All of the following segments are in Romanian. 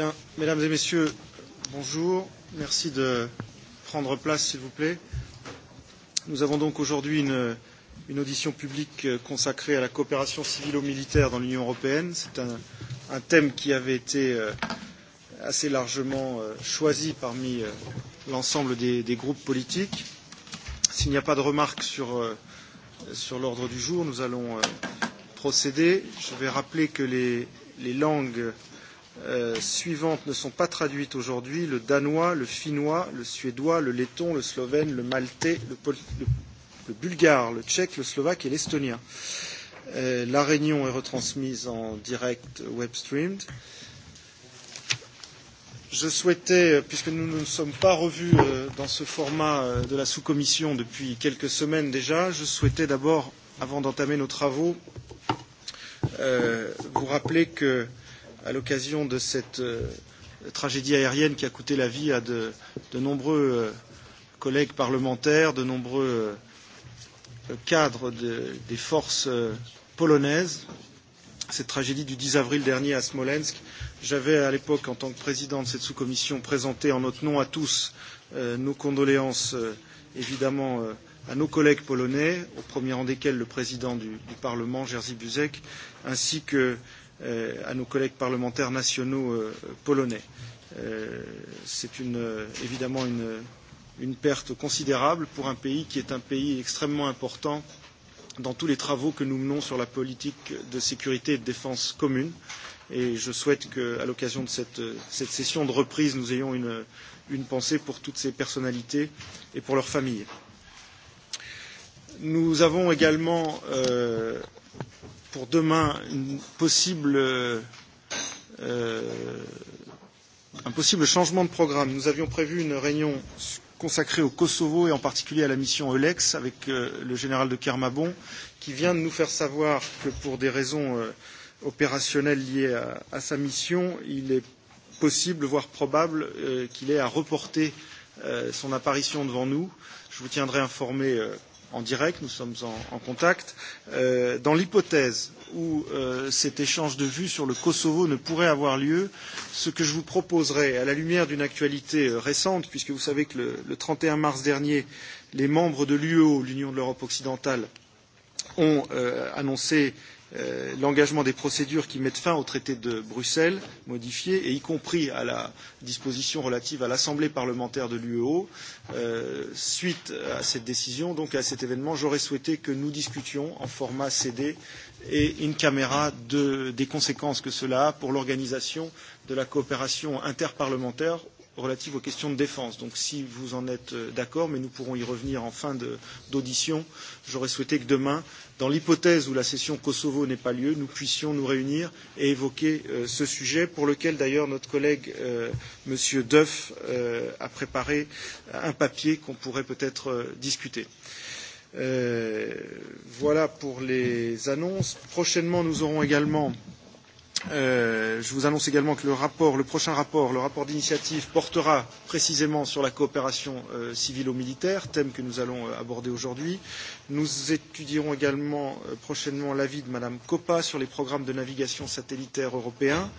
Bien, mesdames et messieurs, bonjour. Merci de prendre place, s'il vous plaît. Nous avons donc aujourd'hui une, une audition publique consacrée à la coopération civilo-militaire dans l'Union européenne. C'est un, un thème qui avait été euh, assez largement euh, choisi parmi euh, l'ensemble des, des groupes politiques. S'il n'y a pas de remarques sur, sur l'ordre du jour, nous allons procéder. Je vais rappeler que les, les langues Euh, suivantes ne sont pas traduites aujourd'hui le danois, le finnois, le suédois, le letton, le slovène, le maltais, le, pol le, le bulgare, le tchèque, le slovaque et l'estonien. Euh, la réunion est retransmise en direct web streamed. Je souhaitais, euh, puisque nous ne nous sommes pas revus euh, dans ce format euh, de la sous-commission depuis quelques semaines déjà, je souhaitais d'abord, avant d'entamer nos travaux, euh, vous rappeler que à l'occasion de cette euh, tragédie aérienne qui a coûté la vie à de, de nombreux euh, collègues parlementaires, de nombreux euh, cadres de, des forces polonaises. Cette tragédie du 10 avril dernier à Smolensk, j'avais à l'époque, en tant que président de cette sous-commission, présenté en notre nom à tous euh, nos condoléances, euh, évidemment, euh, à nos collègues polonais, au premier rang desquels le président du, du Parlement, Jerzy Buzek, ainsi que euh, Euh, à nos collègues parlementaires nationaux euh, polonais. Euh, c'est une, évidemment une, une perte considérable pour un pays qui est un pays extrêmement important dans tous les travaux que nous menons sur la politique de sécurité et de défense commune. Et je souhaite qu'à l'occasion de cette, cette session de reprise, nous ayons une, une pensée pour toutes ces personnalités et pour leurs familles. Nous avons également euh, pour demain une possible, euh, un possible changement de programme. Nous avions prévu une réunion consacrée au Kosovo et en particulier à la mission Eulex avec euh, le général de Kermabon qui vient de nous faire savoir que pour des raisons euh, opérationnelles liées à, à sa mission, il est possible, voire probable, euh, qu'il ait à reporter euh, son apparition devant nous. Je vous tiendrai informé euh, en direct, nous sommes en, en contact. Euh, dans l'hypothèse où euh, cet échange de vues sur le Kosovo ne pourrait avoir lieu, ce que je vous proposerai, à la lumière d'une actualité euh, récente, puisque vous savez que le, le 31 mars dernier, les membres de l'UE, l'Union de l'Europe occidentale, ont euh, annoncé Euh, l'engagement des procédures qui mettent fin au traité de Bruxelles modifié, et y compris à la disposition relative à l'Assemblée parlementaire de l'UEO. Euh, suite à cette décision, donc à cet événement, j'aurais souhaité que nous discutions en format CD et in camera de, des conséquences que cela a pour l'organisation de la coopération interparlementaire relative aux questions de défense. Donc si vous en êtes euh, d'accord, mais nous pourrons y revenir en fin d'audition, j'aurais souhaité que demain, dans l'hypothèse où la session Kosovo n'ait pas lieu, nous puissions nous réunir et évoquer euh, ce sujet pour lequel d'ailleurs notre collègue euh, M. Duff euh, a préparé un papier qu'on pourrait peut-être euh, discuter. Euh, voilà pour les annonces. Prochainement, nous aurons également euh, Euh, je vous annonce également que le rapport, le prochain rapport, le rapport d'initiative portera précisément sur la coopération euh, civilo-militaire, thème que nous allons euh, aborder aujourd'hui. Nous étudierons également euh, prochainement l'avis de Madame Coppa sur les programmes de navigation satellitaire européens,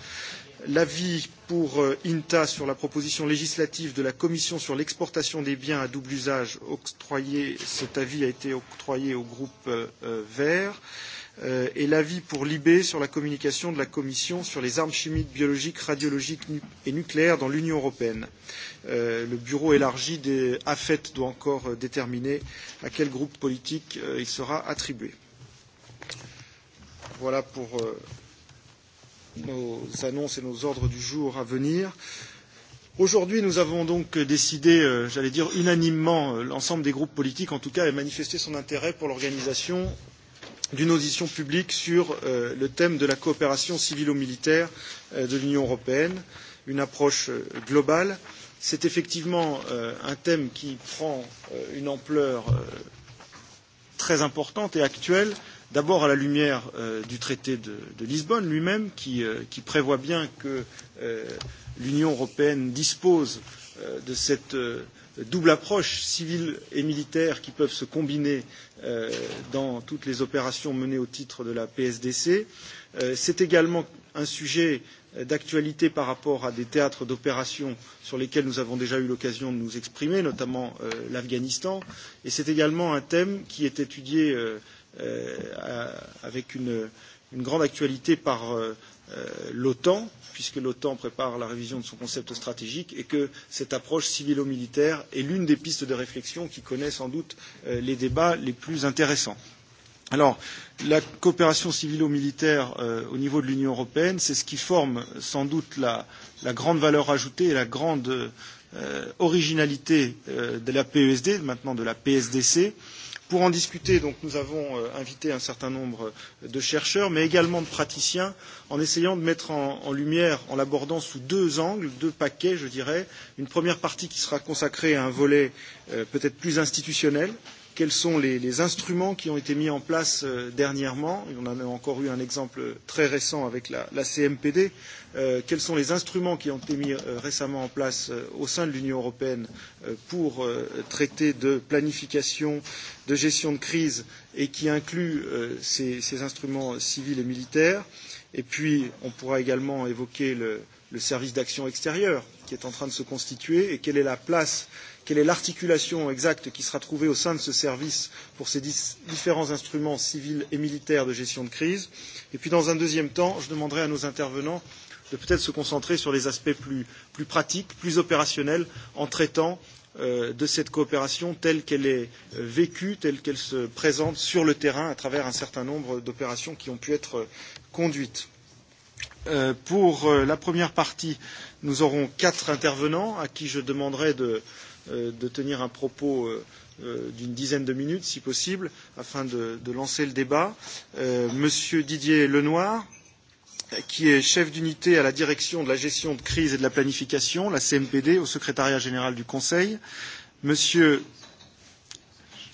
l'avis pour euh, INTA sur la proposition législative de la Commission sur l'exportation des biens à double usage octroyé, cet avis a été octroyé au groupe euh, euh vert euh, et l'avis pour l'IBE sur la communication de la Commission sur les armes chimiques, biologiques, radiologiques nu et nucléaires dans l'Union européenne. Euh, le bureau élargi des AFET doit encore euh, déterminer à quel groupe politique euh, il sera attribué. Voilà pour euh, nos annonces et nos ordres du jour à venir. Aujourd'hui, nous avons donc décidé, euh, j'allais dire unanimement, euh, l'ensemble des groupes politiques en tout cas, a manifesté son intérêt pour l'organisation d'une audition publique sur euh, le thème de la coopération civilo-militaire euh, de l'Union européenne, une approche euh, globale. C'est effectivement euh, un thème qui prend euh, une ampleur euh, très importante et actuelle, d'abord à la lumière euh, du traité de, de Lisbonne lui-même, qui, euh, qui prévoit bien que euh, l'Union européenne dispose euh, de cette euh, double approche civile et militaire qui peuvent se combiner euh, dans toutes les opérations menées au titre de la PSDC. Euh, C'est également un sujet d'actualité par rapport à des théâtres d'opérations sur lesquels nous avons déjà eu l'occasion de nous exprimer, notamment euh, l'Afghanistan. Et c'est également un thème qui est étudié euh, euh, avec une, une grande actualité par euh, Euh, l'OTAN, puisque l'OTAN prépare la révision de son concept stratégique et que cette approche civilo-militaire est l'une des pistes de réflexion qui connaît sans doute euh, les débats les plus intéressants. Alors, la coopération civilo-militaire euh, au niveau de l'Union européenne, c'est ce qui forme sans doute la, la grande valeur ajoutée et la grande euh, originalité euh, de la PESD, maintenant de la PSDC. Euh, Pour en discuter, donc, nous avons euh, invité un certain nombre euh, de chercheurs, mais également de praticiens, en essayant de mettre en, en lumière, en l'abordant sous deux angles, deux paquets, je dirais, une première partie qui sera consacrée à un volet euh, peut-être plus institutionnel, euh, quels sont les, les instruments qui ont été mis en place euh, dernièrement, et on en a encore eu un exemple très récent avec la, la CMPD, euh, quels sont les instruments qui ont été mis euh, récemment en place euh, au sein de l'Union européenne euh, pour euh, traiter de planification, de gestion de crise et qui incluent euh, ces, ces instruments civils et militaires. Et puis, on pourra également évoquer le, le service d'action extérieure qui est en train de se constituer et quelle est la place euh, Quelle est l'articulation exacte qui sera trouvée au sein de ce service pour ces différents instruments civils et militaires de gestion de crise Et puis, dans un deuxième temps, je demanderai à nos intervenants de peut-être se concentrer sur les aspects plus, plus pratiques, plus opérationnels, en traitant euh, de cette coopération telle qu'elle est euh, vécue, telle qu'elle se présente sur le terrain à travers un certain nombre d'opérations qui ont pu être euh, conduites. Euh, pour euh, la première partie, nous aurons quatre intervenants à qui je demanderai de, euh, Euh, de tenir un propos euh, euh, d'une dizaine de minutes, si possible, afin de, de lancer le débat. Euh, Monsieur Didier Lenoir, qui est chef d'unité à la direction de la gestion de crise et de la planification, la CMPD, au secrétariat général du Conseil. Monsieur,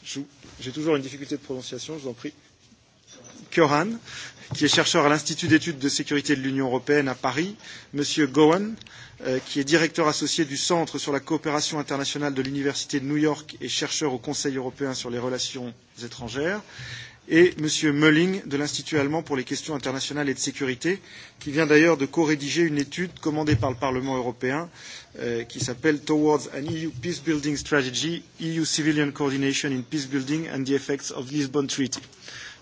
j'ai toujours une difficulté de prononciation, je vous en prie. Kyohan, qui est chercheur à l'Institut d'études de sécurité de l'Union européenne à Paris, M. Gowan, euh, qui est directeur associé du Centre sur la coopération internationale de l'Université de New York et chercheur au Conseil européen sur les relations étrangères, et M. Mölling de l'Institut allemand pour les questions internationales et de sécurité, qui vient d'ailleurs de co-rédiger une étude commandée par le Parlement européen euh, qui s'appelle Towards an EU Peacebuilding Strategy, EU Civilian Coordination in Peacebuilding and the Effects of the Lisbon Treaty.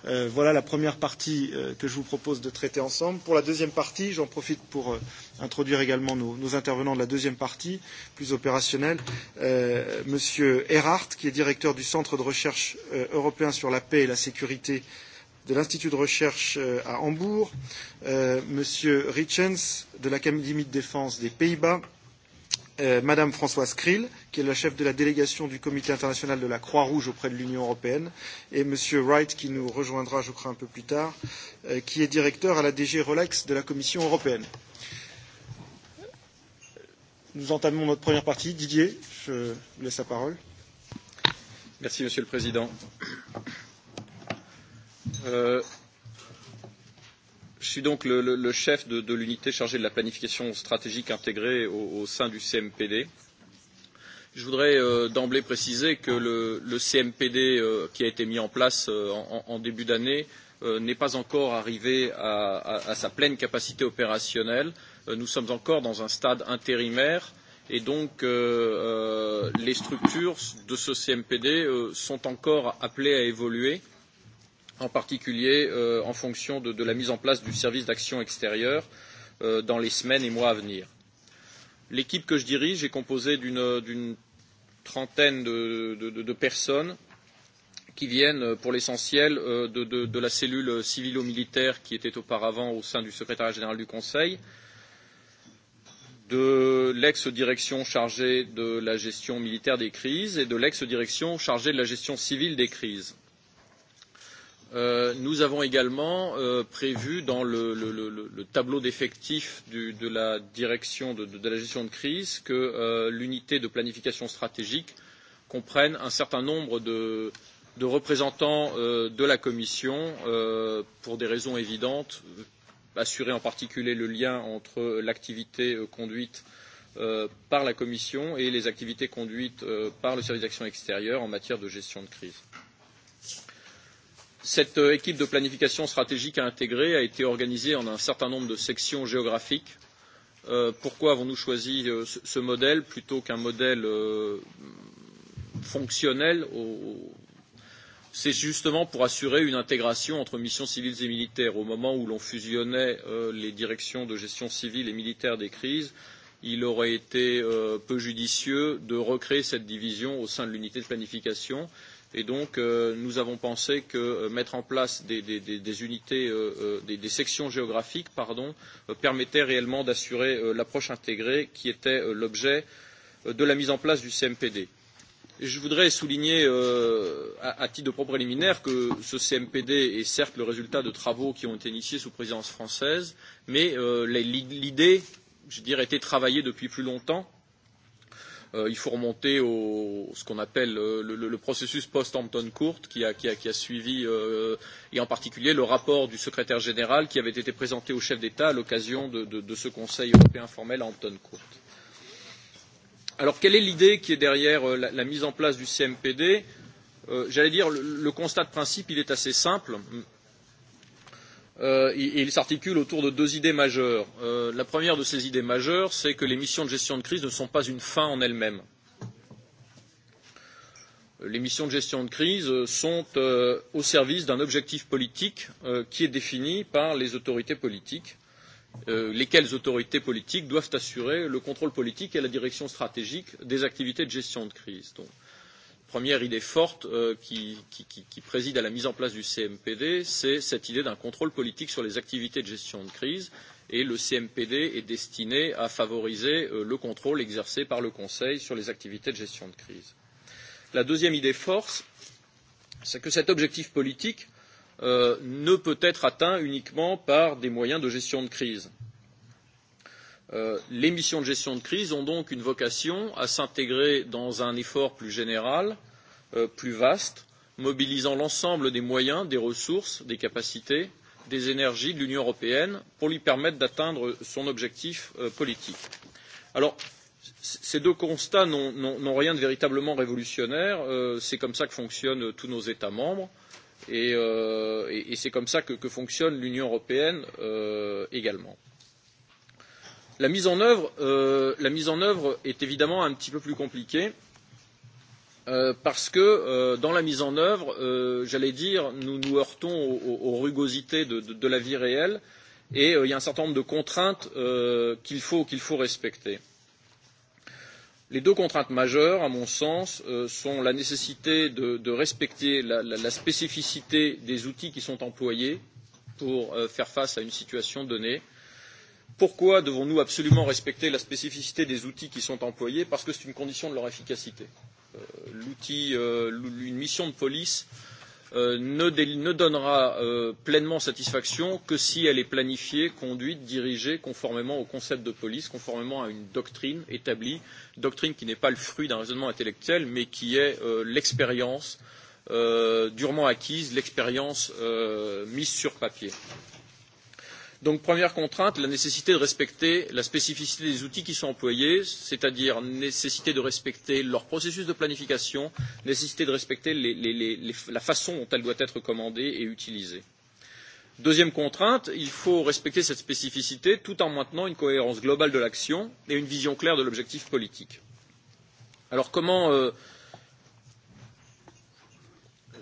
Euh, voilà la première partie euh, que je vous propose de traiter ensemble. Pour la deuxième partie, j'en profite pour euh, introduire également nos, nos intervenants de la deuxième partie, plus opérationnelle. Euh, Monsieur Erhardt, qui est directeur du Centre de recherche euh, européen sur la paix et la sécurité de l'Institut de recherche euh, à Hambourg, euh, Monsieur Richens de l'Académie de défense des Pays-Bas, euh, Madame Françoise Krill, qui est la chef de la délégation du Comité international de la Croix-Rouge auprès de l'Union européenne, et Monsieur Wright, qui nous rejoindra, je crois, un peu plus tard, euh, qui est directeur à la DG Relax de la Commission européenne. Nous entamons notre première partie. Didier, je vous laisse la parole. Merci, Monsieur le Président. Euh, Je suis donc le, le, le chef de, de l'unité chargée de la planification stratégique intégrée au, au sein du CMPD. Je voudrais euh, d'emblée préciser que le, le CMPD euh, qui a été mis en place euh, en, en début d'année euh, n'est pas encore arrivé à, à, à sa pleine capacité opérationnelle. Euh, nous sommes encore dans un stade intérimaire et donc euh, euh, les structures de ce CMPD euh, sont encore appelées à évoluer. Euh, en particulier euh, en fonction de, de la mise en place du service d'action extérieure euh, dans les semaines et mois à venir. L'équipe que je dirige est composée d'une trentaine de, de, de, de personnes qui viennent pour l'essentiel euh, de, de, de la cellule civilo-militaire qui était auparavant au sein du secrétariat général du Conseil, de l'ex-direction chargée de la gestion militaire des crises et de l'ex-direction chargée de la gestion civile des crises. Euh, nous avons également euh, prévu dans le, le, le, le tableau d'effectifs de la direction de, de, de la gestion de crise que euh, l'unité de planification stratégique comprenne un certain nombre de, de représentants euh, de la Commission euh, pour des raisons évidentes, assurer en particulier le lien entre l'activité euh, conduite par la Commission et les activités conduites par le service d'action extérieure en matière de gestion de crise. Cette euh, équipe de planification stratégique à intégrer a été organisée en un certain nombre de sections géographiques. Euh, pourquoi avons-nous choisi euh, ce, ce modèle plutôt qu'un modèle euh, fonctionnel au, c'est justement pour assurer une intégration entre missions civiles et militaires. Au moment où l'on fusionnait euh, les directions de gestion civile et militaire des crises, il aurait été euh, peu judicieux de recréer cette division au sein de l'unité de planification. Euh, Et donc, euh, nous avons pensé que euh, mettre en place des, des, des, des unités, euh, euh, des, des sections géographiques, pardon, euh, permettait réellement d'assurer euh, l'approche intégrée qui était euh, l'objet euh, de la mise en place du CMPD. Et je voudrais souligner, euh, à, à titre de propre préliminaire, que ce CMPD est certes le résultat de travaux qui ont été initiés sous présidence française, mais euh, l'idée, je dirais, était travaillée depuis plus longtemps euh, il faut remonter au ce qu'on appelle euh, le, le, processus post-Hampton Court qui a, qui a, qui a suivi, euh, et en particulier le rapport du secrétaire général qui avait été présenté au chef d'État à l'occasion de, de, de ce Conseil européen formel à Hampton Court. Alors, quelle est l'idée qui est derrière euh, la, la mise en place du CMPD euh, J'allais dire, le, le constat de principe, il est assez simple, euh, il s'articule autour de deux idées majeures. Euh, la première de ces idées majeures, c'est que les missions de gestion de crise ne sont pas une fin en elles-mêmes. Les missions de gestion de crise sont euh, au service d'un objectif politique euh, qui est défini par les autorités politiques, euh, lesquelles autorités politiques doivent assurer le contrôle politique et la direction stratégique des activités de gestion de crise. Donc, euh, première idée forte euh, qui, qui, qui, qui préside à la mise en place du CMPD, c'est cette idée d'un contrôle politique sur les activités de gestion de crise et le CMPD est destiné à favoriser euh, le contrôle exercé par le Conseil sur les activités de gestion de crise. La deuxième idée force, c'est que cet objectif politique euh, ne peut être atteint uniquement par des moyens de gestion de crise Euh, les missions de gestion de crise ont donc une vocation à s'intégrer dans un effort plus général, euh, plus vaste, mobilisant l'ensemble des moyens, des ressources, des capacités, des énergies de l'Union européenne pour lui permettre d'atteindre son objectif euh, politique. Alors, ces deux constats n'ont rien de véritablement révolutionnaire. c'est comme ça que fonctionnent tous nos États membres et, c'est comme ça que, fonctionne l'Union européenne également. La mise en œuvre, euh, la mise en œuvre est évidemment un petit peu plus compliquée euh, parce que euh, dans la mise en œuvre, euh, j'allais dire, nous nous heurtons aux, aux rugosités de, de, de la vie réelle et euh, il y a un certain nombre de contraintes euh, qu'il faut, qu faut respecter. Les deux contraintes majeures, à mon sens, euh, sont la nécessité de, de respecter la, la, la spécificité des outils qui sont employés pour euh, faire face à une situation donnée Pourquoi devons-nous absolument respecter la spécificité des outils qui sont employés Parce que c'est une condition de leur efficacité. Euh, L'outil, euh, une mission de police euh, ne, ne donnera euh, pleinement satisfaction que si elle est planifiée, conduite, dirigée conformément au concept de police, conformément à une doctrine établie, doctrine qui n'est pas le fruit d'un raisonnement intellectuel, mais qui est euh, l'expérience euh, durement acquise, l'expérience euh, mise sur papier. Donc première contrainte, la nécessité de respecter la spécificité des outils qui sont employés, c'est-à-dire nécessité de respecter leur processus de planification, nécessité de respecter les, les, les, la façon dont elle doit être commandée et utilisée. Deuxième contrainte, il faut respecter cette spécificité tout en maintenant une cohérence globale de l'action et une vision claire de l'objectif politique. Alors comment euh,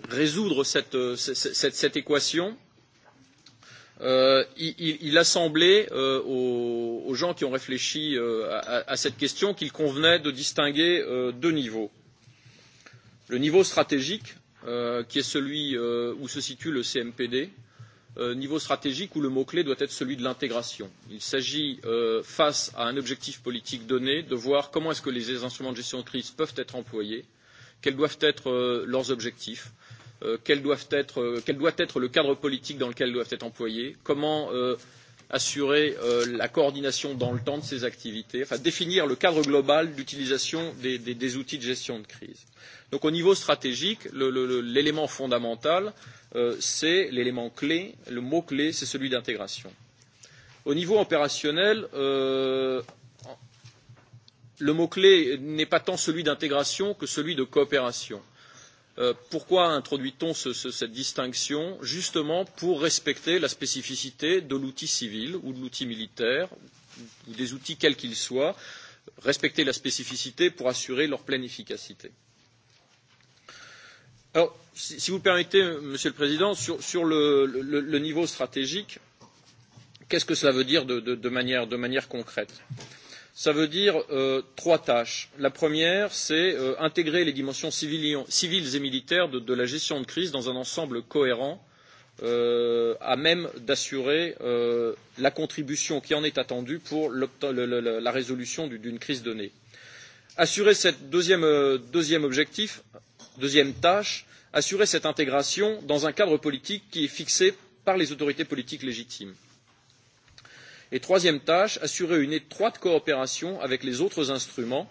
résoudre cette, euh, cette, cette, cette équation euh, il, il a semblé euh, aux, aux gens qui ont réfléchi euh, à, à cette question qu'il convenait de distinguer euh, deux niveaux. Le niveau stratégique, euh, qui est celui euh, où se situe le CMPD, euh, niveau stratégique où le mot-clé doit être celui de l'intégration. Il s'agit, euh, face à un objectif politique donné, de voir comment est-ce que les instruments de gestion de crise peuvent être employés, quels doivent être euh, leurs objectifs, Euh, quel, doivent être, euh, quel doit être le cadre politique dans lequel doivent être employés, comment euh, assurer euh, la coordination dans le temps de ces activités, enfin définir le cadre global d'utilisation des, des, des outils de gestion de crise. Donc au niveau stratégique, l'élément fondamental, euh, c'est l'élément clé, le mot clé, c'est celui d'intégration. Au niveau opérationnel, euh, le mot clé n'est pas tant celui d'intégration que celui de coopération. Euh, pourquoi introduit on ce, ce, cette distinction justement pour respecter la spécificité de l'outil civil ou de l'outil militaire ou des outils quels qu'ils soient respecter la spécificité pour assurer leur pleine efficacité. Alors, si, si vous le permettez, Monsieur le Président, sur, sur le, le, le niveau stratégique, qu'est-ce que cela veut dire de, de, de, manière, de manière concrète euh, ça veut dire euh, trois tâches. La première, c'est euh, intégrer les dimensions civiles et militaires de, de la gestion de crise dans un ensemble cohérent euh, à même d'assurer euh, la contribution qui en est attendue pour le, le, la résolution d'une crise donnée. Assurer cette deuxième, euh, deuxième objectif, deuxième tâche, assurer cette intégration dans un cadre politique qui est fixé par les autorités politiques légitimes Et troisième tâche, assurer une étroite coopération avec les autres instruments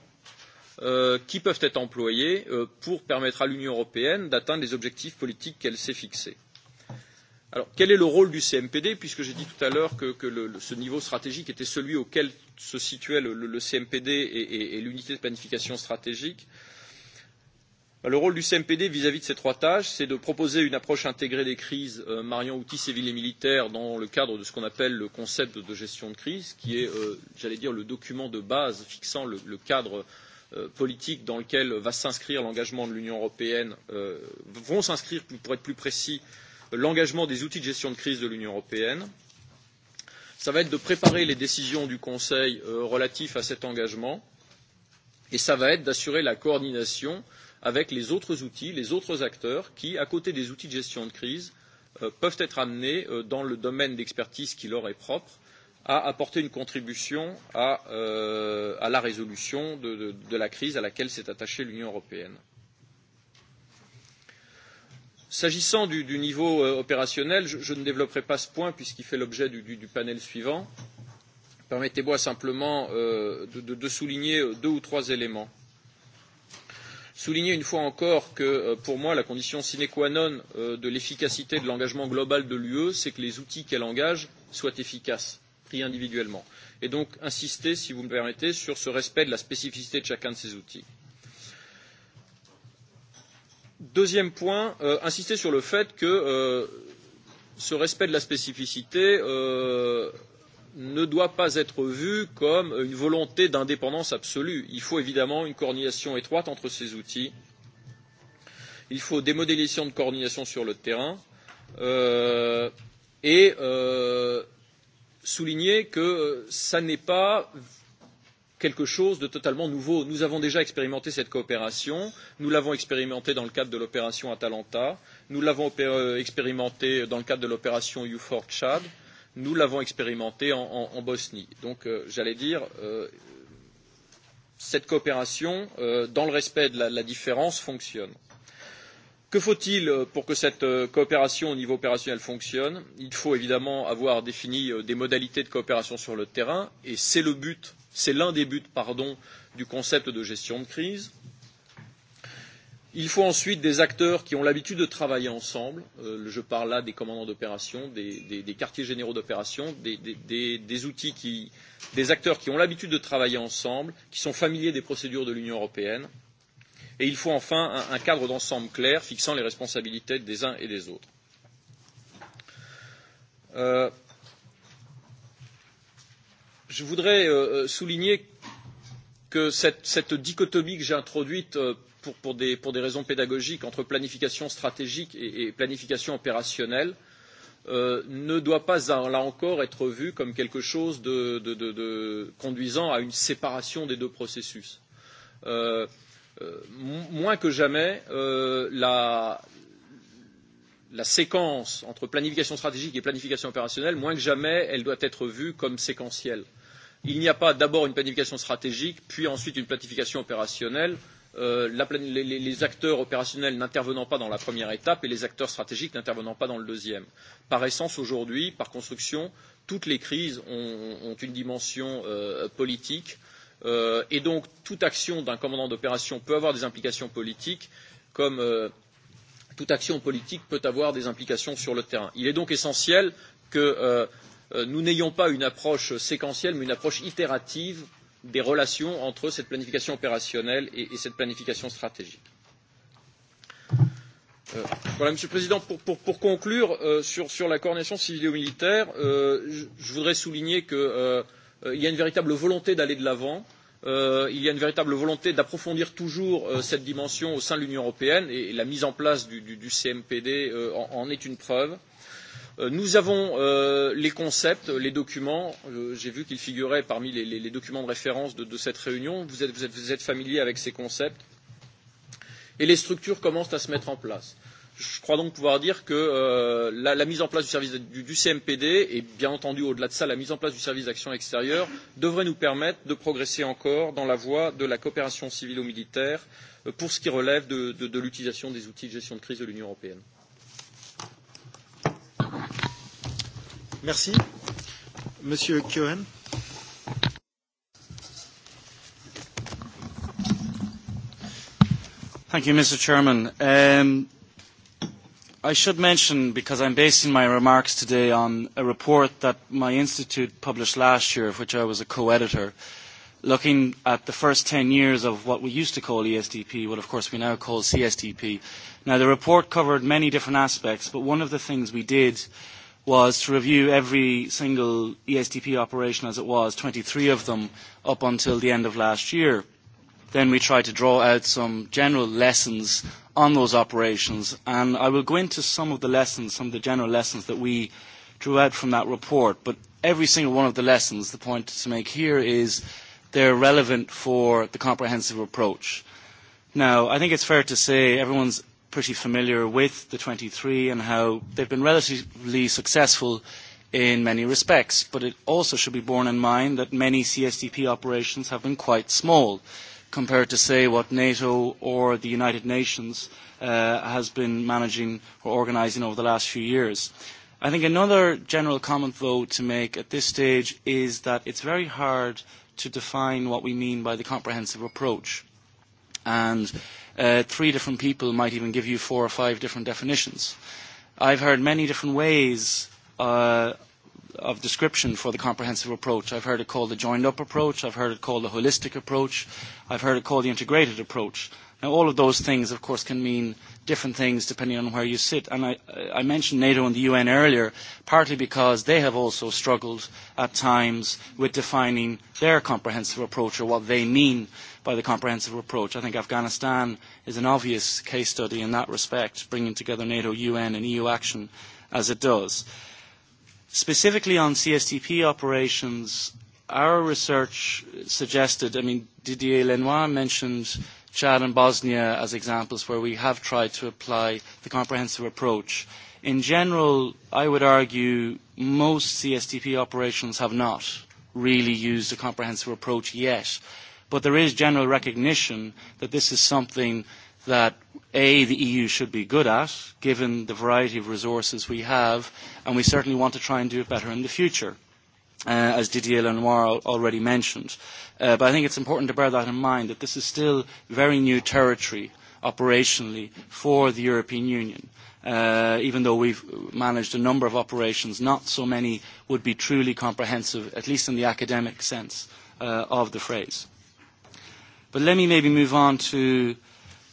euh, qui peuvent être employés euh, pour permettre à l'Union européenne d'atteindre les objectifs politiques qu'elle s'est fixés. Alors, quel est le rôle du CMPD Puisque j'ai dit tout à l'heure que, que le, le, ce niveau stratégique était celui auquel se situait le, le, le CMPD et, et, et l'unité de planification stratégique, euh, le rôle du CMPD vis-à-vis -vis de ces trois tâches, c'est de proposer une approche intégrée des crises euh, mariant outils civils et militaires dans le cadre de ce qu'on appelle le concept de gestion de crise, qui est, euh, j'allais dire, le document de base fixant le, le cadre euh, politique dans lequel va s'inscrire l'engagement de l'Union européenne, euh, vont s'inscrire, pour être plus précis, l'engagement des outils de gestion de crise de l'Union européenne. Ça va être de préparer les décisions du Conseil euh, relatifs à cet engagement, et ça va être d'assurer la coordination euh, avec les autres outils, les autres acteurs qui, à côté des outils de gestion de crise, euh, peuvent être amenés, euh, dans le domaine d'expertise qui leur est propre, à apporter une contribution à, euh, à la résolution de, de, de la crise à laquelle s'est attachée l'Union européenne. S'agissant du, du niveau euh, opérationnel, je, je ne développerai pas ce point puisqu'il fait l'objet du, du, du panel suivant. Permettez-moi simplement euh, de, de, de souligner euh, deux ou trois éléments souligner une fois encore que, euh, pour moi, la condition sine qua non euh, de l'efficacité de l'engagement global de l'UE, c'est que les outils qu'elle engage soient efficaces, pris individuellement. Et donc, insister, si vous me permettez, sur ce respect de la spécificité de chacun de ces outils. Deuxième point, euh, insister sur le fait que euh, ce respect de la spécificité euh, ne doit pas être vu comme une volonté d'indépendance absolue. Il faut évidemment une coordination étroite entre ces outils. Il faut des modélisations de coordination sur le terrain euh, et euh, souligner que ça n'est pas quelque chose de totalement nouveau. Nous avons déjà expérimenté cette coopération, nous l'avons expérimentée dans le cadre de l'opération Atalanta, nous l'avons euh, expérimentée dans le cadre de l'opération EUFOR Tchad, euh, Nous l'avons expérimenté en, en, en Bosnie. Donc, euh, j'allais dire, euh, cette coopération, euh, dans le respect de la, la différence, fonctionne. Que faut-il euh, pour que cette euh, coopération au niveau opérationnel fonctionne Il faut évidemment avoir défini euh, des modalités de coopération sur le terrain, et c'est le but, c'est l'un des buts, pardon, du concept de gestion de crise. Il faut ensuite des acteurs qui ont l'habitude de travailler ensemble. Euh, je parle là des commandants d'opération, des, des, des quartiers généraux d'opération, des, des, des, des outils qui, des acteurs qui ont l'habitude de travailler ensemble, qui sont familiers des procédures de l'Union européenne. Et il faut enfin un, un cadre d'ensemble clair fixant les responsabilités des uns et des autres. Euh, je voudrais euh, souligner que cette, cette dichotomie que j'ai introduite euh, pour, pour, des, pour des raisons pédagogiques entre planification stratégique et, et planification opérationnelle euh, ne doit pas, là encore, être vu comme quelque chose de, de, de, de conduisant à une séparation des deux processus. Euh, euh, moins que jamais, euh, la, la séquence entre planification stratégique et planification opérationnelle, moins que jamais, elle doit être vue comme séquentielle. Il n'y a pas d'abord une planification stratégique, puis ensuite une planification opérationnelle. Euh, Euh, la, les, les acteurs opérationnels n'intervenant pas dans la première étape et les acteurs stratégiques n'intervenant pas dans le deuxième. Par essence, aujourd'hui, par construction, toutes les crises ont, ont une dimension euh, politique euh, et donc toute action d'un commandant d'opération peut avoir des implications politiques comme euh, toute action politique peut avoir des implications sur le terrain. Il est donc essentiel que euh, euh nous n'ayons pas une approche séquentielle mais une approche itérative des relations entre cette planification opérationnelle et, et cette planification stratégique. Euh, voilà, Monsieur le Président, pour, pour, pour conclure euh, sur, sur la coordination civilo-militaire, euh, je, je voudrais souligner qu'il euh, euh y a une véritable volonté d'aller de l'avant. Euh, il y a une véritable volonté d'approfondir toujours euh, cette dimension au sein de l'Union européenne et, et la mise en place du, du, du CMPD euh, en, en est une preuve. Euh, Euh, nous avons euh, les concepts, les documents. Euh, j'ai vu qu'ils figuraient parmi les, les, les documents de référence de, de cette réunion. Vous êtes, vous, êtes, vous êtes familier avec ces concepts. Et les structures commencent à se mettre en place. Je crois donc pouvoir dire que euh, la, la mise en place du service du, du CMPD et bien entendu au-delà de ça la mise en place du service d'action extérieure devrait nous permettre de progresser encore dans la voie de la coopération civilo-militaire euh, pour ce qui relève de, de, de l'utilisation des outils de gestion de crise de l'Union européenne. Merci. Monsieur Cohen. Thank you, Mr. Chairman. Um, I should mention, because I'm basing my remarks today on a report that my institute published last year, of which I was a co-editor, looking at the first 10 years of what we used to call ESDP, what of course we now call CSDP. Now, the report covered many different aspects, but one of the things we did was to review every single ESTP operation as it was, 23 of them, up until the end of last year. Then we tried to draw out some general lessons on those operations, and I will go into some of the lessons, some of the general lessons that we drew out from that report. But every single one of the lessons, the point to make here is they're relevant for the comprehensive approach. Now, I think it's fair to say everyone's pretty familiar with the 23 and how they've been relatively successful in many respects. But it also should be borne in mind that many CSDP operations have been quite small compared to, say, what NATO or the United Nations uh, has been managing or organising over the last few years. I think another general comment, though, to make at this stage is that it's very hard to define what we mean by the comprehensive approach. And uh, three different people might even give you four or five different definitions. I've heard many different ways uh, of description for the comprehensive approach. I've heard it called the joined up approach. I've heard it called the holistic approach. I've heard it called the integrated approach. Now, all of those things, of course, can mean different things depending on where you sit. And I, I mentioned NATO and the UN earlier, partly because they have also struggled at times with defining their comprehensive approach or what they mean by the comprehensive approach. I think Afghanistan is an obvious case study in that respect, bringing together NATO, UN and EU action as it does. Specifically on CSTP operations, our research suggested, I mean, Didier Lenoir mentioned Chad and Bosnia as examples where we have tried to apply the comprehensive approach. In general, I would argue most CSDP operations have not really used a comprehensive approach yet. But there is general recognition that this is something that A, the EU should be good at, given the variety of resources we have, and we certainly want to try and do it better in the future uh, as Didier Lenoir already mentioned. Uh, but I think it's important to bear that in mind, that this is still very new territory operationally for the European Union. Uh, even though we've managed a number of operations, not so many would be truly comprehensive, at least in the academic sense uh, of the phrase. But let me maybe move on to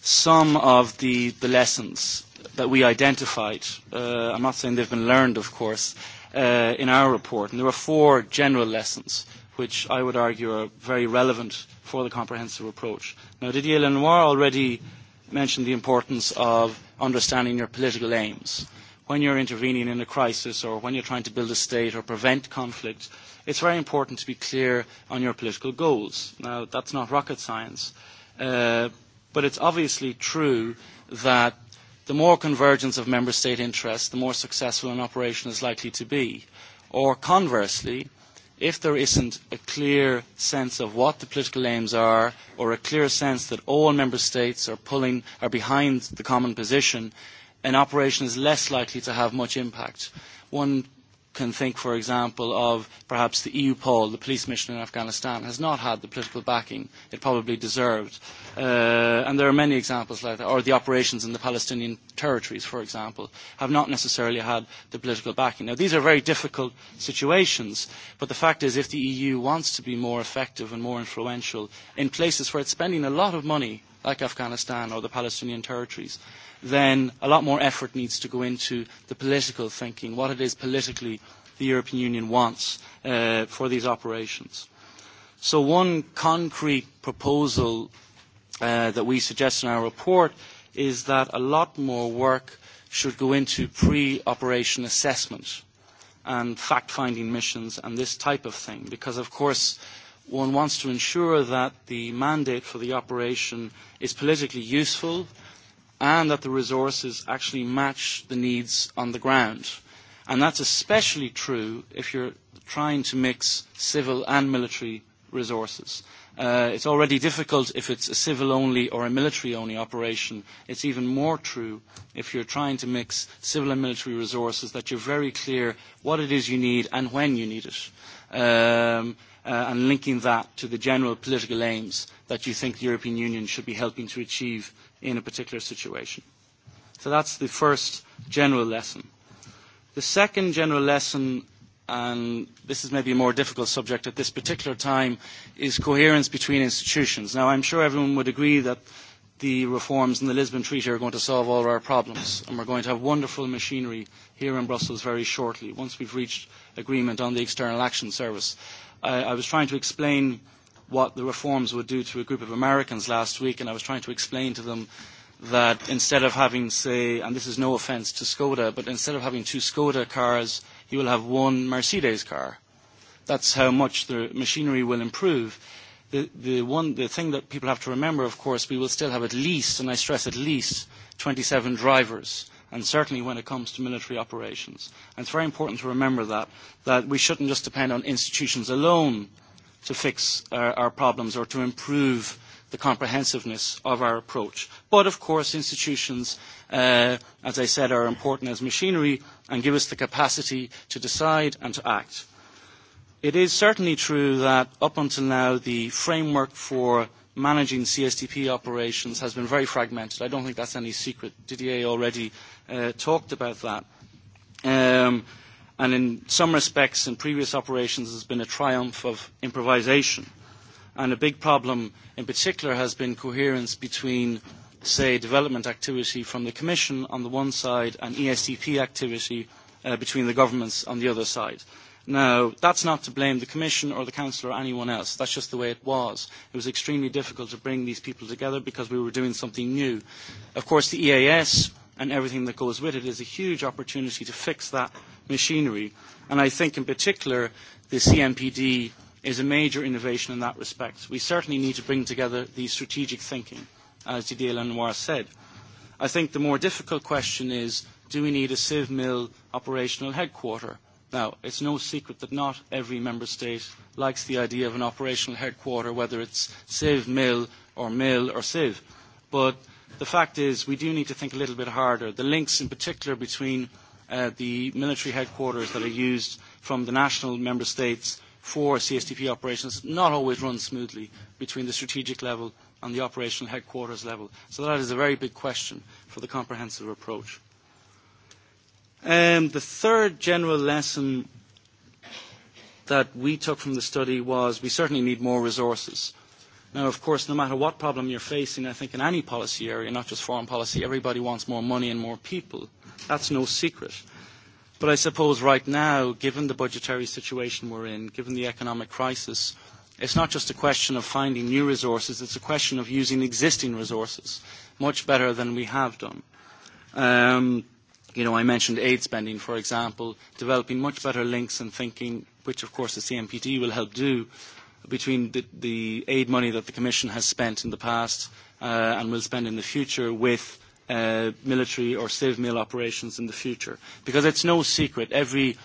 some of the, the lessons that we identified. Uh, I'm not saying they've been learned, of course, uh, in our report. And there are four general lessons which I would argue are very relevant for the comprehensive approach. Now, Didier Lenoir already mentioned the importance of understanding your political aims. When you're intervening in a crisis or when you're trying to build a state or prevent conflict, it's very important to be clear on your political goals. Now, that's not rocket science. Uh, but it's obviously true that the more convergence of member state interests, the more successful an operation is likely to be. Or conversely, if there isn't a clear sense of what the political aims are, or a clear sense that all member states are pulling are behind the common position, an operation is less likely to have much impact. One can think, for example, of perhaps the EU poll, the police mission in Afghanistan, has not had the political backing it probably deserved. Uh, and there are many examples like that, or the operations in the Palestinian territories, for example, have not necessarily had the political backing. Now, these are very difficult situations, but the fact is if the EU wants to be more effective and more influential in places where it's spending a lot of money like Afghanistan or the Palestinian territories, then a lot more effort needs to go into the political thinking, what it is politically the European Union wants uh, for these operations. So one concrete proposal uh, that we suggest in our report is that a lot more work should go into pre-operation assessment and fact-finding missions and this type of thing, because of course one wants to ensure that the mandate for the operation is politically useful and that the resources actually match the needs on the ground. And that's especially true if you're trying to mix civil and military resources. Uh, it's already difficult if it's a civil-only or a military-only operation. It's even more true if you're trying to mix civil and military resources that you're very clear what it is you need and when you need it. Um, uh, and linking that to the general political aims that you think the European Union should be helping to achieve in a particular situation. So that's the first general lesson. The second general lesson, and this is maybe a more difficult subject at this particular time, is coherence between institutions. Now, I'm sure everyone would agree that the reforms in the Lisbon Treaty are going to solve all our problems. And we're going to have wonderful machinery here in Brussels very shortly, once we've reached agreement on the External Action Service. I, I was trying to explain what the reforms would do to a group of Americans last week, and I was trying to explain to them that instead of having, say, and this is no offence to Skoda, but instead of having two Skoda cars, you will have one Mercedes car. That's how much the machinery will improve The, one, the thing that people have to remember, of course, we will still have at least, and I stress at least, 27 drivers and certainly when it comes to military operations. And it's very important to remember that, that we shouldn't just depend on institutions alone to fix our, uh, our problems or to improve the comprehensiveness of our approach. But of course, institutions, uh, as I said, are important as machinery and give us the capacity to decide and to act. It is certainly true that up until now the framework for managing CSDP operations has been very fragmented. I don't think that's any secret. Didier already uh, talked about that. Um, and in some respects, in previous operations, has been a triumph of improvisation. And a big problem in particular has been coherence between, say, development activity from the Commission on the one side and ESDP activity uh, between the governments on the other side. Now, that's not to blame the Commission or the Council or anyone else. That's just the way it was. It was extremely difficult to bring these people together because we were doing something new. Of course, the EAS and everything that goes with it is a huge opportunity to fix that machinery. And I think in particular, the CMPD is a major innovation in that respect. We certainly need to bring together the strategic thinking, as Didier Lenoir said. I think the more difficult question is, do we need a civ mill operational headquarter? Now, it's no secret that not every member state likes the idea of an operational headquarter, whether it's Save Mill or Mill or Save. But the fact is we do need to think a little bit harder. The links in particular between uh, the military headquarters that are used from the national member states for CSTP operations not always run smoothly between the strategic level and the operational headquarters level. So that is a very big question for the comprehensive approach. Um, the third general lesson that we took from the study was we certainly need more resources. Now, of course, no matter what problem you're facing, I think in any policy area, not just foreign policy, everybody wants more money and more people. That's no secret. But I suppose right now, given the budgetary situation we're in, given the economic crisis, it's not just a question of finding new resources, it's a question of using existing resources much better than we have done. Um, you know, I mentioned aid spending, for example, developing much better links and thinking, which of course the CMPD will help do, between the, the aid money that the Commission has spent in the past uh, and will spend in the future with uh, military or civil operations in the future. Because it's no secret, every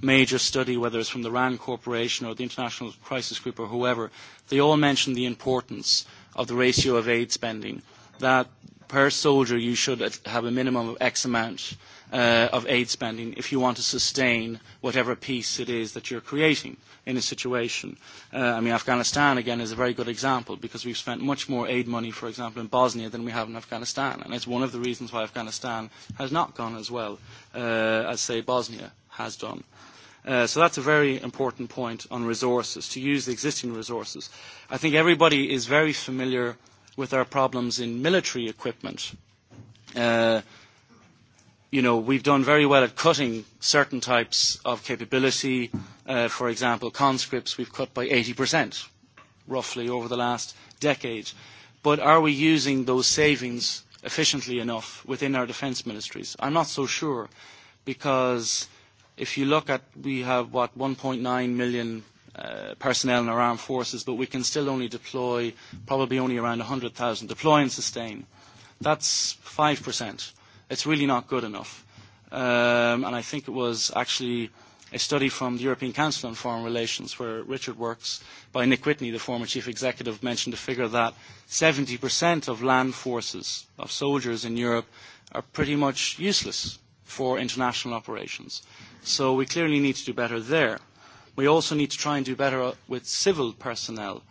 major study, whether it's from the RAND Corporation or the International Crisis Group or whoever, they all mention the importance of the ratio of aid spending, that per soldier you should have a minimum of X amount uh, of aid spending if you want to sustain whatever peace it is that you're creating in a situation. Uh, I mean, Afghanistan, again, is a very good example because we've spent much more aid money, for example, in Bosnia than we have in Afghanistan. And it's one of the reasons why Afghanistan has not gone as well uh, as, say, Bosnia has done. Uh, so that's a very important point on resources, to use the existing resources. I think everybody is very familiar – with our problems in military equipment, uh, you know, we've done very well at cutting certain types of capability. Uh, for example, conscripts we've cut by 80%, roughly, over the last decade. But are we using those savings efficiently enough within our defence ministries? I'm not so sure, because if you look at, we have, what, 1.9 million uh, personnel in our armed forces, but we can still only deploy probably only around 100,000. Deploy and sustain. That's 5%. It's really not good enough. Um, and I think it was actually a study from the European Council on Foreign Relations, where Richard works, by Nick Whitney, the former chief executive, mentioned a figure that 70% of land forces, of soldiers in Europe, are pretty much useless for international operations. So we clearly need to do better there. We also need to try and do better with civil personnel.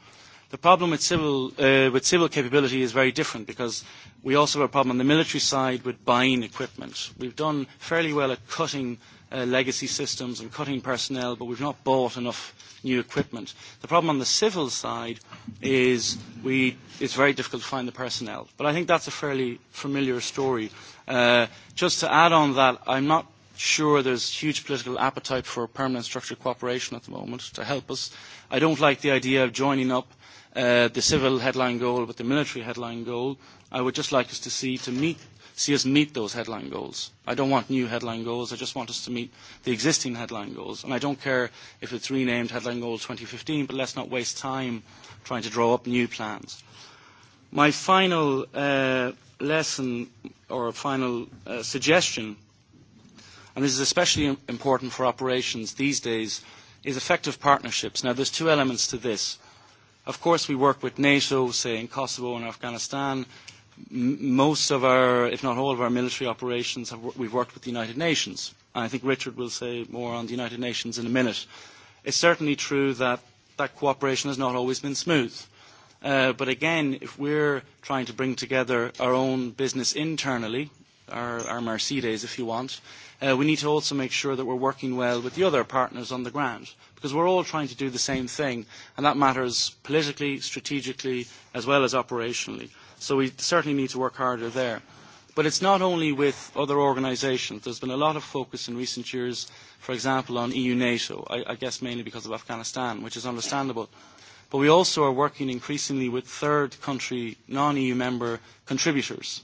The problem with civil, uh, with civil capability is very different because we also have a problem on the military side with buying equipment. We've done fairly well at cutting uh, legacy systems and cutting personnel, but we've not bought enough new equipment. The problem on the civil side is we, it's very difficult to find the personnel. But I think that's a fairly familiar story. Uh, just to add on that, I'm not sure there's huge political appetite for permanent structured cooperation at the moment to help us. I don't like the idea of joining up uh, the civil headline goal with the military headline goal. I would just like us to see to meet see us meet those headline goals. I don't want new headline goals. I just want us to meet the existing headline goals. And I don't care if it's renamed Headline Goal 2015, but let's not waste time trying to draw up new plans. My final uh, lesson or final uh, suggestion and this is especially important for operations these days, is effective partnerships. Now, there's two elements to this. Of course, we work with NATO, say, in Kosovo and Afghanistan. M most of our, if not all of our military operations, have, we've worked with the United Nations. And I think Richard will say more on the United Nations in a minute. It's certainly true that that cooperation has not always been smooth. Uh, but again, if we're trying to bring together our own business internally, our, our Marseille days, if you want, uh, we need to also make sure that we're working well with the other partners on the ground, because we're all trying to do the same thing, and that matters politically, strategically, as well as operationally. So we certainly need to work harder there. But it's not only with other organisations. There's been a lot of focus in recent years, for example, on EU-NATO, I, I guess mainly because of Afghanistan, which is understandable but we also are working increasingly with third country non-EU member contributors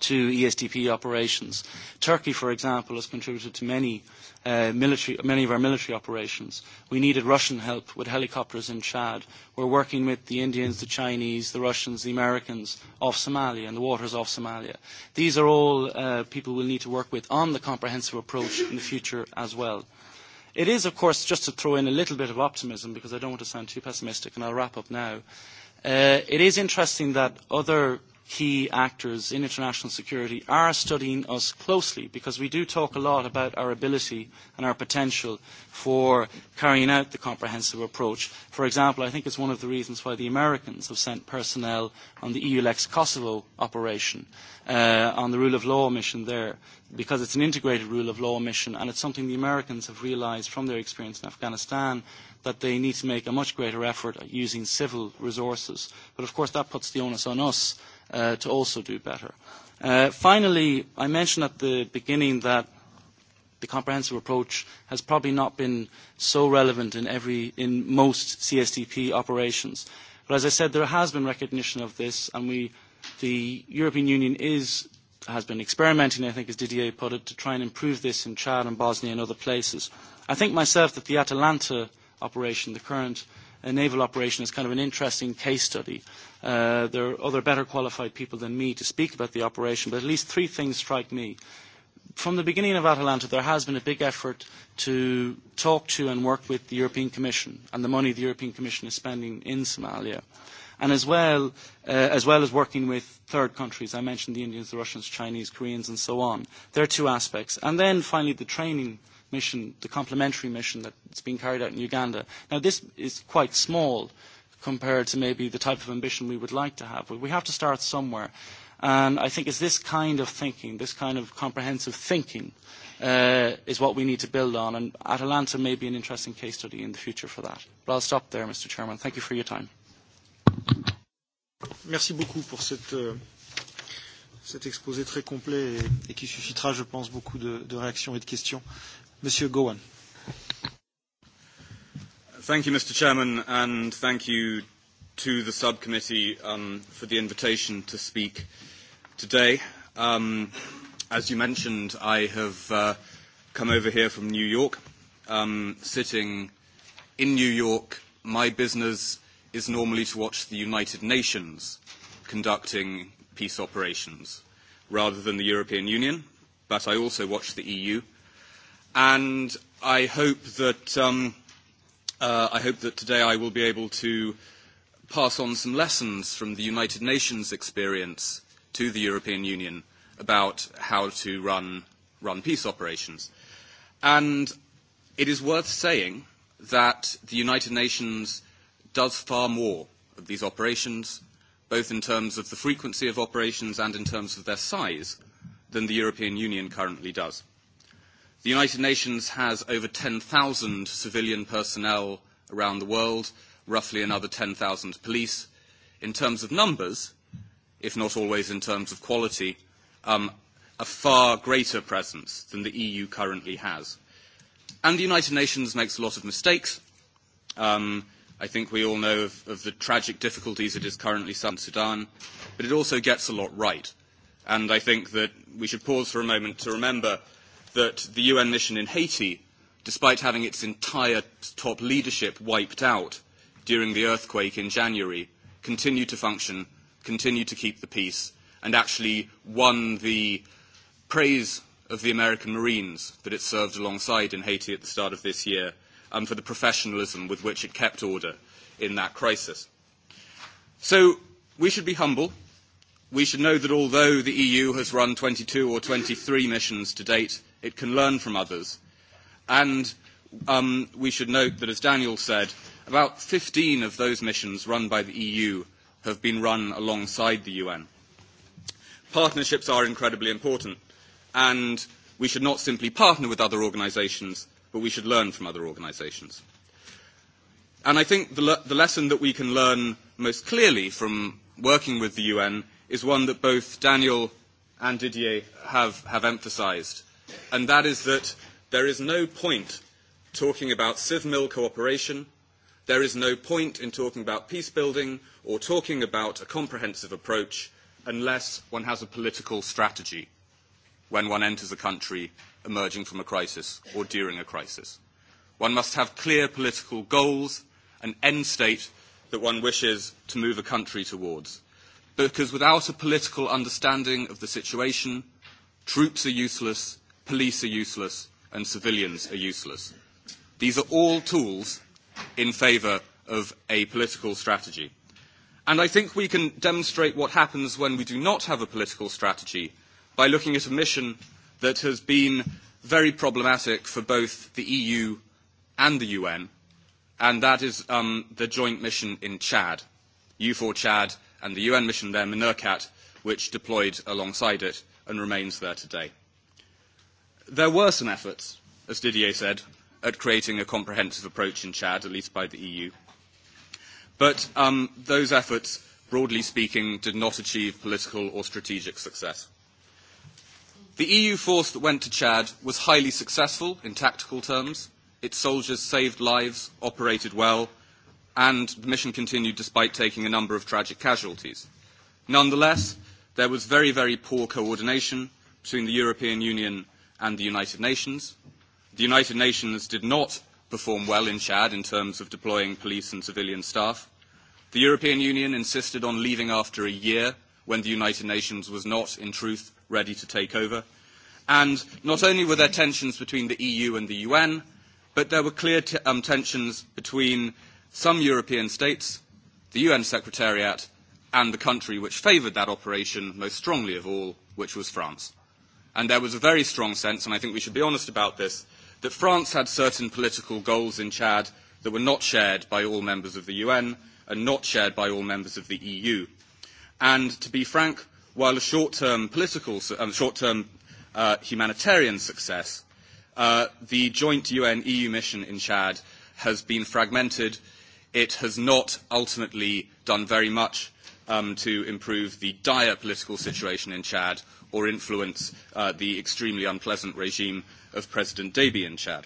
to ESDP operations. Turkey, for example, has contributed to many, uh, military, many of our military operations. We needed Russian help with helicopters in Chad. We're working with the Indians, the Chinese, the Russians, the Americans off Somalia and the waters off Somalia. These are all uh, people we'll need to work with on the comprehensive approach in the future as well. It is, of course, just to throw in a little bit of optimism, because I don't want to sound too pessimistic, and I'll wrap up now. Uh, it is interesting that other key actors in international security are studying us closely because we do talk a lot about our ability and our potential for carrying out the comprehensive approach. For example, I think it's one of the reasons why the Americans have sent personnel on the EULEX Kosovo operation, uh, on the rule of law mission there, because it's an integrated rule of law mission and it's something the Americans have realised from their experience in Afghanistan that they need to make a much greater effort at using civil resources. But of course that puts the onus on us uh, to also do better. Uh, finally, I mentioned at the beginning that the comprehensive approach has probably not been so relevant in, every, in most CSDP operations. But as I said, there has been recognition of this, and we, the European Union is, has been experimenting, I think, as Didier put it, to try and improve this in Chad and Bosnia and other places. I think myself that the Atalanta operation, the current uh, naval operation is kind of an interesting case study. Uh, there are other better qualified people than me to speak about the operation, but at least three things strike me. From the beginning of Atalanta, there has been a big effort to talk to and work with the European Commission and the money the European Commission is spending in Somalia and as well, uh, as well as working with third countries. I mentioned the Indians, the Russians, Chinese, Koreans, and so on. There are two aspects. And then finally, the training mission, the complementary mission that's being carried out in Uganda. Now, this is quite small compared to maybe the type of ambition we would like to have, but we have to start somewhere. And I think it's this kind of thinking, this kind of comprehensive thinking, uh, is what we need to build on. And Atalanta may be an interesting case study in the future for that. But I'll stop there, Mr. Chairman. Thank you for your time. Merci beaucoup pour cette, euh, cet exposé très complet et, et qui suscitera, je pense, beaucoup de, de réactions et de questions. Domnule Președinte, Thank you, Mr. Chairman, and thank you to the subcommittee um, for the invitation to speak today. Um, as you mentioned, I have uh, come over here from New York. Um, sitting in New York, my business is normally to watch the United Nations conducting peace operations rather than the European Union, but I also watch the EU and I hope that um, uh, I hope that today I will be able to pass on some lessons from the United Nations experience to the European Union about how to run run peace operations. And it is worth saying that the United Nations does far more of these operations, both in terms of the frequency of operations and in terms of their size, than the European Union currently does. The United Nations has over 10,000 civilian personnel around the world, roughly another 10,000 police. In terms of numbers, if not always in terms of quality, um, a far greater presence than the EU currently has. And the United Nations makes a lot of mistakes. Um, I think we all know of, of the tragic difficulties it is currently in Sudan, but it also gets a lot right. And I think that we should pause for a moment to remember that the UN mission in Haiti, despite having its entire top leadership wiped out during the earthquake in January, continued to function, continued to keep the peace, and actually won the praise of the American Marines that it served alongside in Haiti at the start of this year and um, for the professionalism with which it kept order in that crisis. So we should be humble. We should know that although the EU has run 22 or 23 missions to date It can learn from others. And um, we should note that, as Daniel said, about 15 of those missions run by the EU have been run alongside the UN. Partnerships are incredibly important, and we should not simply partner with other organisations, but we should learn from other organisations. And I think the, le the lesson that we can learn most clearly from working with the UN is one that both Daniel and Didier have, have emphasised, and that is that there is no point talking about civ mill cooperation, there is no point in talking about peace building or talking about a comprehensive approach unless one has a political strategy when one enters a country emerging from a crisis or during a crisis. One must have clear political goals, an end state that one wishes to move a country towards. Because without a political understanding of the situation, troops are useless, police are useless, and civilians are useless. These are all tools in favour of a political strategy. And I think we can demonstrate what happens when we do not have a political strategy by looking at a mission that has been very problematic for both the EU and the UN, and that is um, the joint mission in Chad, U4 Chad, and the UN mission there, MINURCAT, which deployed alongside it and remains there today there were some efforts, as Didier said, at creating a comprehensive approach in Chad, at least by the EU. But um, those efforts, broadly speaking, did not achieve political or strategic success. The EU force that went to Chad was highly successful in tactical terms. Its soldiers saved lives, operated well, and the mission continued despite taking a number of tragic casualties. Nonetheless, there was very, very poor coordination between the European Union and the United Nations. The United Nations did not perform well in Chad in terms of deploying police and civilian staff. The European Union insisted on leaving after a year when the United Nations was not, in truth, ready to take over. And not only were there tensions between the EU and the UN, but there were clear um, tensions between some European states, the UN Secretariat, and the country which favoured that operation most strongly of all, which was France. And there was a very strong sense, and I think we should be honest about this, that France had certain political goals in Chad that were not shared by all members of the UN and not shared by all members of the EU. And to be frank, while a short-term political, um, short-term uh, humanitarian success, uh, the joint UN-EU mission in Chad has been fragmented. It has not ultimately done very much um, to improve the dire political situation in Chad or influence uh, the extremely unpleasant regime of President Deby in Chad.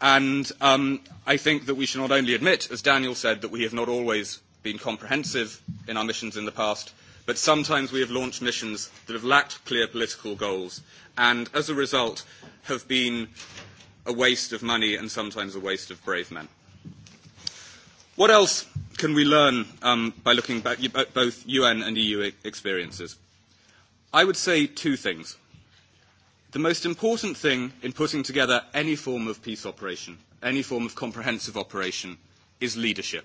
And um, I think that we should not only admit, as Daniel said, that we have not always been comprehensive in our missions in the past, but sometimes we have launched missions that have lacked clear political goals and, as a result, have been a waste of money and sometimes a waste of brave men. What else can we learn um, by looking back at both UN and EU experiences? I would say two things. The most important thing in putting together any form of peace operation, any form of comprehensive operation, is leadership.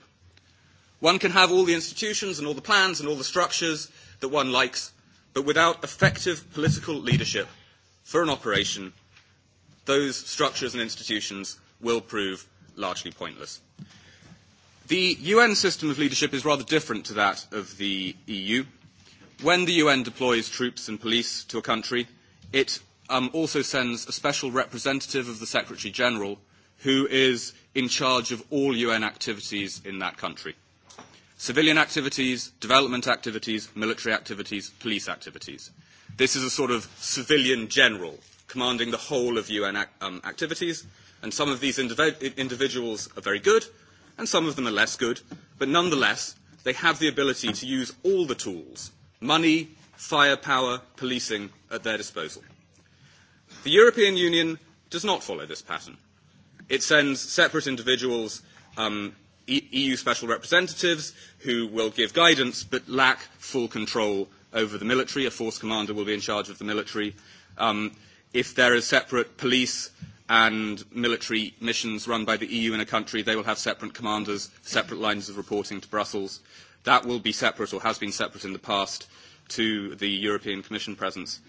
One can have all the institutions and all the plans and all the structures that one likes, but without effective political leadership for an operation, those structures and institutions will prove largely pointless. The UN system of leadership is rather different to that of the EU. When the UN deploys troops and police to a country, it um, also sends a special representative of the Secretary General who is in charge of all UN activities in that country. Civilian activities, development activities, military activities, police activities. This is a sort of civilian general commanding the whole of UN ac um, activities, and some of these indiv individuals are very good, and some of them are less good, but nonetheless, they have the ability to use all the tools money, firepower, policing at their disposal. The European Union does not follow this pattern. It sends separate individuals, um, EU special representatives, who will give guidance but lack full control over the military. A force commander will be in charge of the military. Um, if there are separate police and military missions run by the EU in a country, they will have separate commanders, separate lines of reporting to Brussels. That will be separate or has been separate in the past to the European Commission presence.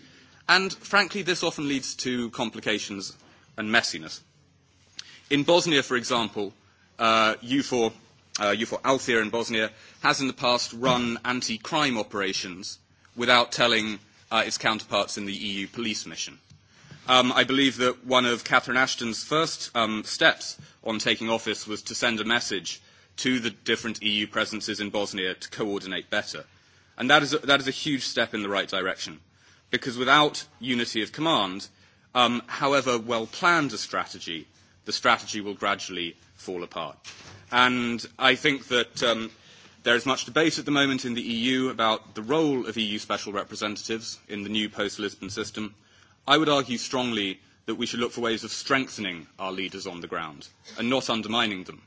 And frankly, this often leads to complications and messiness. In Bosnia, for example, uh, uh, Althea in Bosnia has in the past run anti-crime operations without telling uh, its counterparts in the EU police mission. Um, I believe that one of Catherine Ashton's first um, steps on taking office was to send a message to the different EU presences in Bosnia to coordinate better. And that is a, that is a huge step in the right direction, because without unity of command, um, however well planned a strategy, the strategy will gradually fall apart. And I think that um, there is much debate at the moment in the EU about the role of EU special representatives in the new post-Lisbon system. I would argue strongly that we should look for ways of strengthening our leaders on the ground and not undermining them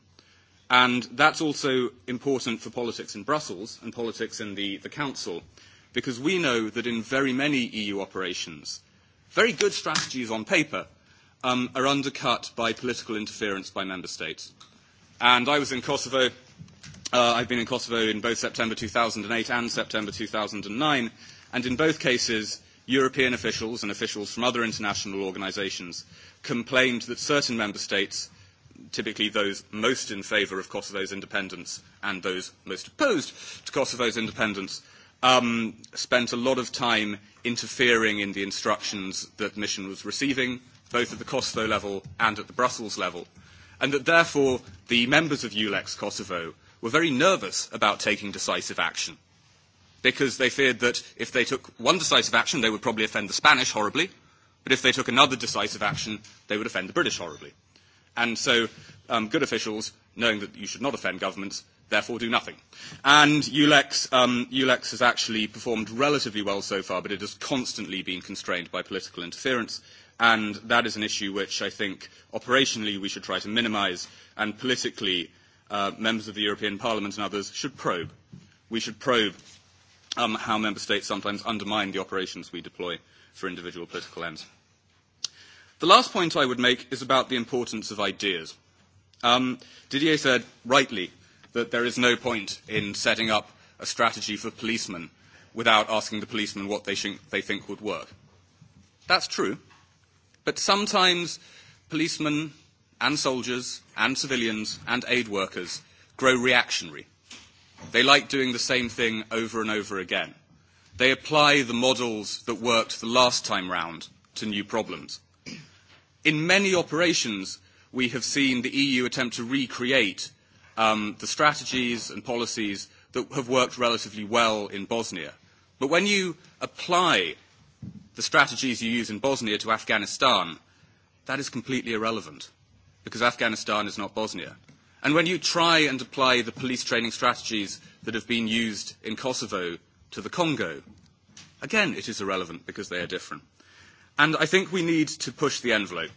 And that's also important for politics in Brussels and politics in the, the Council, because we know that in very many EU operations, very good strategies on paper um, are undercut by political interference by member states. And I was in Kosovo. Uh, I've been in Kosovo in both September 2008 and September 2009. And in both cases, European officials and officials from other international organisations complained that certain member states typically those most in favour of Kosovo's independence and those most opposed to Kosovo's independence, um, spent a lot of time interfering in the instructions that the mission was receiving, both at the Kosovo level and at the Brussels level, and that therefore the members of ULEX Kosovo were very nervous about taking decisive action because they feared that if they took one decisive action, they would probably offend the Spanish horribly, but if they took another decisive action, they would offend the British horribly. And so um, good officials, knowing that you should not offend governments, therefore do nothing. And ULEX, um, ULEX has actually performed relatively well so far, but it has constantly been constrained by political interference. And that is an issue which I think operationally we should try to minimize, and politically uh, members of the European Parliament and others should probe. We should probe um, how member states sometimes undermine the operations we deploy for individual political ends. The last point I would make is about the importance of ideas. Um, Didier said rightly that there is no point in setting up a strategy for policemen without asking the policemen what they, sh- they think would work. That's true. But sometimes policemen and soldiers and civilians and aid workers grow reactionary. They like doing the same thing over and over again. They apply the models that worked the last time round to new problems. In many operations, we have seen the EU attempt to recreate um, the strategies and policies that have worked relatively well in Bosnia. But when you apply the strategies you use in Bosnia to Afghanistan, that is completely irrelevant because Afghanistan is not Bosnia. And when you try and apply the police training strategies that have been used in Kosovo to the Congo, again, it is irrelevant because they are different. And I think we need to push the envelope.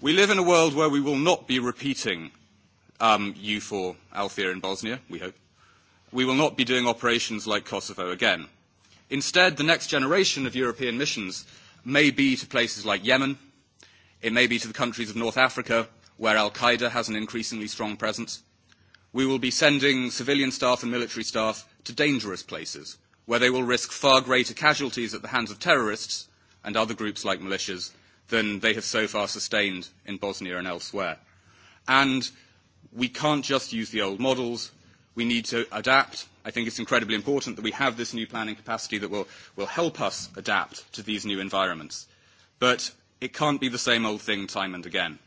We live in a world where we will not be repeating um, U4 Althea in Bosnia, we hope. We will not be doing operations like Kosovo again. Instead, the next generation of European missions may be to places like Yemen. It may be to the countries of North Africa, where Al-Qaeda has an increasingly strong presence. We will be sending civilian staff and military staff to dangerous places, where they will risk far greater casualties at the hands of terrorists and other groups like militias than they have so far sustained in Bosnia and elsewhere. And we can't just use the old models. We need to adapt. I think it's incredibly important that we have this new planning capacity that will, will help us adapt to these new environments. But it can't be the same old thing time and again.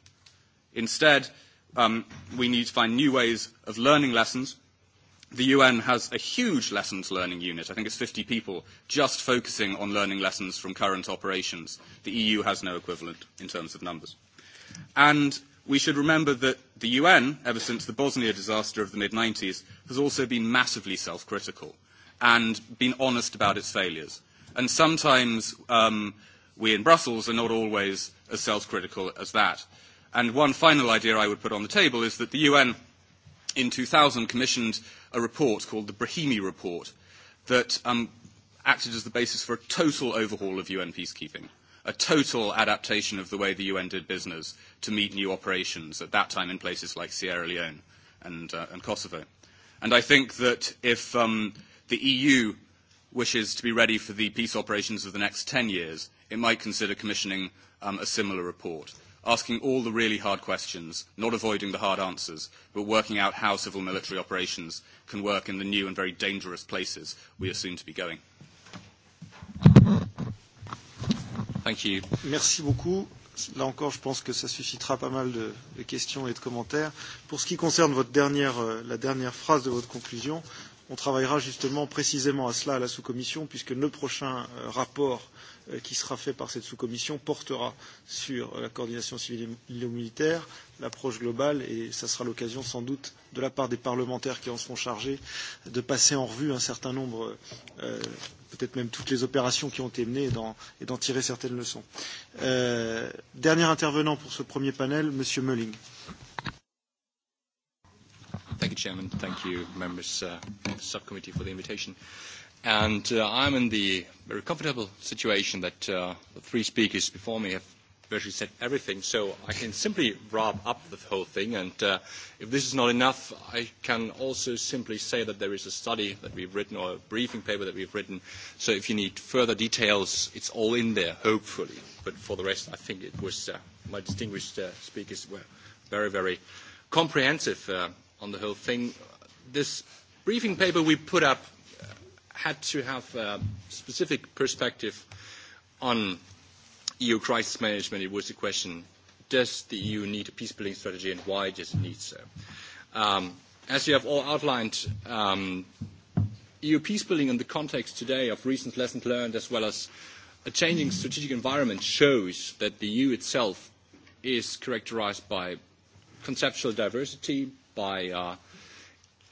Instead, um, we need to find new ways of learning lessons the UN has a huge lessons learning unit. I think it's 50 people just focusing on learning lessons from current operations. The EU has no equivalent in terms of numbers. And we should remember that the UN, ever since the Bosnia disaster of the mid-90s, has also been massively self-critical and been honest about its failures. And sometimes um, we in Brussels are not always as self-critical as that. And one final idea I would put on the table is that the UN – in 2000 commissioned a report called the Brahimi Report that um, acted as the basis for a total overhaul of UN peacekeeping, a total adaptation of the way the UN did business to meet new operations, at that time in places like Sierra Leone and, uh, and Kosovo. And I think that if um, the EU wishes to be ready for the peace operations of the next 10 years, it might consider commissioning um, a similar report asking all the really hard questions, not avoiding the hard answers, but working out how civil military operations can work in the new and very dangerous places we are soon to be going. Thank you. Merci beaucoup. Là encore, je pense que ça suscitera pas mal de, de questions et de commentaires. Pour ce qui concerne votre dernière, euh, la dernière phrase de votre conclusion, on travaillera justement précisément à cela à la sous-commission, puisque le prochain euh, rapport Euh, qui sera fait par cette sous-commission portera sur la coordination civile et militaire, l'approche globale, et ça sera l'occasion sans doute de la part des parlementaires qui en seront chargés de passer en revue un certain nombre, euh, peut-être même toutes les opérations qui ont été menées et d'en tirer certaines leçons. Euh, dernier intervenant pour ce premier panel, M. Mölling. Thank you, Chairman. Thank you, members uh, of the subcommittee, for the invitation. Uh, And uh, I'm in the very comfortable situation that uh, the three speakers before me have virtually said everything, so I can simply wrap up the whole thing. And uh, if this is not enough, I can also simply say that there is a study that we've written or a briefing paper that we've written. So if you need further details, it's all in there, hopefully. But for the rest, I think it was uh, my distinguished uh, speakers were very, very comprehensive uh, on the whole thing. This briefing paper we put up had to have a specific perspective on EU crisis management, it was the question, does the EU need a peace-building strategy and why does it need so? Um, as you have all outlined, um, EU peace-building in the context today of recent lessons learned as well as a changing strategic environment shows that the EU itself is characterized by conceptual diversity, by uh,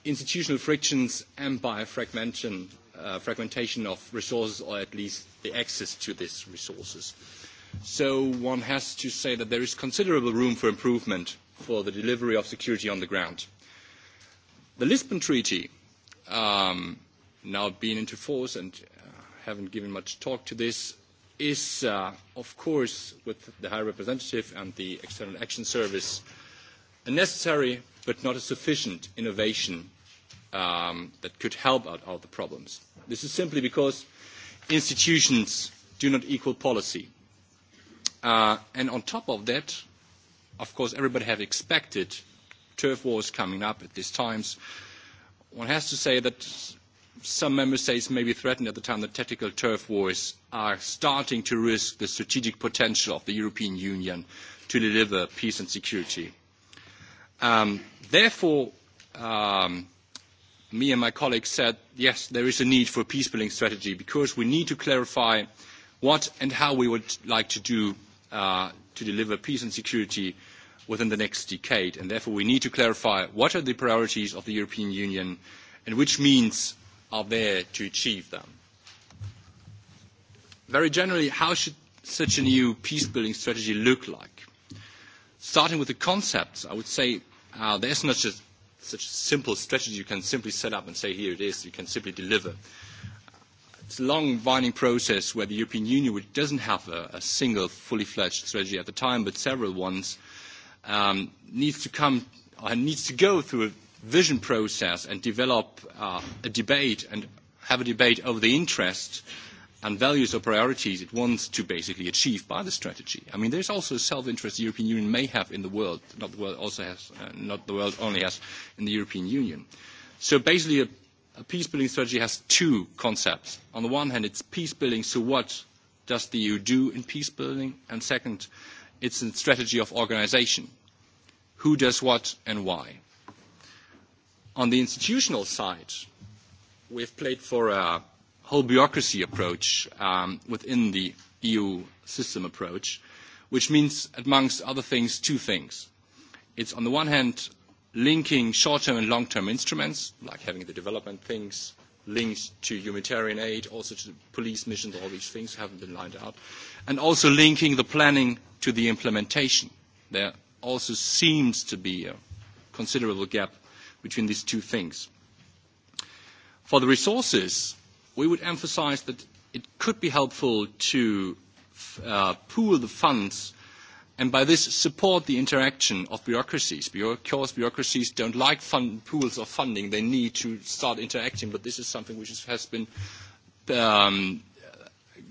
institutional frictions, and by fragmentation uh, fragmentation of resources or at least the access to these resources. So one has to say that there is considerable room for improvement for the delivery of security on the ground. The Lisbon Treaty, um, now being into force and uh, haven't given much talk to this, is, uh, of course, with the High Representative and the External Action Service, a necessary but not a sufficient innovation um, that could help out all the problems. This is simply because institutions do not equal policy. Uh, and on top of that, of course, everybody have expected turf wars coming up at these times. One has to say that some member states may be threatened at the time that tactical turf wars are starting to risk the strategic potential of the European Union to deliver peace and security. Um, therefore, um, me and my colleagues said, yes, there is a need for a peace building strategy because we need to clarify what and how we would like to do uh, to deliver peace and security within the next decade. And therefore, we need to clarify what are the priorities of the European Union and which means are there to achieve them. Very generally, how should such a new peace-building strategy look like? Starting with the concepts, I would say uh, there's not just such a simple strategy you can simply set up and say, here it is, you can simply deliver. It's a long, winding process where the European Union, which doesn't have a, a single fully fledged strategy at the time, but several ones, um, needs to come uh, needs to go through a vision process and develop uh, a debate and have a debate over the interests and values or priorities it wants to basically achieve by the strategy. I mean, there's also a self-interest the European Union may have in the world, not the world also has, uh, not the world only has in the European Union. So basically, a, a peace-building strategy has two concepts. On the one hand, it's peace-building, so what does the EU do in peace-building? And second, it's a strategy of organisation. Who does what and why? On the institutional side, we've played for a whole bureaucracy approach um, within the EU system approach, which means, amongst other things, two things. It's on the one hand linking short-term and long-term instruments, like having the development things linked to humanitarian aid, also to police missions, all these things haven't been lined out, and also linking the planning to the implementation. There also seems to be a considerable gap between these two things. For the resources, we would emphasize that it could be helpful to uh, pool the funds and by this support the interaction of bureaucracies. Because bureaucracies don't like fund, pools of funding, they need to start interacting, but this is something which has been um,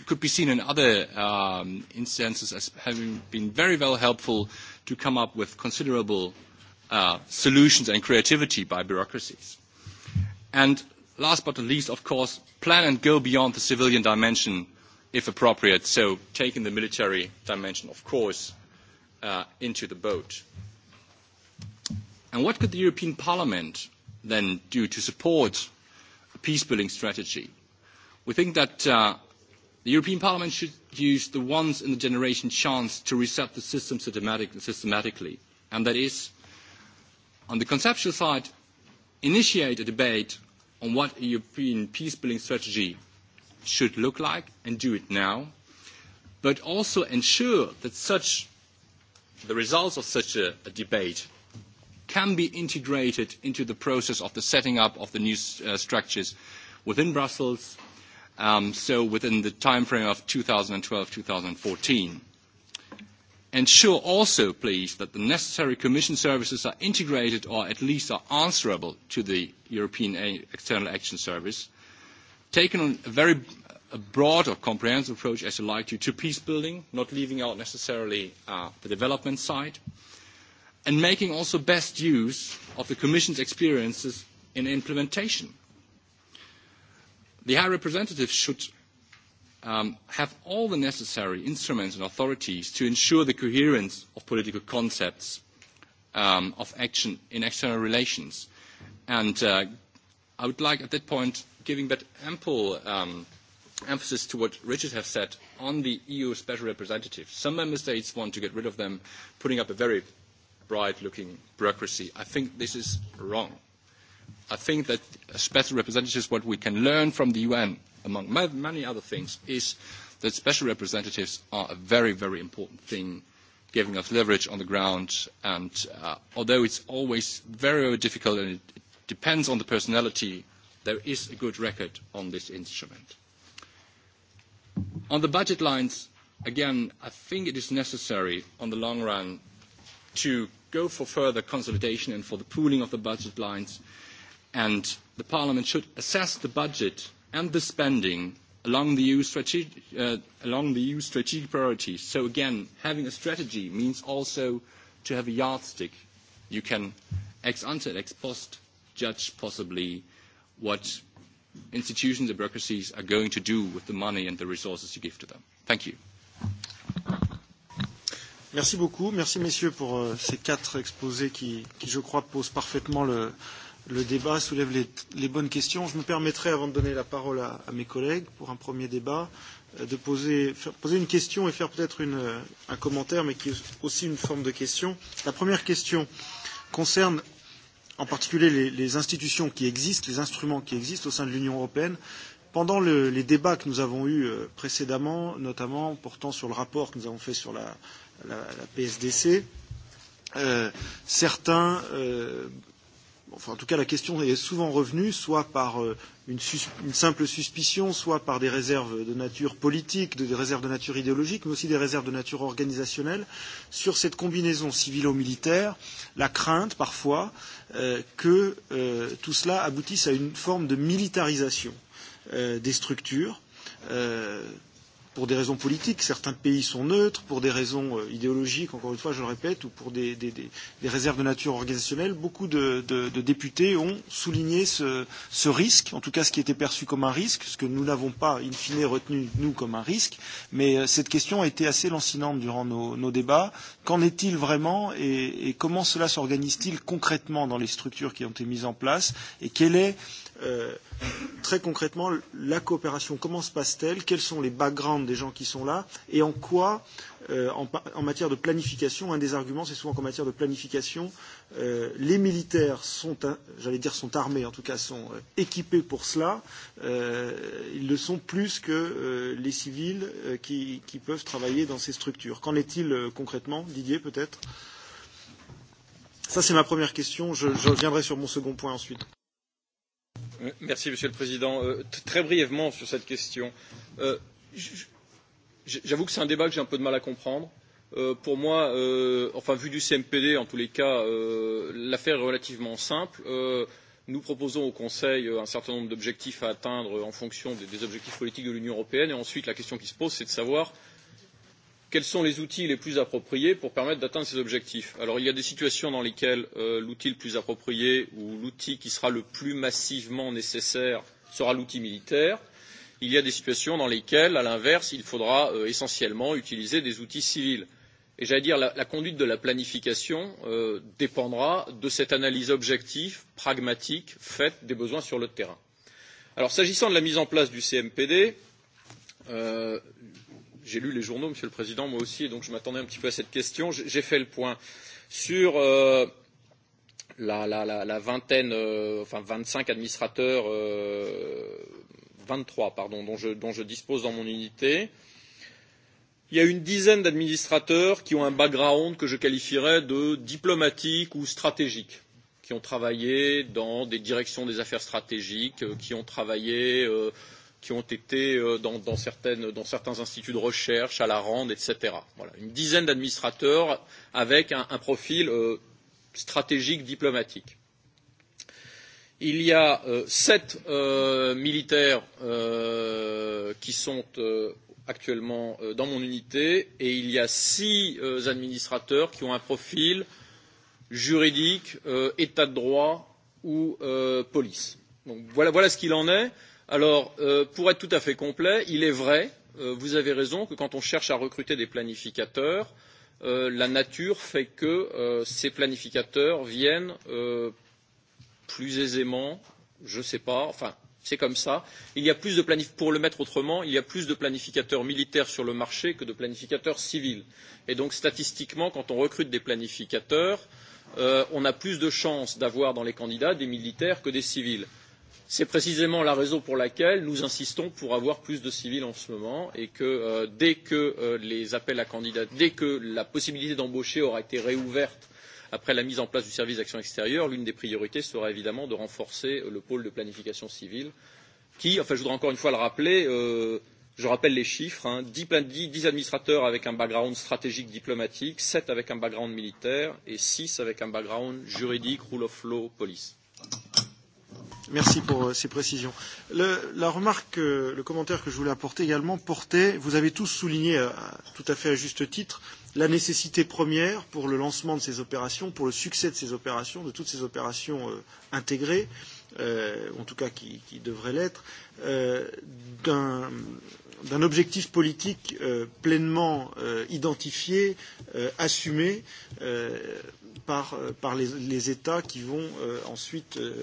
could be seen in other um, instances as having been very well helpful to come up with considerable uh, solutions and creativity by bureaucracies. And Last but not least, of course, plan and go beyond the civilian dimension if appropriate, so taking the military dimension, of course, uh, into the boat. And what could the European Parliament then do to support a peace-building strategy? We think that uh, the European Parliament should use the once-in-a-generation chance to reset the system systematic systematically, and that is, on the conceptual side, initiate a debate on what a European peace-building strategy should look like and do it now, but also ensure that such, the results of such a, a debate can be integrated into the process of the setting up of the new uh, structures within Brussels, um, so within the timeframe of 2012-2014. Ensure also, please, that the necessary Commission services are integrated or at least are answerable to the European External Action Service. Taking on a very a broad or comprehensive approach, as you like to, to peace building, not leaving out necessarily uh, the development side, and making also best use of the Commission's experiences in implementation. The High Representative should um, have all the necessary instruments and authorities to ensure the coherence of political concepts um, of action in external relations. And uh, I would like at that point, giving that ample um, emphasis to what Richard has said on the EU special representatives. Some member states want to get rid of them, putting up a very bright-looking bureaucracy. I think this is wrong. I think that uh, special representatives, what we can learn from the UN among many other things, is that special representatives are a very, very important thing, giving us leverage on the ground. And uh, although it's always very, very difficult and it depends on the personality, there is a good record on this instrument. On the budget lines, again, I think it is necessary on the long run to go for further consolidation and for the pooling of the budget lines. And the Parliament should assess the budget and the spending along the EU strategic, uh, along the EU strategic priorities. So again, having a strategy means also to have a yardstick. You can ex ante and ex post judge possibly what institutions and bureaucracies are going to do with the money and the resources you give to them. Thank you. Merci beaucoup. Merci messieurs pour euh, ces quatre exposés qui, je crois, posent parfaitement le débat soulève les, les bonnes questions. Je me permettrai, avant de donner la parole à, à mes collègues pour un premier débat, euh, de poser, faire, poser une question et faire peut-être euh, un commentaire, mais qui est aussi une forme de question. La première question concerne en particulier les, les institutions qui existent, les instruments qui existent au sein de l'Union européenne. Pendant le, les débats que nous avons eus euh, précédemment, notamment portant sur le rapport que nous avons fait sur la, la, la PSDC, euh, certains euh, enfin en tout cas la question est souvent revenue, soit par euh, une, sus une simple suspicion, soit par des réserves de nature politique, de, des réserves de nature idéologique, mais aussi des réserves de nature organisationnelle, sur cette combinaison civilo-militaire, la crainte parfois euh, que euh, tout cela aboutisse à une forme de militarisation euh, des structures. Euh, pour des raisons politiques, certains pays sont neutres, pour des raisons euh, idéologiques, encore une fois, je le répète, ou pour des, des, des, des réserves de nature organisationnelle, beaucoup de, de, de députés ont souligné ce, ce risque, en tout cas ce qui était perçu comme un risque, ce que nous n'avons pas, in fine, retenu, nous, comme un risque, mais euh, cette question a été assez lancinante durant nos, nos débats. Qu'en est-il vraiment et, et comment cela s'organise-t-il concrètement dans les structures qui ont été mises en place et quelle est Euh, très concrètement, la coopération, comment se passe-t-elle Quels sont les backgrounds des gens qui sont là Et en quoi, euh, en, en matière de planification, un des arguments, c'est souvent qu'en matière de planification, euh, les militaires sont, j'allais dire, sont armés, en tout cas, sont euh, équipés pour cela. Euh, ils le sont plus que euh, les civils euh, qui, qui peuvent travailler dans ces structures. Qu'en est-il euh, concrètement Didier, peut-être ça, c'est ma première question. Je, je reviendrai sur mon second point ensuite. Monsieur le Président. Euh, très brièvement sur cette question. Euh, j'avoue que c'est un débat que j'ai un peu de mal à comprendre. Euh, pour moi, enfin, vu du CMPD, en tous les cas, l'affaire est relativement simple. nous proposons au Conseil un certain nombre d'objectifs à atteindre en fonction des, objectifs politiques de l'Union européenne. Et ensuite, la question qui se pose, c'est de savoir quels sont les outils les plus appropriés pour permettre d'atteindre ces objectifs. Alors il y a des situations dans lesquelles euh, l'outil le plus approprié ou l'outil qui sera le plus massivement nécessaire sera l'outil militaire. Il y a des situations dans lesquelles, à l'inverse, il faudra euh, essentiellement utiliser des outils civils. Et j'allais dire, la, la conduite de la planification euh, dépendra de cette analyse objective, pragmatique, faite des besoins sur le terrain. Alors s'agissant de la mise en place du CMPD, euh, j'ai lu les journaux, Monsieur le Président, moi aussi, et donc je m'attendais un petit peu à cette question. J'ai fait le point sur euh, la, la, la, la vingtaine, euh, enfin 25 administrateurs, euh, 23 pardon, dont je, dont je dispose dans mon unité. Il y a une dizaine d'administrateurs qui ont un background que je qualifierais de diplomatique ou stratégique qui ont travaillé dans des directions des affaires stratégiques, euh, qui ont travaillé euh, qui ont été euh, dans, dans, certaines, dans certains instituts de recherche, à la Rande, etc. Voilà, une dizaine d'administrateurs avec un, un profil euh, stratégique diplomatique. Il y a euh, sept euh, militaires euh, qui sont euh, actuellement euh, dans mon unité et il y a six euh, administrateurs qui ont un profil juridique, euh, état de droit ou euh, police. Donc voilà, voilà ce qu'il en est. Euh, Alors, euh, pour être tout à fait complet, il est vrai, euh, vous avez raison, que quand on cherche à recruter des planificateurs, euh, la nature fait que euh, ces planificateurs viennent euh, plus aisément, je ne sais pas, enfin, c'est comme ça. Il y a plus de planif pour le mettre autrement, il y a plus de planificateurs militaires sur le marché que de planificateurs civils. Et donc, statistiquement, quand on recrute des planificateurs, euh, on a plus de chances d'avoir dans les candidats des militaires que des civils. C'est précisément la raison pour laquelle nous insistons pour avoir plus de civils en ce moment et que euh, dès que euh, les appels à candidats, dès que la possibilité d'embaucher aura été réouverte après la mise en place du service d'action extérieure, l'une des priorités sera évidemment de renforcer euh, le pôle de planification civile qui, enfin je voudrais encore une fois le rappeler, euh, je rappelle les chiffres, hein, 10, 10, administrateurs avec un background stratégique diplomatique, 7 avec un background militaire et 6 avec un background juridique, rule of law, police. Thank you. Merci pour euh, ces précisions. Le, la remarque, euh, le commentaire que je voulais apporter également portait, vous avez tous souligné euh, tout à fait à juste titre, la nécessité première pour le lancement de ces opérations, pour le succès de ces opérations, de toutes ces opérations intégrées, euh, en tout cas qui, qui devraient l'être, euh, d'un objectif politique euh, pleinement euh, identifié, euh, assumé. Euh, par, euh, par les, les États qui vont euh, ensuite euh,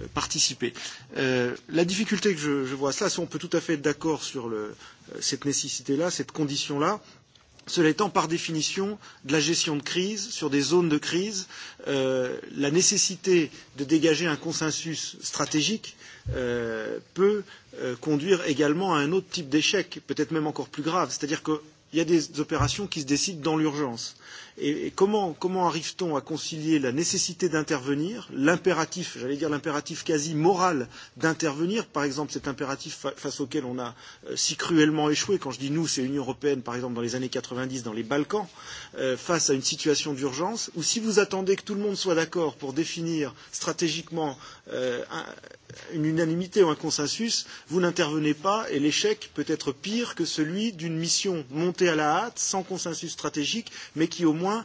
euh participer. Euh, la difficulté que je, je vois à cela, si on peut tout à fait être d'accord sur le, euh, cette nécessité-là, cette condition-là. Cela étant, par définition, de la gestion de crise, sur des zones de crise, euh, la nécessité de dégager un consensus stratégique euh, peut euh, conduire également à un autre type d'échec, peut-être même encore plus grave. C'est-à-dire qu'il y a des opérations qui se décident dans l'urgence. Et, et comment, comment arrive-t-on à concilier la nécessité d'intervenir, l'impératif, j'allais dire l'impératif quasi moral d'intervenir, par exemple cet impératif fa face auquel on a euh, si cruellement échoué, quand je dis nous, c'est l'Union européenne, par exemple dans les années 90 dans les Balkans, euh, face à une situation d'urgence, ou si vous attendez que tout le monde soit d'accord pour définir stratégiquement euh, une unanimité ou un consensus, vous n'intervenez pas et l'échec peut être pire que celui d'une mission montée à la hâte, sans consensus stratégique, mais qui au moins besoin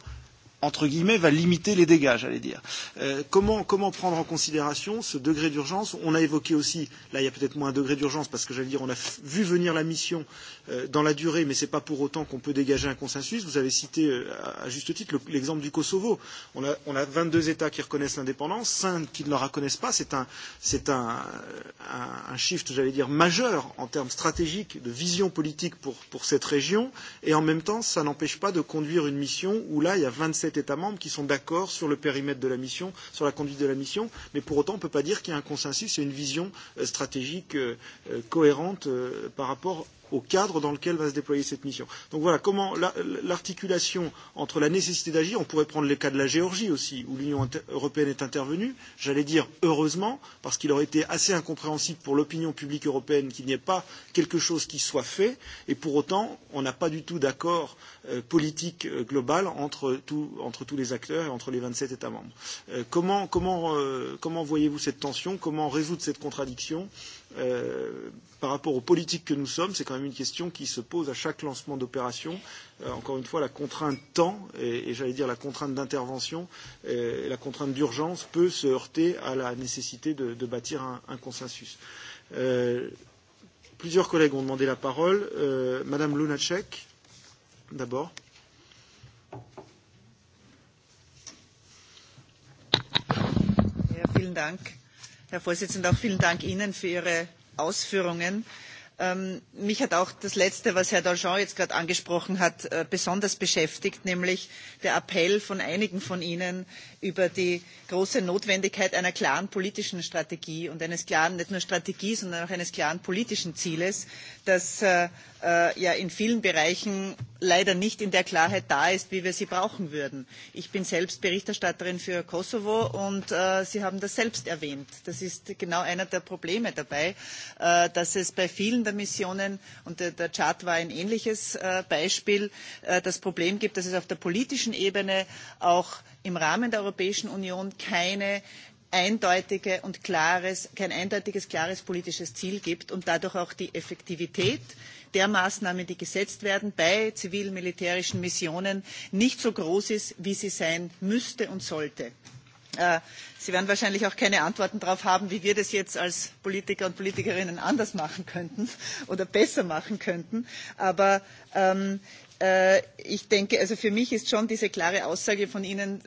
entre guillemets, va limiter les dégâts, j'allais dire. Euh, comment, comment prendre en considération ce degré d'urgence On a évoqué aussi, là il y a peut-être moins un degré d'urgence parce que j'allais dire, on a vu venir la mission euh, dans la durée, mais ce n'est pas pour autant qu'on peut dégager un consensus. Vous avez cité euh, à juste titre l'exemple le, du Kosovo. On a, on a 22 États qui reconnaissent l'indépendance, 5 qui ne la reconnaissent pas. C'est un, un, un, un shift, j'allais dire, majeur en termes stratégiques, de vision politique pour, pour cette région. Et en même temps, ça n'empêche pas de conduire une mission où là, il y a 27 27 États membres qui sont d'accord sur le périmètre de la mission, sur la conduite de la mission, mais pour autant, on ne peut pas dire qu'il y a un consensus et une vision euh, stratégique euh, euh, cohérente par rapport au cadre dans lequel va se déployer cette mission. Donc voilà comment l'articulation entre la nécessité d'agir, on pourrait prendre le cas de la Géorgie aussi, où l'Union européenne est intervenue, j'allais dire heureusement, parce qu'il aurait été assez incompréhensible pour l'opinion publique européenne qu'il n'y ait pas quelque chose qui soit fait, et pour autant, on n'a pas du tout d'accord euh, politique euh, global entre, tout, entre tous les acteurs et entre les 27 États membres. Euh, comment comment, euh, comment voyez-vous cette tension Comment résoudre cette contradiction euh, Euh, par rapport aux politiques que nous sommes, c'est quand même une question qui se pose à chaque lancement d'opération. Euh, encore une fois, la contrainte temps et, et j'allais dire la contrainte d'intervention euh, et la contrainte d'urgence peut se heurter à la nécessité de, de bâtir un, un consensus. Euh, plusieurs collègues ont demandé la parole. Euh, Madame Lunacek, d'abord. Merci. vielen herr präsident! auch vielen dank ihnen für ihre ausführungen. Ähm, mich hat auch das Letzte, was Herr Daljean jetzt gerade angesprochen hat, äh, besonders beschäftigt, nämlich der Appell von einigen von Ihnen über die große Notwendigkeit einer klaren politischen Strategie und eines klaren, nicht nur Strategie, sondern auch eines klaren politischen Zieles, das äh, äh, ja in vielen Bereichen leider nicht in der Klarheit da ist, wie wir sie brauchen würden. Ich bin selbst Berichterstatterin für Kosovo und äh, Sie haben das selbst erwähnt. Das ist genau einer der Probleme dabei, äh, dass es bei vielen der missionen und der tschad war ein ähnliches äh, beispiel äh, das problem gibt dass es auf der politischen ebene auch im rahmen der europäischen union keine eindeutige und klares, kein eindeutiges, klares politisches Ziel gibt und dadurch auch die Effektivität der Maßnahmen, die gesetzt werden bei zivil-militärischen Missionen, nicht so groß ist, wie sie sein müsste und sollte. Äh, Sie werden wahrscheinlich auch keine Antworten darauf haben, wie wir das jetzt als Politiker und Politikerinnen anders machen könnten oder besser machen könnten. Aber ähm, äh, ich denke, also für mich ist schon diese klare Aussage von Ihnen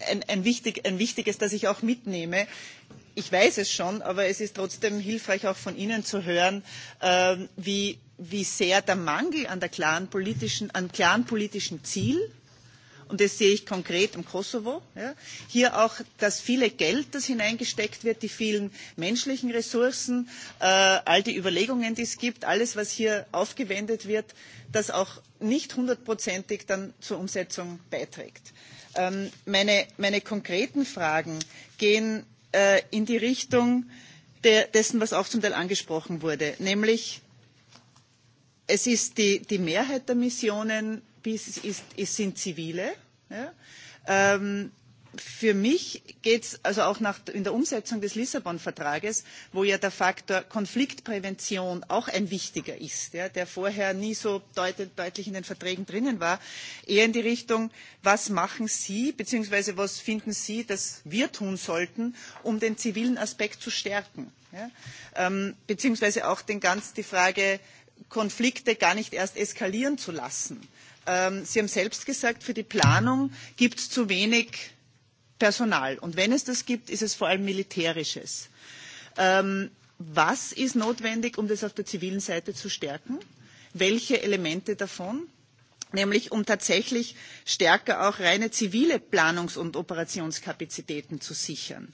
äh, ein, ein, wichtig, ein wichtiges, das ich auch mitnehme ich weiß es schon, aber es ist trotzdem hilfreich, auch von Ihnen zu hören, äh, wie, wie sehr der Mangel an der klaren politischen, an klaren politischen Ziel Und das sehe ich konkret im Kosovo. Ja. Hier auch das viele Geld, das hineingesteckt wird, die vielen menschlichen Ressourcen, äh, all die Überlegungen, die es gibt, alles, was hier aufgewendet wird, das auch nicht hundertprozentig dann zur Umsetzung beiträgt. Ähm, meine, meine konkreten Fragen gehen äh, in die Richtung der, dessen, was auch zum Teil angesprochen wurde, nämlich es ist die, die Mehrheit der Missionen Peace ist, es sind Zivile. Ja? Ähm, für mich geht es also auch nach, in der Umsetzung des Lissabon-Vertrages, wo ja der Faktor Konfliktprävention auch ein wichtiger ist, ja, der vorher nie so deut deutlich in den Verträgen drinnen war, eher in die Richtung, was machen Sie beziehungsweise was finden Sie, dass wir tun sollten, um den zivilen Aspekt zu stärken? Ja? Ähm, beziehungsweise auch den ganz, die Frage, Konflikte gar nicht erst eskalieren zu lassen Ähm, Sie haben selbst gesagt, für die Planung gibt es zu wenig Personal. Und wenn es das gibt, ist es vor allem militärisches. Ähm, was ist notwendig, um das auf der zivilen Seite zu stärken? Welche Elemente davon? nämlich um tatsächlich stärker auch reine zivile Planungs- und Operationskapazitäten zu sichern.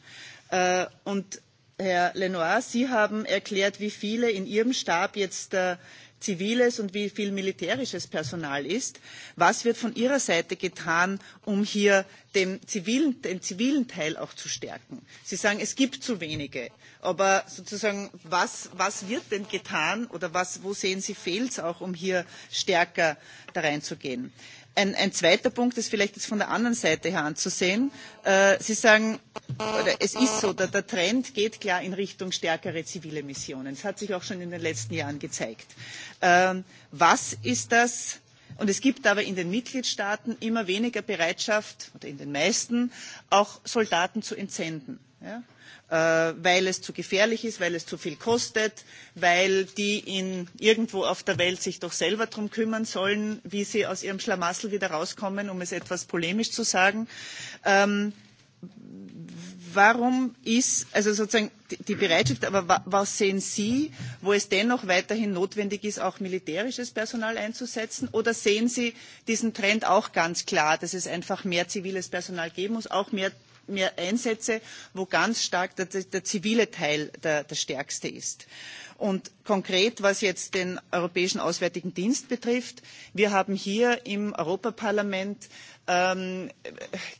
Äh, und Herr Lenoir, Sie haben erklärt, wie viele in Ihrem Stab jetzt äh, ziviles und wie viel militärisches Personal ist. Was wird von Ihrer Seite getan, um hier den zivilen, den zivilen Teil auch zu stärken? Sie sagen, es gibt zu wenige. Aber sozusagen, was, was wird denn getan oder was, wo sehen Sie fehlt es auch, um hier stärker da reinzugehen? Ein, ein zweiter Punkt ist vielleicht jetzt von der anderen Seite her anzusehen. Äh, Sie sagen, oder es ist so, der, der Trend geht klar in Richtung stärkere zivile Missionen. Das hat sich auch schon in den letzten Jahren gezeigt. Äh, was ist das? Und es gibt aber in den Mitgliedstaaten immer weniger Bereitschaft, oder in den meisten, auch Soldaten zu entsenden. Ja? Äh, weil es zu gefährlich ist, weil es zu viel kostet, weil die in, irgendwo auf der Welt sich doch selber darum kümmern sollen, wie sie aus ihrem Schlamassel wieder rauskommen, um es etwas polemisch zu sagen. Ähm, warum ist, also sozusagen die Bereitschaft, aber was sehen Sie, wo es dennoch weiterhin notwendig ist, auch militärisches Personal einzusetzen? Oder sehen Sie diesen Trend auch ganz klar, dass es einfach mehr ziviles Personal geben muss, auch mehr mehr einsätze wo ganz stark der, zivile teil der, stärkste ist. Und konkret, was jetzt den Europäischen Auswärtigen Dienst betrifft, wir haben hier im europäischen parlament ähm,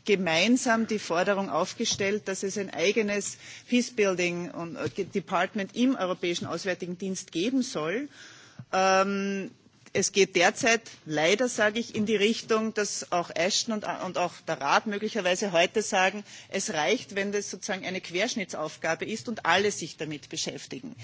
gemeinsam die Forderung aufgestellt, dass es ein eigenes peace building äh, Department im Europäischen Auswärtigen Dienst geben soll. Ähm, es geht derzeit leider sage ich in die richtung dass auch ashton und, auch der rat möglicherweise heute sagen es reicht wenn das sozusagen eine querschnittsaufgabe ist und alle sich damit beschäftigen.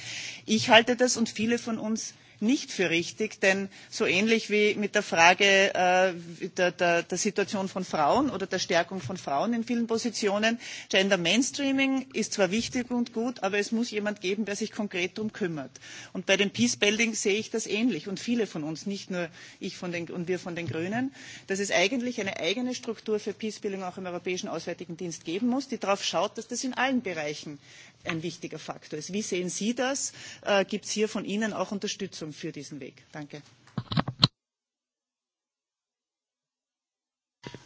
ich halte das und viele von uns nicht für richtig, denn so ähnlich wie mit der Frage äh, der, Situation von Frauen oder der Stärkung von Frauen in vielen Positionen, Gender Mainstreaming ist zwar wichtig und gut, aber es muss jemand geben, der sich konkret darum kümmert. Und bei dem Peace Building sehe ich das ähnlich und viele von uns, nicht nur ich und wir von den Grünen, dass es eigentlich eine eigene Struktur für Peace Building auch im Europäischen Auswärtigen Dienst geben muss, die darauf schaut, dass das in allen Bereichen ein wichtiger Faktor ist. Wie sehen Sie das? Äh, Gibt es hier von Ihnen auch Unterstützung für diesen Weg? Danke.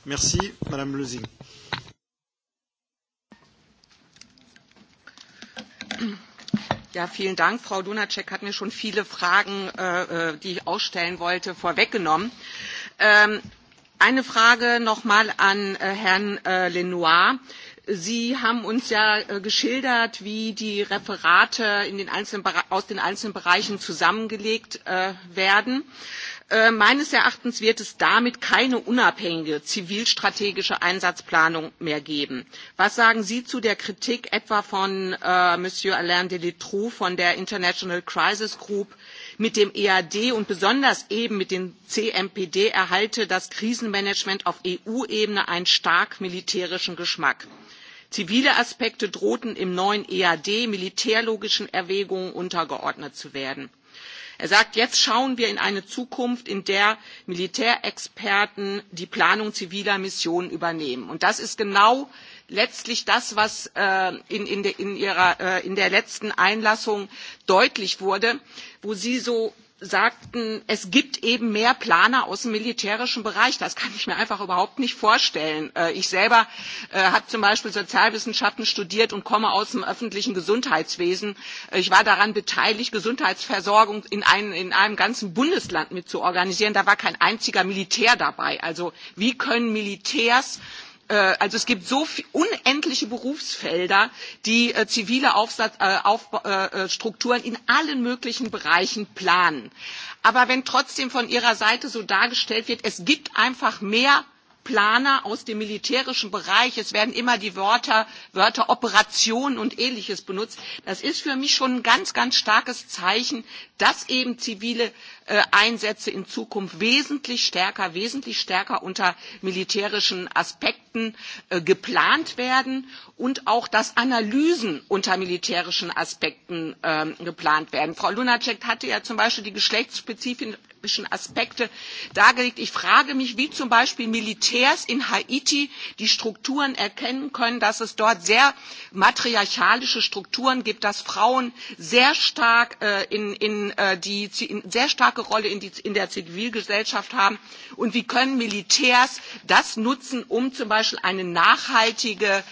Merci, Madame Lösing. Ja, vielen Dank. Frau Dunacek hat mir schon viele Fragen, äh, äh die ich ausstellen wollte, vorweggenommen. Ähm, eine Frage nochmal an äh, Herrn äh, Lenoir. Sie haben uns ja äh, geschildert, wie die Referate in den einzelnen, aus den einzelnen Bereichen zusammengelegt äh, werden. Äh, meines Erachtens wird es damit keine unabhängige zivilstrategische Einsatzplanung mehr geben. Was sagen Sie zu der Kritik etwa von äh, Monsieur Alain Delitroux von der International Crisis Group mit dem EAD und besonders eben mit dem CMPD erhalte das Krisenmanagement auf EU-Ebene einen stark militärischen Geschmack? Zivile Aspekte drohten im neuen EAD militärlogischen Erwägungen untergeordnet zu werden. Er sagt, jetzt schauen wir in eine Zukunft, in der Militärexperten die Planung ziviler Missionen übernehmen. Und das ist genau letztlich das was äh, in, ihrer, äh, in der letzten einlassung deutlich wurde wo sie so sagten es gibt eben mehr planer aus dem militärischen bereich. das kann ich mir einfach überhaupt nicht vorstellen. Äh, ich selber habe zum beispiel sozialwissenschaften studiert und komme aus dem öffentlichen gesundheitswesen. ich war daran beteiligt gesundheitsversorgung in einem, in einem ganzen bundesland mit zu organisieren. da war kein einziger militär dabei. also wie können militärs Äh, also es gibt so unendliche berufsfelder die äh, zivile Aufsatz, äh, strukturen in allen möglichen bereichen planen. aber wenn trotzdem von ihrer seite so dargestellt wird es gibt einfach mehr Planer aus dem militärischen Bereich. Es werden immer die Wörter, Wörter Operation und ähnliches benutzt. Das ist für mich schon ein ganz, ganz starkes Zeichen, dass eben zivile äh, Einsätze in Zukunft wesentlich stärker, wesentlich stärker unter militärischen Aspekten äh, geplant werden und auch, dass Analysen unter militärischen Aspekten äh, geplant werden. Frau Lunacek hatte ja zum Beispiel die geschlechtsspezifischen spezifischen Aspekte dargelegt. Ich frage mich, wie zum Beispiel Militärs in Haiti die Strukturen erkennen können, dass es dort sehr matriarchalische Strukturen gibt, dass Frauen sehr stark äh, in, in äh, die in sehr starke Rolle in, die, in der Zivilgesellschaft haben und wie können Militärs das nutzen, um zum Beispiel eine nachhaltige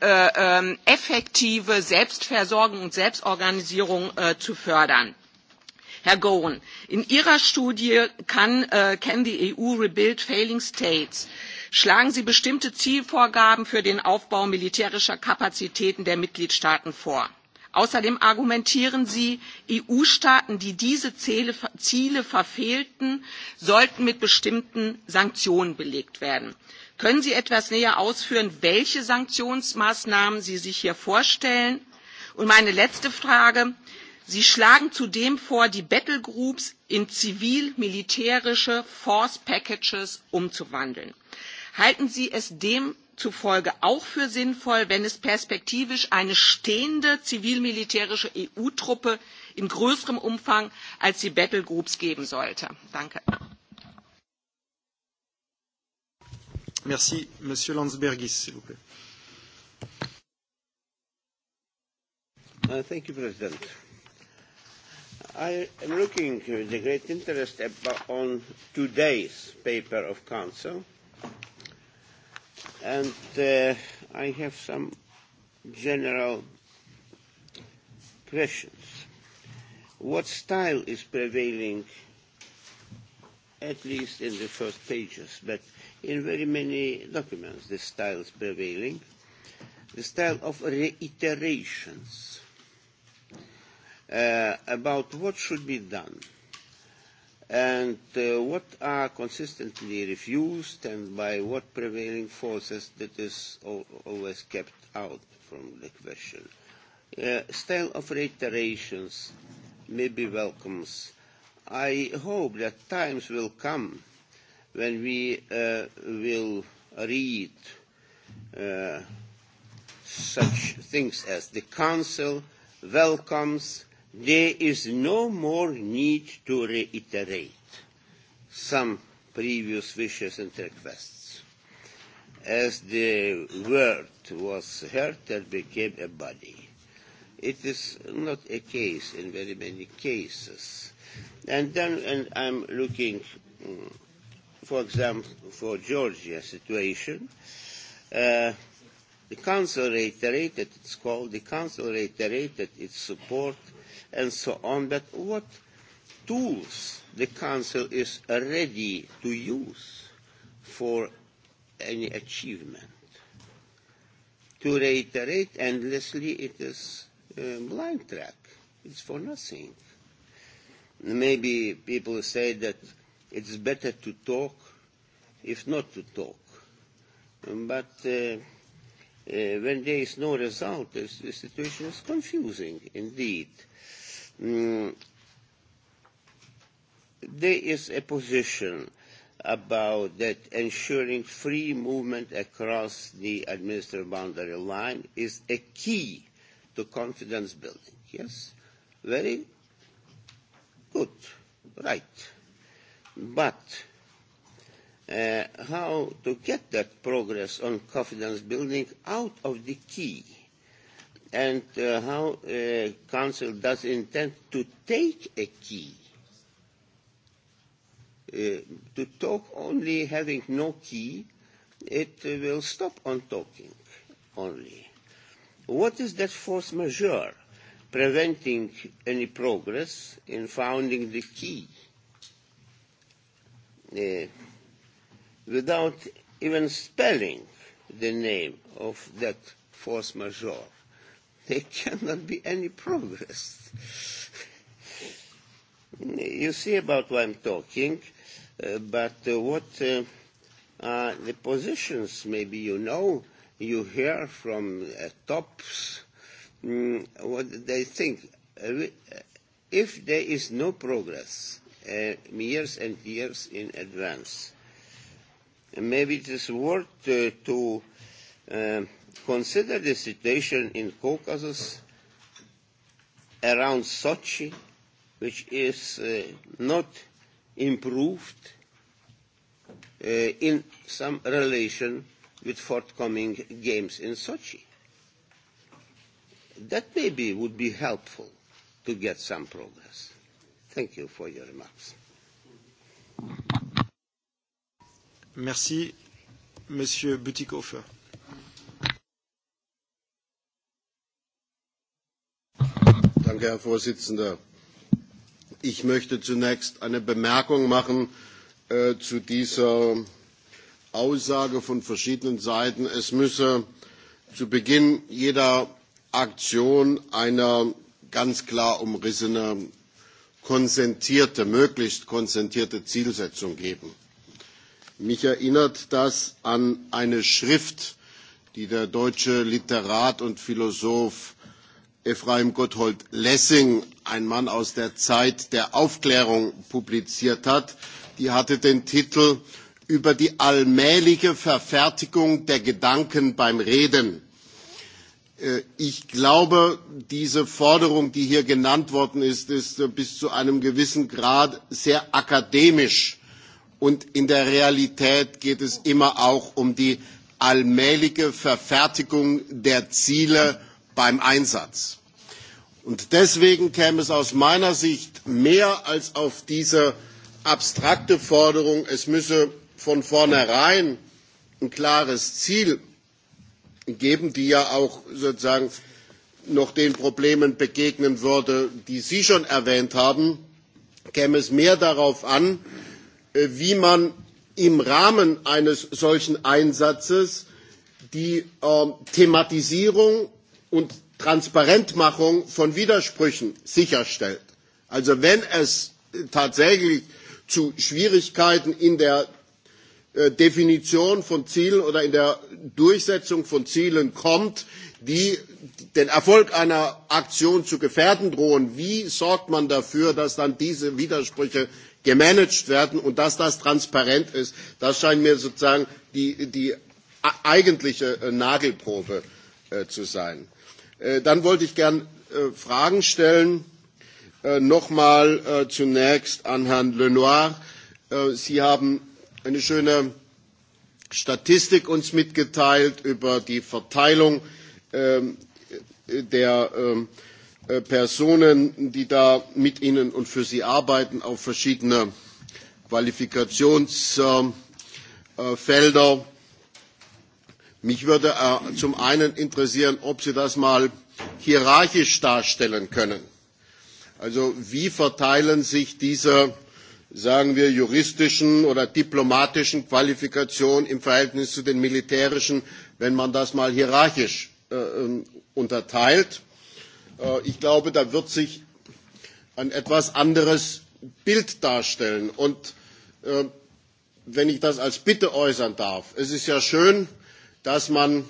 äh, ähm, effektive Selbstversorgung und Selbstorganisierung äh, zu fördern. Herr Gowen, in Ihrer Studie Can the EU Rebuild Failing States schlagen Sie bestimmte Zielvorgaben für den Aufbau militärischer Kapazitäten der Mitgliedstaaten vor. Außerdem argumentieren Sie, EU-Staaten, die diese Ziele verfehlten, sollten mit bestimmten Sanktionen belegt werden. Können Sie etwas näher ausführen, welche Sanktionsmaßnahmen Sie sich hier vorstellen? Und meine letzte Frage Sie schlagen zudem vor, die battle groups in zivil-militärische Force Packages umzuwandeln. Halten Sie es demzufolge auch für sinnvoll, wenn es perspektivisch eine stehende zivil-militärische EU-Truppe in größerem Umfang als die battle groups geben sollte? I am looking with a great interest on today's paper of Council, and uh, I have some general questions. What style is prevailing, at least in the first pages, but in very many documents, the style is prevailing? The style of reiterations uh, about what should be done and uh, what are consistently refused and by what prevailing forces that is always kept out from the question. Uh, style of reiterations may be welcomes. I hope that times will come when we uh, will read uh, such things as the Council welcomes there is no more need to reiterate some previous wishes and requests, as the word was heard that became a body. It is not a case in very many cases. And then and I'm looking, mm, for example, for Georgia situation. Uh, the Council reiterated, it's call. the Council reiterated its support and so on, but what tools the Council is ready to use for any achievement. To reiterate endlessly, it is a blind track. It's for nothing. Maybe people say that it's better to talk if not to talk. But uh, uh, when there is no result, the, the situation is confusing indeed. Mm. There is a position about that ensuring free movement across the administrative boundary line is a key to confidence building. Yes, very good, right. But uh, how to get that progress on confidence building out of the key and uh, how uh, council does intend to take a key uh, to talk only having no key it uh, will stop on talking only what is that force majeure preventing any progress in finding the key uh, without even spelling the name of that force majeure, there cannot be any progress. you see about what I'm talking, uh, but uh, what uh, are the positions? Maybe you know, you hear from uh, tops mm, what they think. Uh, uh if there is no progress uh, years and years in advance, maybe it is worth uh, to uh, consider the situation in Caucasus around Sochi, which is uh, not improved uh, in some relation with forthcoming games in Sochi. That maybe would be helpful to get some progress. Thank you for your remarks. Merci, Monsieur Butikofer. Danke, Herr Vorsitzender. Ich möchte zunächst eine Bemerkung machen äh, zu dieser Aussage von verschiedenen Seiten, es müsse zu Beginn jeder Aktion eine ganz klar umrissene, konzentrierte, möglichst konzentrierte Zielsetzung geben. Mich erinnert das an eine Schrift, die der deutsche Literat und Philosoph Ephraim Gotthold Lessing, ein Mann aus der Zeit der Aufklärung, publiziert hat. Die hatte den Titel Über die allmähliche Verfertigung der Gedanken beim Reden. Äh, ich glaube, diese Forderung, die hier genannt worden ist, ist bis zu einem gewissen Grad sehr akademisch Und in der Realität geht es immer auch um die allmähliche Verfertigung der Ziele beim Einsatz. Und deswegen käme es aus meiner Sicht mehr als auf diese abstrakte Forderung, es müsse von vornherein ein klares Ziel geben, die ja auch sozusagen noch den Problemen begegnen würde, die Sie schon erwähnt haben, käme es mehr darauf an, Äh, wie man im Rahmen eines solchen Einsatzes die ähm, Thematisierung und Transparentmachung von Widersprüchen sicherstellt. Also wenn es tatsächlich zu Schwierigkeiten in der äh, Definition von Zielen oder in der Durchsetzung von Zielen kommt, die den Erfolg einer Aktion zu gefährden drohen, wie sorgt man dafür, dass dann diese Widersprüche gemanagt werden und dass das transparent ist, das scheint mir sozusagen die, die eigentliche äh, Nagelprobe äh, zu sein. Äh, dann wollte ich gern äh, Fragen stellen. Äh, Nochmal äh, zunächst an Herrn Lenoir. Äh, Sie haben eine schöne Statistik uns mitgeteilt über die Verteilung äh, der äh, Äh, Personen, die da mit Ihnen und für Sie arbeiten, auf verschiedene Qualifikationsfelder. Mich würde äh, zum einen interessieren, ob Sie das mal hierarchisch darstellen können. Also wie verteilen sich diese, sagen wir, juristischen oder diplomatischen Qualifikationen im Verhältnis zu den militärischen, wenn man das mal hierarchisch äh, ähm, unterteilt? Äh, ich glaube, da wird sich ein etwas anderes Bild darstellen. Und äh, wenn ich das als Bitte äußern darf, es ist ja schön, dass man,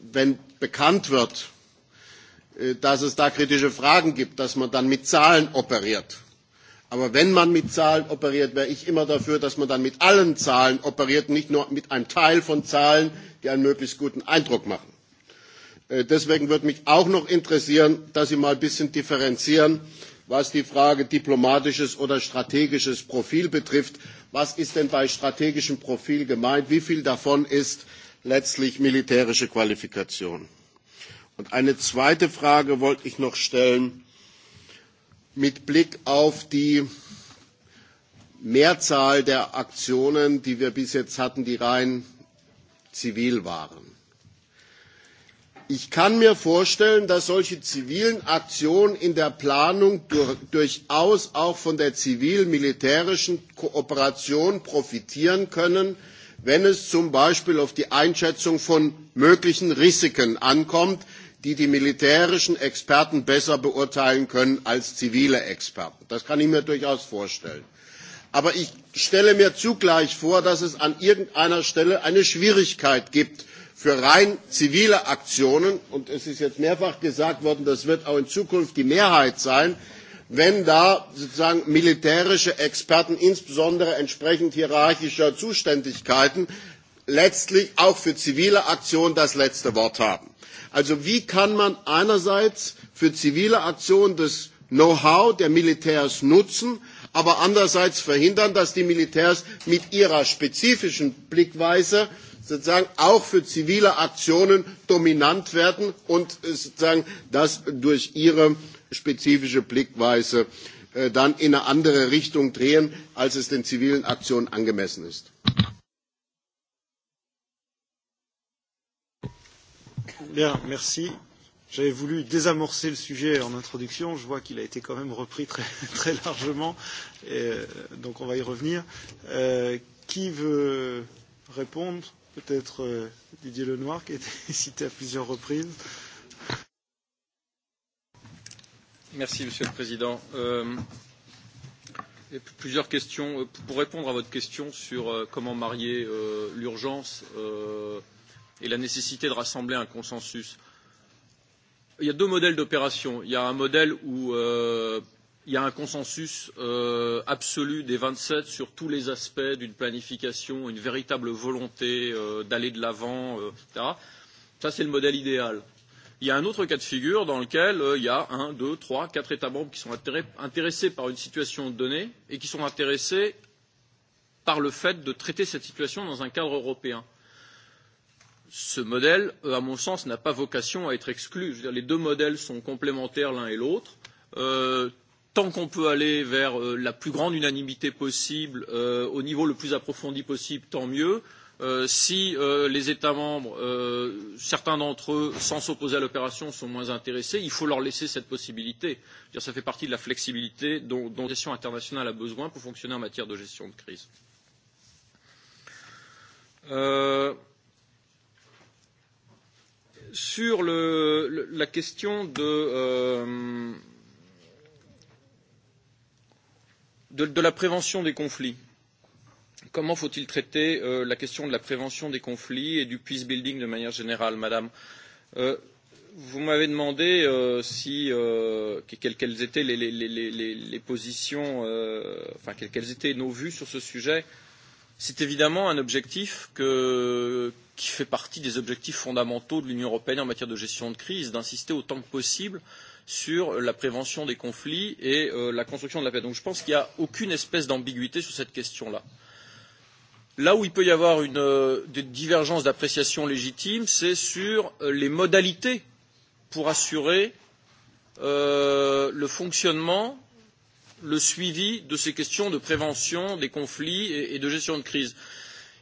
wenn bekannt wird, äh, dass es da kritische Fragen gibt, dass man dann mit Zahlen operiert. Aber wenn man mit Zahlen operiert, wäre ich immer dafür, dass man dann mit allen Zahlen operiert, nicht nur mit einem Teil von Zahlen, die einen möglichst guten Eindruck machen. Äh, deswegen würde mich auch noch interessieren, dass Sie mal ein bisschen differenzieren, was die Frage diplomatisches oder strategisches Profil betrifft. Was ist denn bei strategischem Profil gemeint? Wie viel davon ist letztlich militärische Qualifikation? Und eine zweite Frage wollte ich noch stellen mit Blick auf die Mehrzahl der Aktionen, die wir bis jetzt hatten, die rein zivil waren. Ich kann mir vorstellen, dass solche zivilen Aktionen in der Planung durchaus auch von der zivil-militärischen Kooperation profitieren können, wenn es zum Beispiel auf die Einschätzung von möglichen Risiken ankommt, die die militärischen Experten besser beurteilen können als zivile Experten. Das kann ich mir durchaus vorstellen. Aber ich stelle mir zugleich vor, dass es an irgendeiner Stelle eine Schwierigkeit gibt, für rein zivile Aktionen, und es ist jetzt mehrfach gesagt worden, das wird auch in Zukunft die Mehrheit sein, wenn da sozusagen militärische Experten, insbesondere entsprechend hierarchischer Zuständigkeiten, letztlich auch für zivile Aktionen das letzte Wort haben. Also wie kann man einerseits für zivile Aktionen das Know-how der Militärs nutzen, aber andererseits verhindern, dass die Militärs mit ihrer spezifischen Blickweise sozusagen auch für zivile Aktionen dominant werden und äh, sozusagen das durch ihre spezifische Blickweise äh, dann in eine andere Richtung drehen, als es den zivilen Aktionen angemessen ist. Bien, merci. J'avais voulu désamorcer le sujet en introduction. Je vois qu'il a été quand même repris très, très largement. Et euh, donc on va y revenir. Euh, qui veut répondre peut-être euh, Didier Lenoir qui a été cité à plusieurs reprises. Merci Monsieur le Président. Euh, plusieurs questions. Euh, pour répondre à votre question sur euh, comment marier euh, l'urgence euh, et la nécessité de rassembler un consensus, il y a deux modèles d'opération. Il y a un modèle où euh, il y a un consensus euh, absolu des 27 sur tous les aspects d'une planification, une véritable volonté euh, d'aller de l'avant, euh, etc. Ça, c'est le modèle idéal. Il y a un autre cas de figure dans lequel euh, il y a un, deux, trois, quatre États membres qui sont intéressés par une situation donnée et qui sont intéressés par le fait de traiter cette situation dans un cadre européen. Ce modèle, euh, à mon sens, n'a pas vocation à être exclu. Je veux dire, les deux modèles sont complémentaires l'un et l'autre. Euh, tant qu'on peut aller vers euh, la plus grande unanimité possible, euh, au niveau le plus approfondi possible, tant mieux. Euh, si euh, les États membres, euh, certains d'entre eux, sans s'opposer à l'opération, sont moins intéressés, il faut leur laisser cette possibilité. Dire, ça fait partie de la flexibilité dont, dont la gestion internationale a besoin pour fonctionner en matière de gestion de crise. Euh, sur le, le, la question de, euh, de, de la prévention des conflits. Comment faut-il traiter euh, la question de la prévention des conflits et du peace building de manière générale, Madame euh, Vous m'avez demandé euh, si, euh, que, quelles étaient les, les, les, les, les positions, euh, enfin que, quelles étaient nos vues sur ce sujet. C'est évidemment un objectif que, qui fait partie des objectifs fondamentaux de l'Union européenne en matière de gestion de crise, d'insister autant que possible euh, sur la prévention des conflits et euh, la construction de la paix. Donc je pense qu'il n'y a aucune espèce d'ambiguïté sur cette question-là. Là où il peut y avoir une, euh, des d'appréciation légitime, c'est sur euh, les modalités pour assurer euh, le fonctionnement, le suivi de ces questions de prévention des conflits et, et de gestion de crise.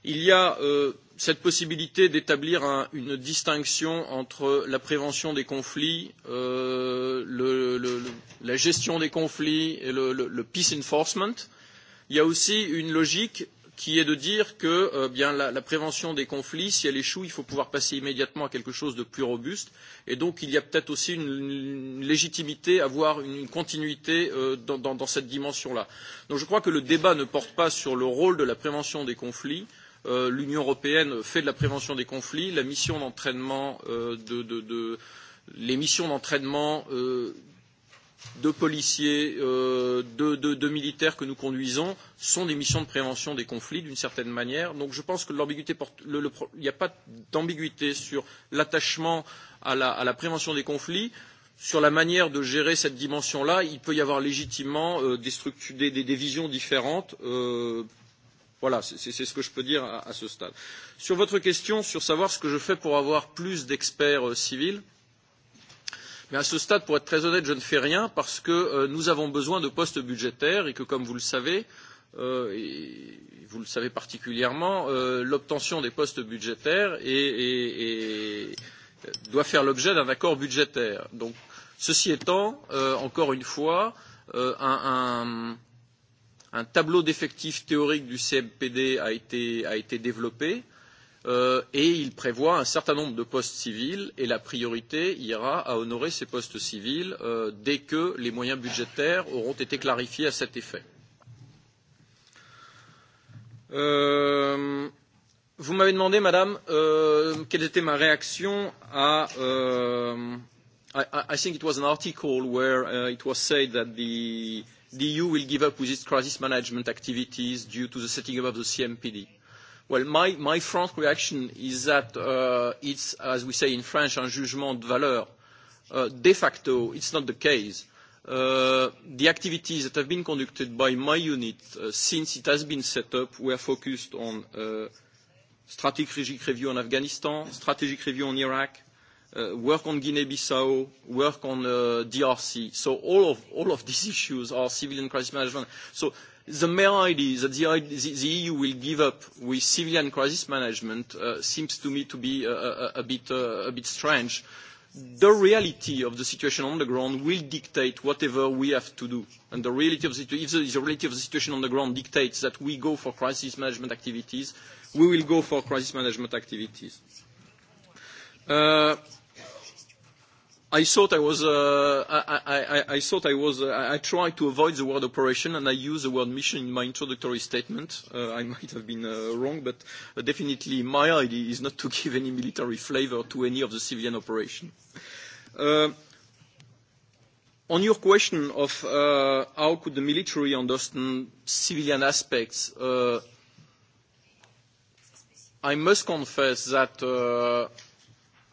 Il y a euh, cette possibilité d'établir un, une distinction entre la prévention des conflits, euh, le, le, la gestion des conflits et le, le, le peace enforcement. Il y a aussi une logique qui est de dire que euh, bien, la, la prévention des conflits, si elle échoue, il faut pouvoir passer immédiatement à quelque chose de plus robuste. Et donc, il y a peut-être aussi une, une légitimité à avoir une, une continuité euh, dans, dans, dans cette dimension-là. Donc, je crois que le débat ne porte pas sur le rôle de la prévention des conflits, Euh, l'Union européenne fait de la prévention des conflits, la mission d'entraînement euh, de, de, de les missions d'entraînement euh, de policiers, euh, de, de, de militaires que nous conduisons sont des missions de prévention des conflits d'une certaine manière. Donc je pense que l'ambiguïté porte, le, le, il n'y a pas d'ambiguïté sur l'attachement à la, à la prévention des conflits. Sur la manière de gérer cette dimension-là, il peut y avoir légitimement euh, des, des, des, des visions différentes. Euh, Voilà, c'est ce que je peux dire à, à ce stade. Sur votre question, sur savoir ce que je fais pour avoir plus d'experts euh, civils, mais à ce stade, pour être très honnête, je ne fais rien parce que euh, nous avons besoin de postes budgétaires et que, comme vous le savez, euh, et vous le savez particulièrement, euh, l'obtention des postes budgétaires est, est, est, doit faire l'objet d'un accord budgétaire. Donc, ceci étant, euh, encore une fois, euh, un, un un tableau d'effectifs théorique du CMPD a été, a été développé euh, et il prévoit un certain nombre de postes civils et la priorité ira à honorer ces postes civils euh, dès que les moyens budgétaires auront été clarifiés à cet effet. Euh, vous m'avez demandé, Madame, euh, quelle était ma réaction à euh, I, I think it was an article where uh, it was said that the the EU will give up with its crisis management activities due to the setting up of the CMPD. Well, my, my frank reaction is that uh, it's, as we say in French, un jugement de valeur. Uh, de facto, it's not the case. Uh, the activities that have been conducted by my unit uh, since it has been set up were focused on uh, strategic review on Afghanistan, strategic review on Iraq, Uh, work on Guinea-Bissau, work on uh, DRC. So all of, all of these issues are civilian crisis management. So the mere idea that the, the, EU will give up with civilian crisis management uh, seems to me to be a, a, a, bit, a bit strange. The reality of the situation on the ground will dictate whatever we have to do. And the reality of the, if the, the reality of the situation on the ground dictates that we go for crisis management activities, we will go for crisis management activities. Uh, I thought I was, uh, I, I, I thought I was, uh, I tried to avoid the word operation and I used the word mission in my introductory statement. Uh, I might have been uh, wrong, but uh, definitely my idea is not to give any military flavor to any of the civilian operation. Uh, on your question of uh, how could the military understand civilian aspects, uh, I must confess that uh,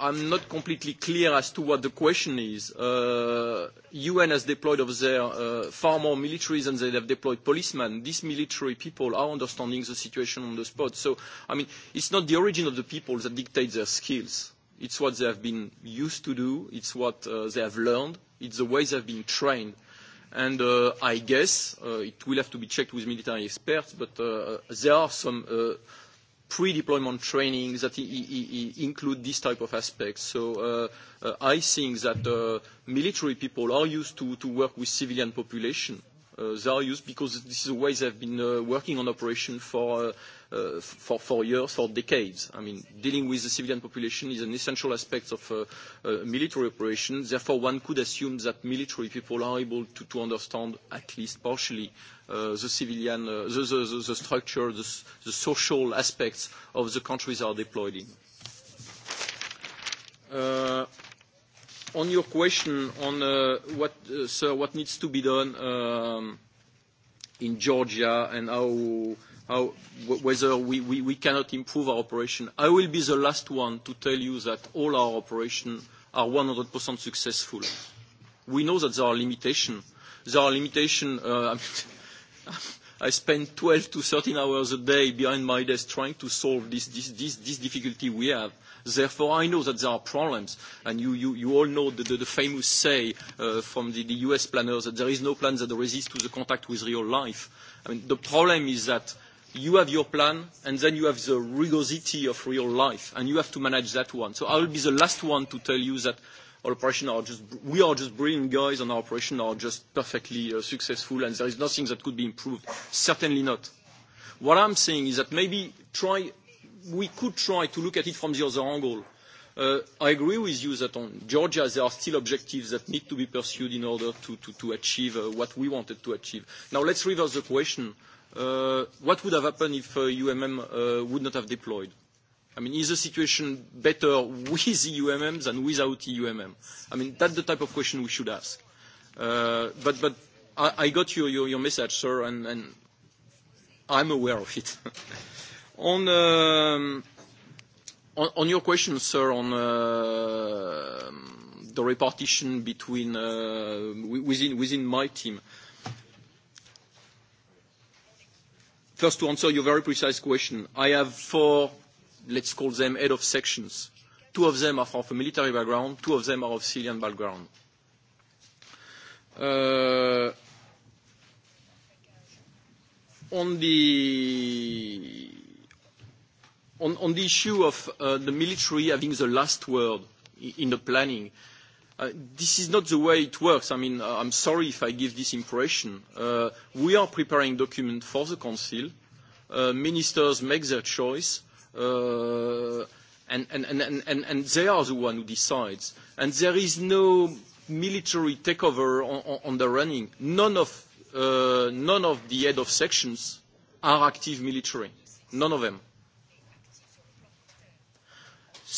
I'm not completely clear as to what the question is. Uh, UN has deployed over there uh, far more military than they have deployed policemen. These military people are understanding the situation on the spot. So, I mean, it's not the origin of the people that dictates their skills. It's what they have been used to do. It's what uh, they have learned. It's the way they have been trained. And uh, I guess uh, it will have to be checked with military experts, but uh, there are some pre-deployment training that include these type of aspects. So uh, uh, I think that uh, military people are used to, to work with civilian population. Uh, they are used because this is the way they've been uh, working on operation for uh, uh, for, for years, for decades. I mean, dealing with the civilian population is an essential aspect of uh, uh, military operations. Therefore, one could assume that military people are able to, to understand, at least partially, uh, the civilian, uh, the, the, the, the structure, the, the social aspects of the countries are deployed in. Uh, on your question on uh, what, uh, sir, what needs to be done um, in Georgia and how how, whether we, we, we cannot improve our operation. I will be the last one to tell you that all our operations are 100% successful. We know that there are limitations. There are limitations. Uh, I spend 12 to 13 hours a day behind my desk trying to solve this, this, this, this difficulty we have. Therefore, I know that there are problems, and you, you, you all know the, the, the famous say uh, from the, the US planners that there is no plan that resists to the contact with real life. I mean, the problem is that you have your plan and then you have the rigidity of real life and you have to manage that one. So I will be the last one to tell you that our operation are just, we are just brilliant guys and our operation are just perfectly uh, successful and there is nothing that could be improved. Certainly not. What I'm saying is that maybe try, we could try to look at it from the other angle. Uh, I agree with you that on Georgia there are still objectives that need to be pursued in order to, to, to achieve uh, what we wanted to achieve. Now let's reverse the question. Uh, Uh, what would have happened if uh, UMM uh, would not have deployed? I mean, is the situation better with the UMM than without the UMM? I mean, that's the type of question we should ask. Uh, but but I, I got your, your, your message, sir, and, and I'm aware of it. on, um, on, on your question, sir, on uh, the repartition between uh, within, within my team, First, to answer your very precise question, I have four, let's call them head of sections. Two of them are from a military background, two of them are of civilian background. Uh, on the on, on the issue of uh, the military having the last word in the planning, uh, Uh, this is not the way it works. I mean, uh, I'm sorry if I give this impression. Uh, we are preparing document for the Council. Uh, ministers make their choice, and, and, and, and, they are the one who decides. And there is no military takeover on, on the running. None of, none of the head of sections are active military. None of them.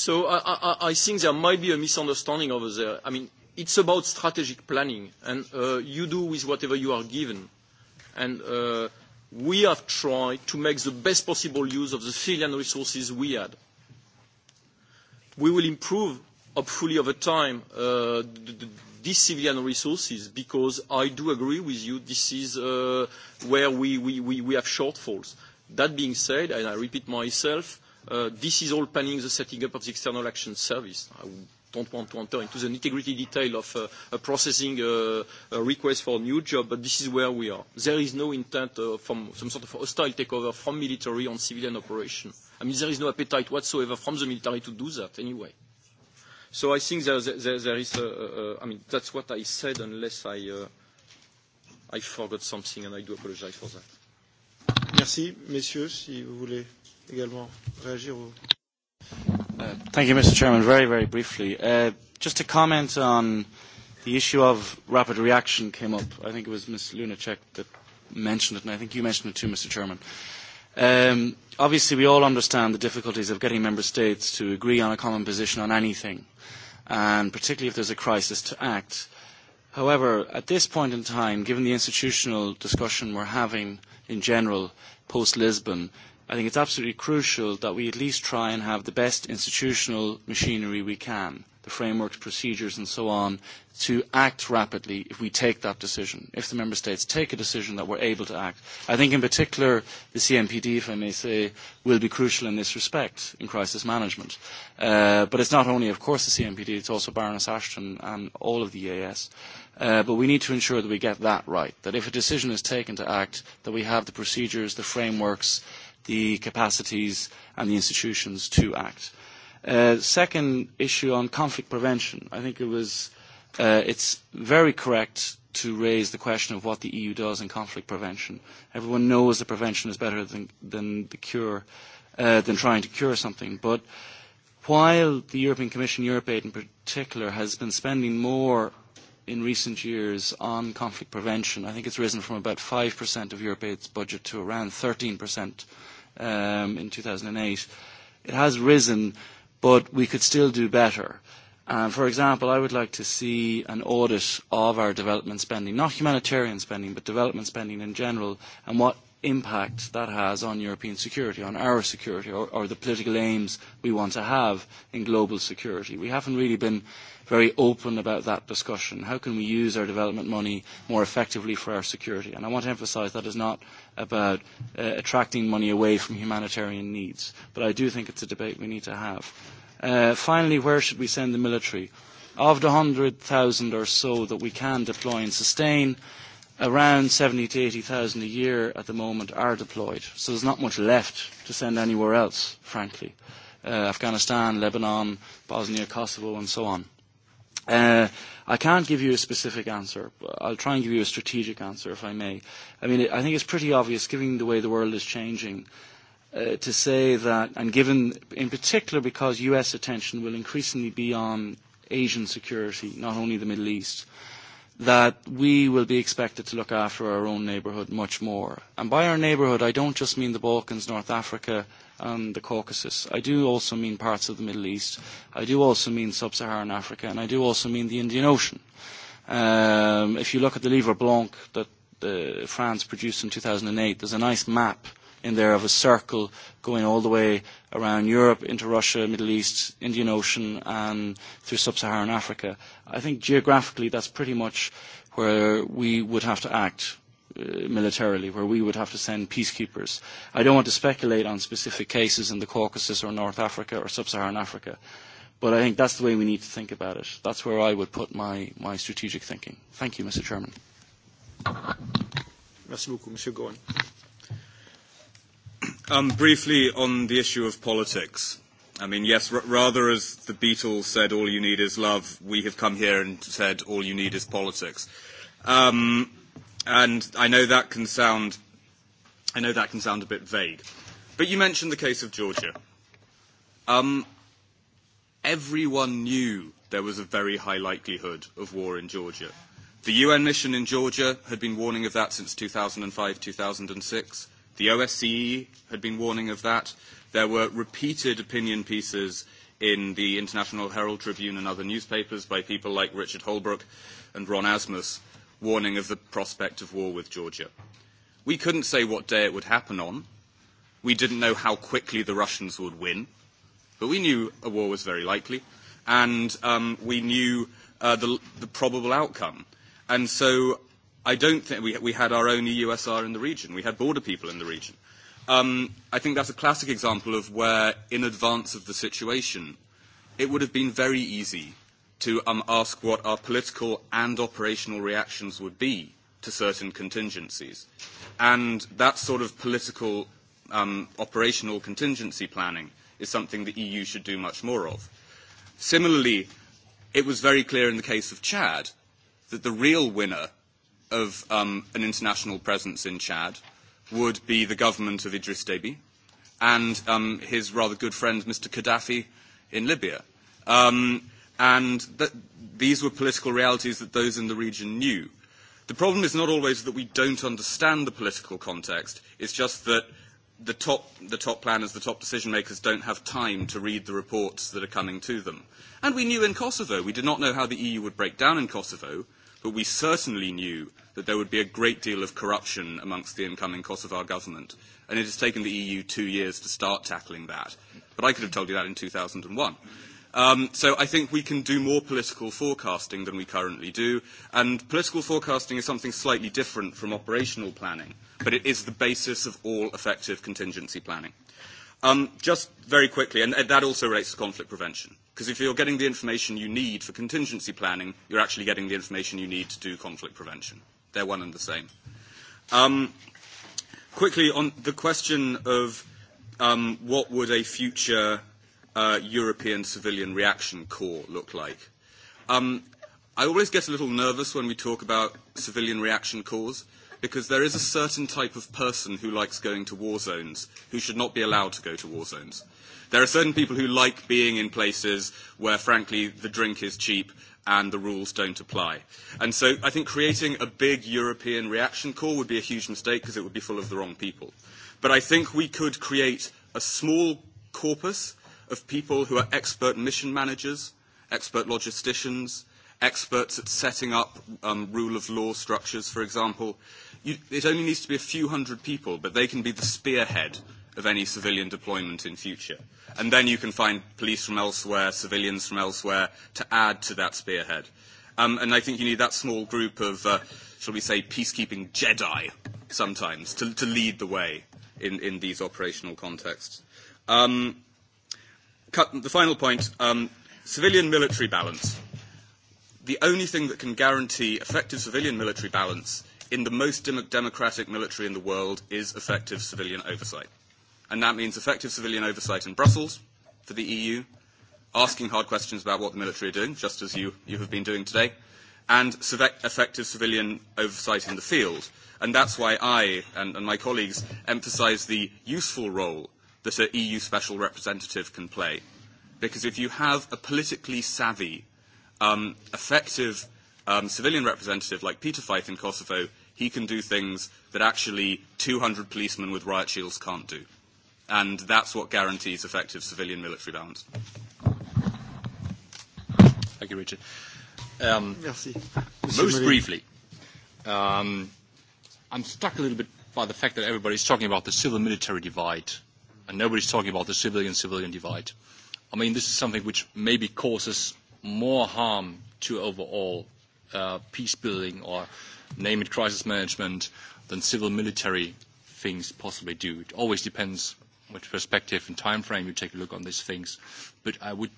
So I, I, I think there might be a misunderstanding over there. I mean, it's about strategic planning, and uh, you do with whatever you are given. And uh, we have tried to make the best possible use of the civilian resources we had. We will improve, hopefully, over time, uh, these civilian resources, because I do agree with you, this is uh, where we, we, we, we have shortfalls. That being said, and I repeat myself, Uh, this is all planning the setting up of the External Action Service. I don't want to enter into the nitty-gritty detail of uh, processing uh, a request for a new job, but this is where we are. There is no intent uh, from some sort of hostile takeover from military on civilian operation. I mean, there is no appetite whatsoever from the military to do that anyway. So I think there, there, there is, a, a, I mean, that's what I said unless I, uh, I forgot something and I do apologize for that. Merci, messieurs, si vous voulez également réagir au. Uh, thank you, Mr. Chairman. Very, very briefly, uh, just to comment on the issue of rapid reaction came up. I think it was Ms. Lunacek that mentioned it, and I think you mentioned it too, Mr. Chairman. Um, obviously, we all understand the difficulties of getting member states to agree on a common position on anything, and particularly if there's a crisis to act. However, at this point in time, given the institutional discussion we're having in general post-Lisbon, I think it's absolutely crucial that we at least try and have the best institutional machinery we can, the frameworks, procedures and so on, to act rapidly if we take that decision, if the Member States take a decision that we're able to act. I think in particular the CMPD, if I may say, will be crucial in this respect in crisis management. Uh, but it's not only, of course, the CMPD, it's also Baroness Ashton and all of the EAS. Uh, but we need to ensure that we get that right, that if a decision is taken to act, that we have the procedures, the frameworks, the capacities and the institutions to act. Uh, second issue on conflict prevention. I think it was, uh, it's very correct to raise the question of what the EU does in conflict prevention. Everyone knows that prevention is better than, than the cure, uh, than trying to cure something. But while the European Commission, EuropeAid in particular, has been spending more in recent years on conflict prevention, I think it's risen from about 5% of EuropeAid's budget to around 13% um, in 2008. It has risen, but we could still do better. for example, I would like to see an audit of our development spending, not humanitarian spending, but development spending in general, and what impact that has on European security, on our security, or, or the political aims we want to have in global security. We haven't really been very open about that discussion. How can we use our development money more effectively for our security? And I want to emphasise that is not about uh, attracting money away from humanitarian needs, but I do think it's a debate we need to have. Uh, finally, where should we send the military? Of the 100,000 or so that we can deploy and sustain, around 70 to 80,000 a year at the moment are deployed. So there's not much left to send anywhere else, frankly. Uh, Afghanistan, Lebanon, Bosnia, Kosovo, and so on. Uh, I can't give you a specific answer. but I'll try and give you a strategic answer, if I may. I mean, I think it's pretty obvious, given the way the world is changing, uh, to say that, and given, in particular, because U.S. attention will increasingly be on Asian security, not only the Middle East, uh, that we will be expected to look after our own neighbourhood much more. And by our neighbourhood, I don't just mean the Balkans, North Africa, and the Caucasus. I do also mean parts of the Middle East. I do also mean sub-Saharan Africa, and I do also mean the Indian Ocean. Um, if you look at the Livre Blanc that uh, France produced in 2008, there's a nice map in there of a circle going all the way around Europe into Russia, Middle East, Indian Ocean, and through sub-Saharan Africa. I think geographically that's pretty much where we would have to act uh, militarily, where we would have to send peacekeepers. I don't want to speculate on specific cases in the Caucasus or North Africa or sub-Saharan Africa, but I think that's the way we need to think about it. That's where I would put my, my strategic thinking. Thank you, Mr. Chairman. Merci beaucoup, Monsieur Gowen. Um, briefly on the issue of politics. I mean, yes, r- rather as the Beatles said, all you need is love, we have come here and said, all you need is politics. Um, and I know that can sound, I know that can sound a bit vague. But you mentioned the case of Georgia. Um, everyone knew there was a very high likelihood of war in Georgia. The UN mission in Georgia had been warning of that since 2005, 2006. The OSCE had been warning of that. There were repeated opinion pieces in the International Herald Tribune and other newspapers by people like Richard Holbrooke and Ron Asmus warning of the prospect of war with Georgia. We couldn't say what day it would happen on. We didn't know how quickly the Russians would win, but we knew a war was very likely, and um, we knew uh, the, the probable outcome. And so I don't think we, we had our own EUSR in the region. We had border people in the region. Um, I think that's a classic example of where, in advance of the situation, it would have been very easy to um, ask what our political and operational reactions would be to certain contingencies. And that sort of political um, operational contingency planning is something the EU should do much more of. Similarly, it was very clear in the case of Chad that the real winner of um, an international presence in Chad would be the government of Idris Deby and um, his rather good friend, Mr. Gaddafi, in Libya. Um, and th- these were political realities that those in the region knew. The problem is not always that we don't understand the political context, it's just that the top, the top planners, the top decision makers don't have time to read the reports that are coming to them. And we knew in Kosovo, we did not know how the EU would break down in Kosovo, but we certainly knew that there would be a great deal of corruption amongst the incoming Kosovar government, and it has taken the EU two years to start tackling that. But I could have told you that in 2001. Um, so I think we can do more political forecasting than we currently do, and political forecasting is something slightly different from operational planning, but it is the basis of all effective contingency planning. Um, just very quickly, and that also relates to conflict prevention. Because if you're getting the information you need for contingency planning, you're actually getting the information you need to do conflict prevention. They're one and the same. Um, quickly, on the question of um, what would a future uh, European civilian reaction corps look like? Um, I always get a little nervous when we talk about civilian reaction corps because there is a certain type of person who likes going to war zones who should not be allowed to go to war zones. There are certain people who like being in places where, frankly, the drink is cheap and the rules don't apply. And so I think creating a big European reaction call would be a huge mistake because it would be full of the wrong people. But I think we could create a small corpus of people who are expert mission managers, expert logisticians, experts at setting up um, rule of law structures, for example. You, it only needs to be a few hundred people, but they can be the spearhead of any civilian deployment in future. And then you can find police from elsewhere, civilians from elsewhere, to add to that spearhead. Um, and I think you need that small group of, uh, shall we say, peacekeeping Jedi sometimes to, to lead the way in, in these operational contexts. Um, cut, the final point, um, civilian military balance. The only thing that can guarantee effective civilian military balance in the most democratic military in the world is effective civilian oversight and that means effective civilian oversight in Brussels for the EU, asking hard questions about what the military are doing, just as you, you have been doing today, and effective civilian oversight in the field. And that's why I and, and my colleagues emphasise the useful role that an EU special representative can play. Because if you have a politically savvy, um, effective um, civilian representative like Peter Fife in Kosovo, he can do things that actually 200 policemen with riot shields can't do and that's what guarantees effective civilian military balance. Thank you, Richard. Um, Merci. most Marie. briefly, um, I'm stuck a little bit by the fact that everybody's talking about the civil military divide and nobody's talking about the civilian civilian divide. I mean, this is something which maybe causes more harm to overall uh, peace building or name it crisis management than civil military things possibly do. It always depends which perspective and time frame you take a look on these things. But I would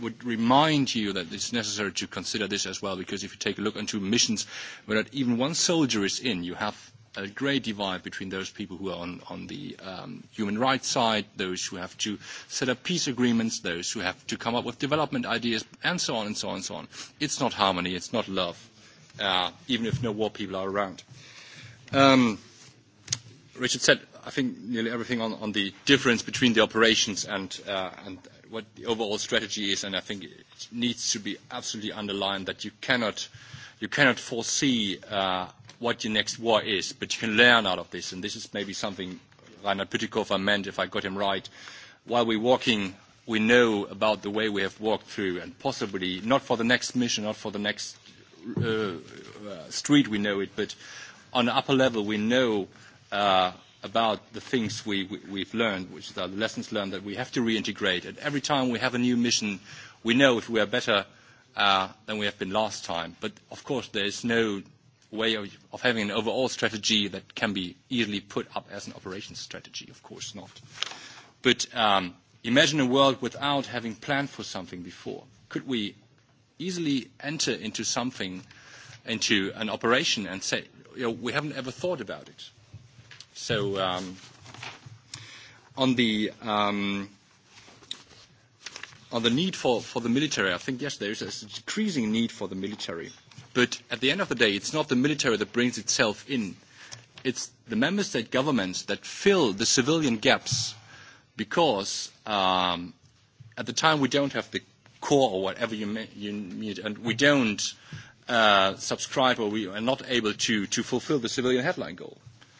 would remind you that it's necessary to consider this as well, because if you take a look into missions where not even one soldier is in, you have a great divide between those people who are on, on the um, human rights side, those who have to set up peace agreements, those who have to come up with development ideas, and so on and so on and so on. It's not harmony, it's not love, uh, even if no war people are around. Um, Richard said I think nearly everything on, on the difference between the operations and, uh, and what the overall strategy is, and I think it needs to be absolutely underlined that you cannot, you cannot foresee uh, what your next war is, but you can learn out of this, and this is maybe something Reinhard I meant, if I got him right. While we're walking, we know about the way we have walked through, and possibly not for the next mission, not for the next uh, uh street we know it, but on upper level we know uh, about the things we, we, we've learned, which are the lessons learned that we have to reintegrate. And every time we have a new mission, we know if we are better uh, than we have been last time. But of course, there is no way of, of having an overall strategy that can be easily put up as an operations strategy. Of course not. But um, imagine a world without having planned for something before. Could we easily enter into something, into an operation and say, you know, we haven't ever thought about it? So um, on the um, on the need for, for the military, I think yes, there is a decreasing need for the military. But at the end of the day, it's not the military that brings itself in. It's the member state governments that fill the civilian gaps because um, at the time we don't have the core or whatever you, may, you need, and we don't uh, subscribe or we are not able to, to fulfill the civilian headline goal.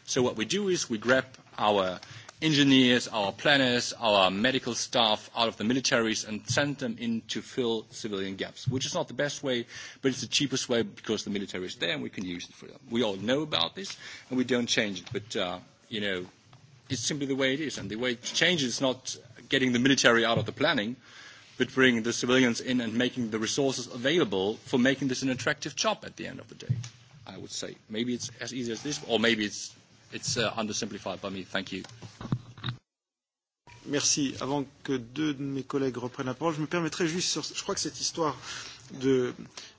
So what we do is we grab our engineers, our planners, our medical staff out of the militaries and send them in to fill civilian gaps, which is not the best way, but it's the cheapest way because the military is there and we can use it for them. We all know about this and we don't change it, but, uh, you know, it's simply the way it is. And the way to change it is not getting the military out of the planning, but bringing the civilians in and making the resources available for making this an attractive job at the end of the day, I would say. Maybe it's as easy as this, or maybe it's it's uh, undersimplified by me. Thank you. Merci. Avant que deux de mes collègues reprennent la parole, je me permettrai juste, sur, je crois que cette histoire de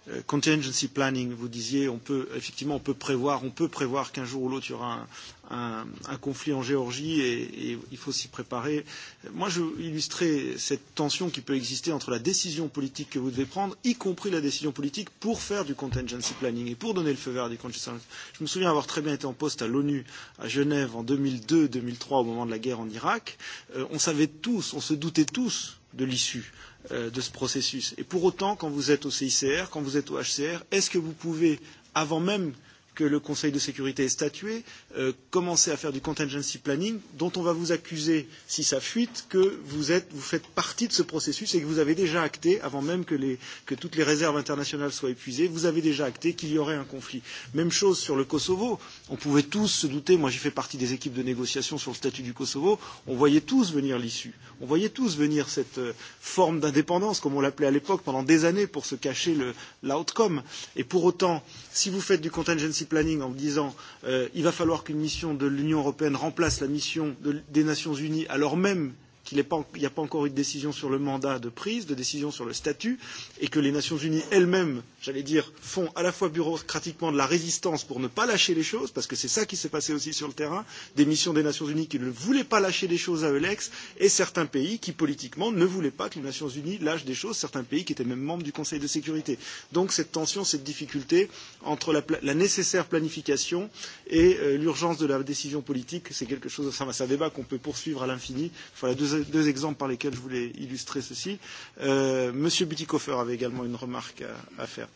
euh, contingency planning, vous disiez, on peut effectivement on peut prévoir, on peut prévoir qu'un jour ou l'autre il y aura un, un, un conflit en Géorgie et, et il faut s'y préparer. Moi, je veux illustrer cette tension qui peut exister entre la décision politique que vous devez prendre, y compris la décision politique pour faire du contingency planning et pour donner le feu vert du contingency. Je me souviens avoir très bien été en poste à l'ONU à Genève en 2002-2003 au moment de la guerre en Irak. Euh, on savait tous, on se doutait tous de l'issue euh, de ce processus. Et pour autant, quand vous êtes au CICR, quand vous êtes au HCR, est-ce que vous pouvez, avant même que le Conseil de sécurité ait statué, euh, commencer à faire du contingency planning, dont on va vous accuser, si ça fuite, que vous, êtes, vous faites partie de ce processus et que vous avez déjà acté, avant même que, les, que toutes les réserves internationales soient épuisées, vous avez déjà acté qu'il y aurait un conflit. Même chose sur le Kosovo. On pouvait tous se douter, moi j'ai fait partie des équipes de négociation sur le statut du Kosovo, on voyait tous venir l'issue. On voyait tous venir cette euh, forme d'indépendance, comme on l'appelait à l'époque, pendant des années pour se cacher l'outcome. Et pour autant, si vous faites du contingency planning en disant euh, il va falloir qu'une mission de l'Union européenne remplace la mission de, des Nations unies alors même qu'il n'y a pas encore eu de décision sur le mandat de prise, de décision sur le statut, et que les Nations unies elles-mêmes j'allais dire, font à la fois bureaucratiquement de la résistance pour ne pas lâcher les choses, parce que c'est ça qui s'est passé aussi sur le terrain, des missions des Nations Unies qui ne voulaient pas lâcher des choses à Eulex, et certains pays qui, politiquement, ne voulaient pas que les Nations Unies lâchent des choses, certains pays qui étaient même membres du Conseil de sécurité. Donc cette tension, cette difficulté entre la, la nécessaire planification et euh, l'urgence de la décision politique, c'est quelque chose, enfin, c'est un débat qu'on peut poursuivre à l'infini. Voilà deux, deux exemples par lesquels je voulais illustrer ceci. Euh, Monsieur Butikofer avait également une remarque à, à faire.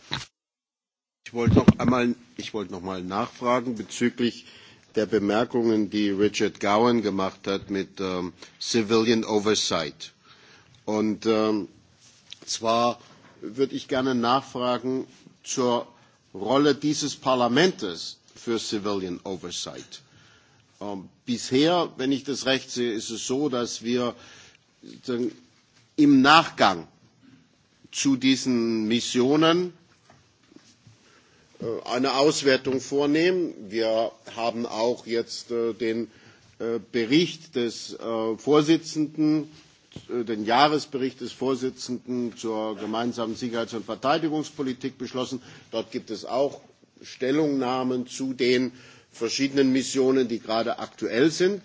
Ich wollte noch einmal, ich wollte noch mal nachfragen bezüglich der Bemerkungen, die Richard Gowan gemacht hat mit ähm, Civilian Oversight. Und ähm, zwar würde ich gerne nachfragen zur Rolle dieses Parlaments für Civilian Oversight. Ähm, bisher, wenn ich das recht sehe, ist es so, dass wir im Nachgang zu diesen Missionen Äh, eine Auswertung vornehmen. Wir haben auch jetzt äh, den äh, Bericht des Vorsitzenden, den Jahresbericht des Vorsitzenden zur gemeinsamen Sicherheits- und Verteidigungspolitik beschlossen. Dort gibt es auch Stellungnahmen zu den verschiedenen Missionen, die gerade aktuell sind.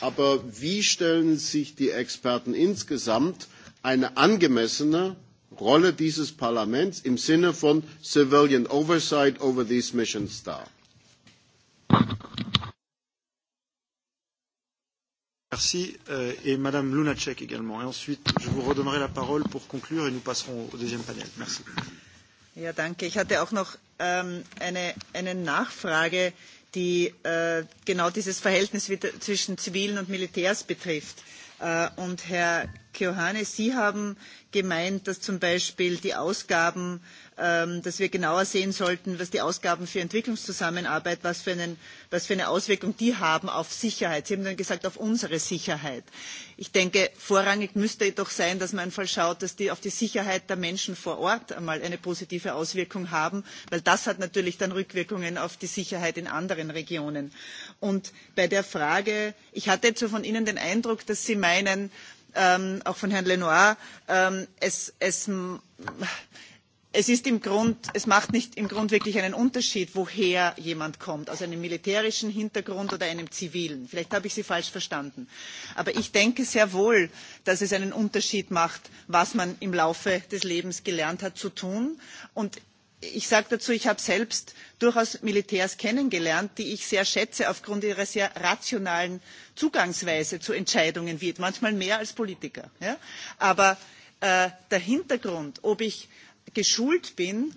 Aber wie stellen sich die Experten insgesamt eine angemessene Rolle dieses Parlaments im Sinne von civilian oversight over these missions dar. Merci. Euh, et Madame Lunacek également. Et ensuite, je vous redonnerai la parole pour conclure et nous passerons au deuxième panel. Merci. Ja, danke. Ich hatte auch noch ähm, eine, eine Nachfrage, die äh, genau dieses Verhältnis zwischen Zivilen und Militärs betrifft. Äh, und Herr keohane Sie haben gemeint, dass zum Beispiel die Ausgaben Ähm, dass wir genauer sehen sollten, was die Ausgaben für Entwicklungszusammenarbeit, was für, einen, was für eine Auswirkung die haben auf Sicherheit. Sie haben dann gesagt, auf unsere Sicherheit. Ich denke, vorrangig müsste doch sein, dass man einfach schaut, dass die auf die Sicherheit der Menschen vor Ort einmal eine positive Auswirkung haben, weil das hat natürlich dann Rückwirkungen auf die Sicherheit in anderen Regionen. Und bei der Frage, ich hatte jetzt so von Ihnen den Eindruck, dass Sie meinen, ähm, auch von Herrn Lenoir, ähm, es, es es, ist im Grund, es macht nicht im Grund wirklich einen Unterschied, woher jemand kommt, aus einem militärischen Hintergrund oder einem zivilen. Vielleicht habe ich Sie falsch verstanden. Aber ich denke sehr wohl, dass es einen Unterschied macht, was man im Laufe des Lebens gelernt hat zu tun. Und ich sage dazu, ich habe selbst durchaus Militärs kennengelernt, die ich sehr schätze aufgrund ihrer sehr rationalen Zugangsweise zu Entscheidungen wird, manchmal mehr als Politiker. Ja? Aber äh, der Hintergrund, ob ich geschult bin,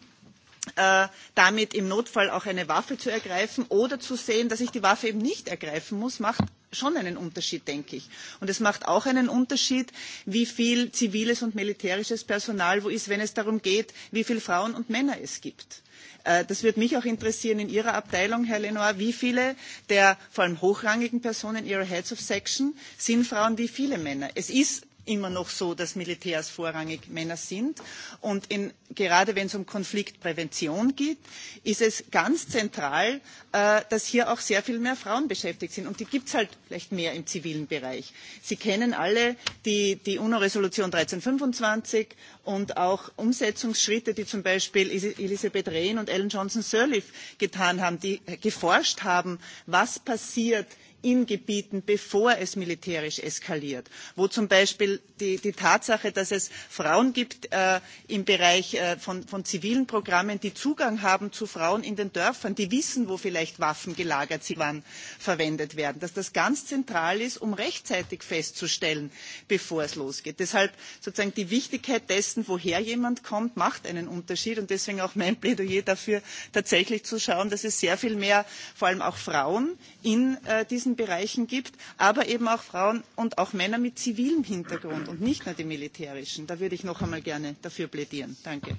äh, damit im Notfall auch eine Waffe zu ergreifen oder zu sehen, dass ich die Waffe eben nicht ergreifen muss, macht schon einen Unterschied, denke ich. Und es macht auch einen Unterschied, wie viel ziviles und militärisches Personal wo ist, wenn es darum geht, wie viele Frauen und Männer es gibt. Äh, das würde mich auch interessieren in Ihrer Abteilung, Herr Lenoir, wie viele der vor allem hochrangigen Personen Ihrer Heads of Section sind Frauen, wie viele Männer. Es ist immer noch so, dass Militärs vorrangig Männer sind. Und in, gerade wenn es um Konfliktprävention geht, ist es ganz zentral, äh, dass hier auch sehr viel mehr Frauen beschäftigt sind. Und die gibt es halt vielleicht mehr im zivilen Bereich. Sie kennen alle die, die UNO-Resolution 1325 und auch Umsetzungsschritte, die zum Beispiel Elisabeth Rehn und Ellen Johnson Sirleaf getan haben, die geforscht haben, was passiert, in Gebieten, bevor es militärisch eskaliert, wo zum Beispiel die, die Tatsache, dass es Frauen gibt äh, im Bereich äh, von, von zivilen Programmen, die Zugang haben zu Frauen in den Dörfern, die wissen, wo vielleicht Waffen gelagert sind, wann verwendet werden, dass das ganz zentral ist, um rechtzeitig festzustellen, bevor es losgeht. Deshalb sozusagen die Wichtigkeit dessen, woher jemand kommt, macht einen Unterschied und deswegen auch mein Plädoyer dafür, tatsächlich zu schauen, dass es sehr viel mehr, vor allem auch Frauen in äh, diesen diesen Bereichen gibt, aber eben auch Frauen und auch Männer mit zivilem Hintergrund und nicht nur die militärischen. Da würde ich noch einmal gerne dafür plädieren. Danke.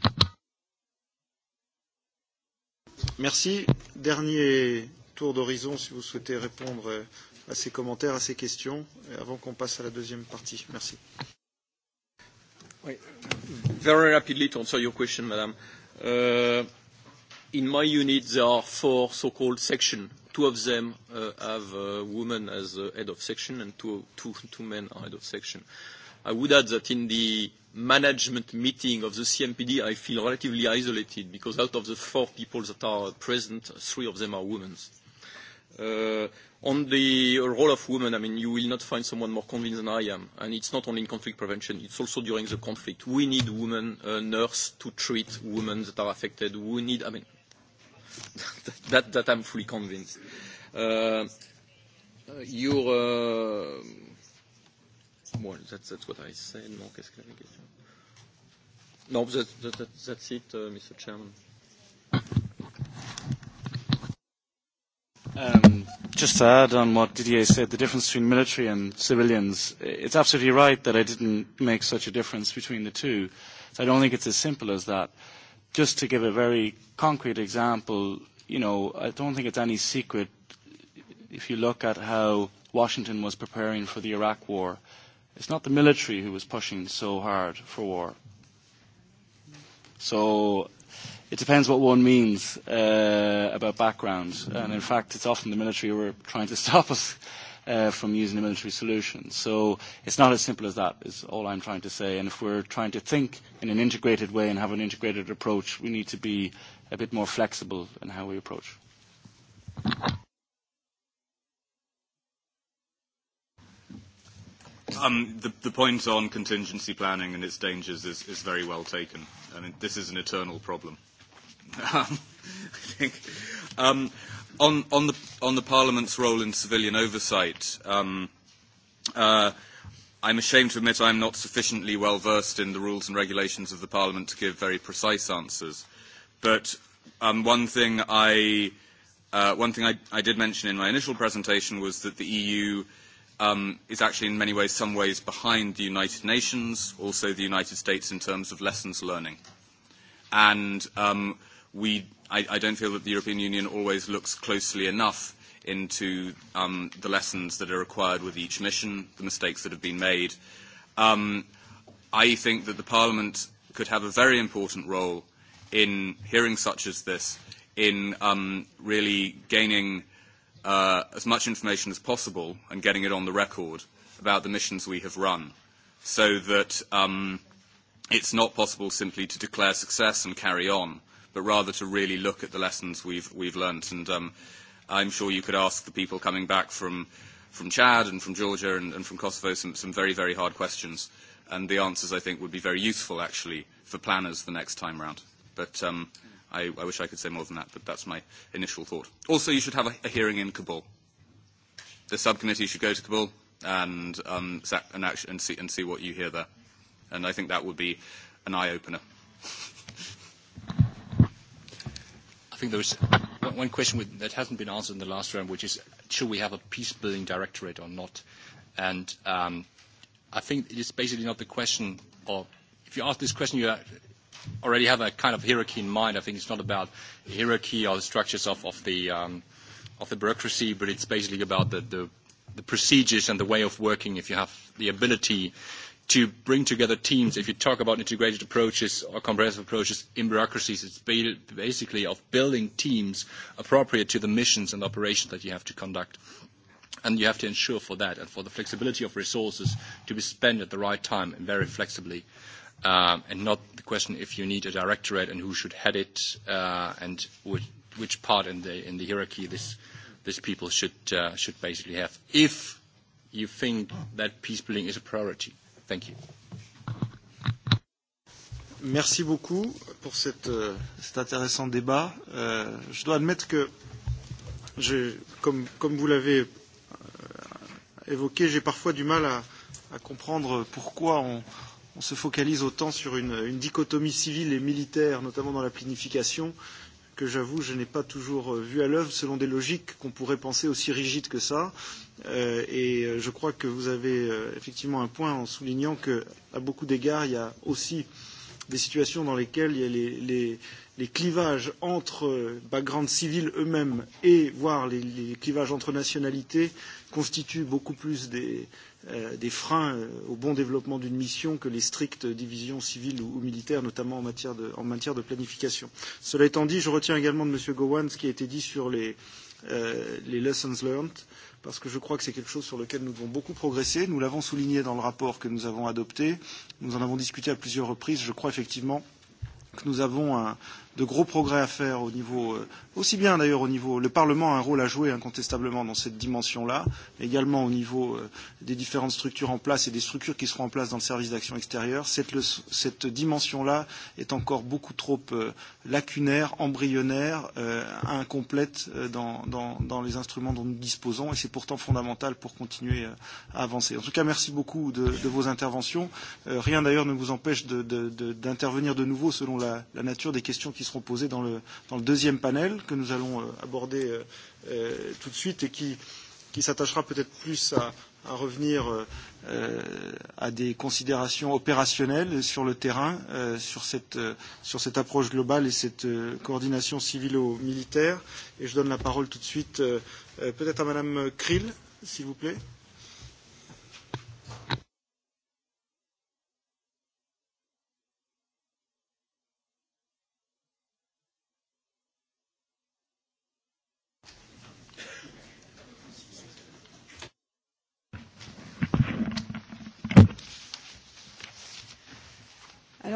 Merci. Dernier tour d'horizon si vous souhaitez répondre à ces commentaires, à ces questions, avant qu'on passe à la deuxième partie. Merci. Oui. Very rapidly to answer your question, madame. Uh, in my unit, there are four so-called sections. Two of them uh, have uh, women as uh, head of section, and two, two, two men are head of section. I would add that in the management meeting of the CMPD, I feel relatively isolated because out of the four people that are present, three of them are women. Uh, on the role of women, I mean, you will not find someone more convinced than I am. And it's not only in conflict prevention, it's also during the conflict. We need women uh, nurses to treat women that are affected. We need, I mean, that, that I'm fully convinced. Uh, uh, your, uh, well, that's, that's what I said. No, that, that, that, that's it, uh, Mr. Chairman. Um, just to add on what Didier said, the difference between military and civilians, it's absolutely right that I didn't make such a difference between the two. So I don't think it's as simple as that. Uh, just to give a very concrete example, you know, I don't think it's any secret if you look at how Washington was preparing for the Iraq war. It's not the military who was pushing so hard for war. So it depends what one means uh, about background. And in fact, it's often the military who are trying to stop us uh, from using a military solution. So it's not as simple as that, is all I'm trying to say. And if we're trying to think in an integrated way and have an integrated approach, we need to be a bit more flexible in how we approach. Um, the, the point on contingency planning and its dangers is, is very well taken. I mean, this is an eternal problem. Um, I think. Um, on, on, the, on the Parliament's role in civilian oversight, um, uh, I'm ashamed to admit I'm not sufficiently well versed in the rules and regulations of the Parliament to give very precise answers. But um, one thing I uh, one thing I, I did mention in my initial presentation was that the EU um, is actually in many ways, some ways behind the United Nations, also the United States in terms of lessons learning, and um, we I, I don't feel that the European Union always looks closely enough into um, the lessons that are required with each mission, the mistakes that have been made. Um, I think that the Parliament could have a very important role in hearings such as this, in um, really gaining uh, as much information as possible and getting it on the record about the missions we have run, so that um, it's not possible simply to declare success and carry on but rather to really look at the lessons we've, we've learnt. And um, I'm sure you could ask the people coming back from, from Chad and from Georgia and, and from Kosovo some, some very, very hard questions. And the answers, I think, would be very useful, actually, for planners the next time round. But um, I, I wish I could say more than that, but that's my initial thought. Also, you should have a, a hearing in Kabul. The subcommittee should go to Kabul and, um, and, and, see, and see what you hear there. And I think that would be an eye-opener. think there is one question with, that hasn't been answered in the last round, which is should we have a peace-building directorate or not? And um, I think it is basically not the question of if you ask this question, you already have a kind of hierarchy in mind. I think it's not about the hierarchy or the structures of, of, the, um, of the bureaucracy, but it's basically about the, the, the procedures and the way of working. If you have the ability to bring together teams. If you talk about integrated approaches or comprehensive approaches in bureaucracies, it's basically of building teams appropriate to the missions and operations that you have to conduct. And you have to ensure for that and for the flexibility of resources to be spent at the right time and very flexibly. Um, and not the question if you need a directorate and who should head it uh, and which, which part in the, in the hierarchy this, this people should, uh, should basically have. If you think that peace building is a priority. Thank you. Merci beaucoup pour cette, euh, cet intéressant débat. Euh, je dois admettre que, je, comme, comme vous l'avez euh, évoqué, j'ai parfois du mal à, à comprendre pourquoi on, on se focalise autant sur une, une dichotomie civile et militaire, notamment dans la planification, que j'avoue, je n'ai pas toujours euh, vu à l'œuvre selon des logiques qu'on pourrait penser aussi rigides que ça. Euh, Euh, et euh, je crois que vous avez euh, effectivement un point en soulignant qu'à beaucoup d'égards, il y a aussi des situations dans lesquelles il y a les, les, les clivages entre euh, background civil eux-mêmes et voire les, les clivages entre nationalités constituent beaucoup plus des, euh, des freins euh, au bon développement d'une mission que les strictes divisions civiles ou, ou militaires, notamment en matière, de, en matière de planification. Cela étant dit, je retiens également de M. Gowan ce qui a été dit sur les, euh, Euh, les lessons learned, parce que je crois que c'est quelque chose sur lequel nous devons beaucoup progresser. Nous l'avons souligné dans le rapport que nous avons adopté. Nous en avons discuté à plusieurs reprises. Je crois effectivement que nous avons un, de gros progrès à faire au niveau, euh, aussi bien d'ailleurs au niveau, le Parlement a un rôle à jouer incontestablement dans cette dimension-là, mais également au niveau euh, des différentes structures en place et des structures qui seront en place dans le service d'action extérieure. Cette, cette dimension-là est encore beaucoup trop euh, lacunaire, embryonnaire, incomplète dans, dans, dans les instruments dont nous disposons, et c'est pourtant fondamental pour continuer à avancer. En tout cas, merci beaucoup de, de vos interventions. Rien d'ailleurs ne vous empêche d'intervenir de, de, de, de nouveau selon la, la nature des questions qui qui seront posées dans le, dans le deuxième panel que nous allons euh, aborder euh, euh, tout de suite et qui, qui s'attachera peut-être plus à, à revenir euh, à des considérations opérationnelles sur le terrain, euh, sur, cette, euh, sur cette approche globale et cette euh, coordination civilo-militaire. Et je donne la parole tout de suite euh, euh peut-être à Madame Krill, s'il vous plaît. Euh,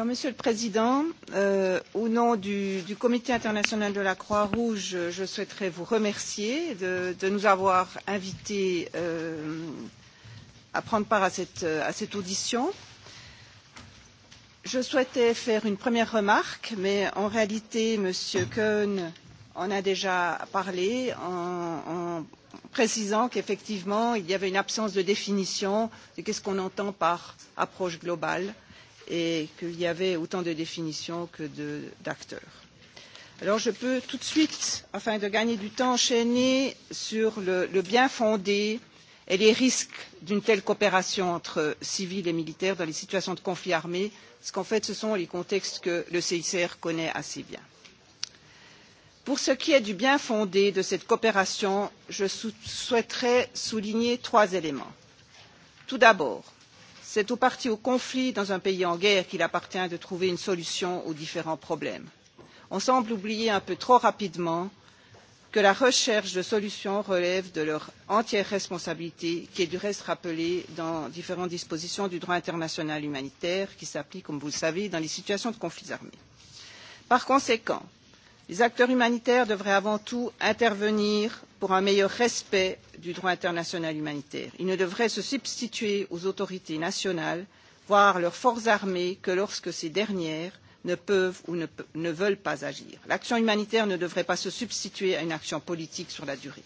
monsieur le président euh, au nom du, comité international de la croix rouge je souhaiterais vous remercier de, nous avoir invités euh, à prendre part à cette, audition. je souhaitais faire une première remarque mais en réalité m. kuhn en a déjà parlé en, précisant qu'effectivement il y avait une absence de définition de qu ce qu'on entend par approche globale et qu'il y avait autant de définitions que d'acteurs. Alors je peux tout de suite, afin de gagner du temps, enchaîner sur le, le bien fondé et les risques d'une telle coopération entre civils et militaires dans les situations de conflit armé, parce qu'en fait ce sont les contextes que le CICR connaît assez bien. Pour ce qui est du bien fondé de cette coopération, je sou souhaiterais souligner trois éléments. Tout d'abord, c'est aux parties au conflit dans un pays en guerre qu'il appartient de trouver une solution aux différents problèmes. on semble oublier un peu trop rapidement que la recherche de solutions relève de leur entière responsabilité qui est du reste rappelée dans différentes dispositions du droit international humanitaire qui s'applique comme vous le savez dans les situations de conflits armés. par conséquent les acteurs humanitaires devraient avant tout intervenir pour un meilleur respect du droit international humanitaire. ils ne devraient se substituer aux autorités nationales voire à leurs forces armées que lorsque ces dernières ne peuvent ou ne veulent pas agir. l'action humanitaire ne devrait pas se substituer à une action politique sur la durée.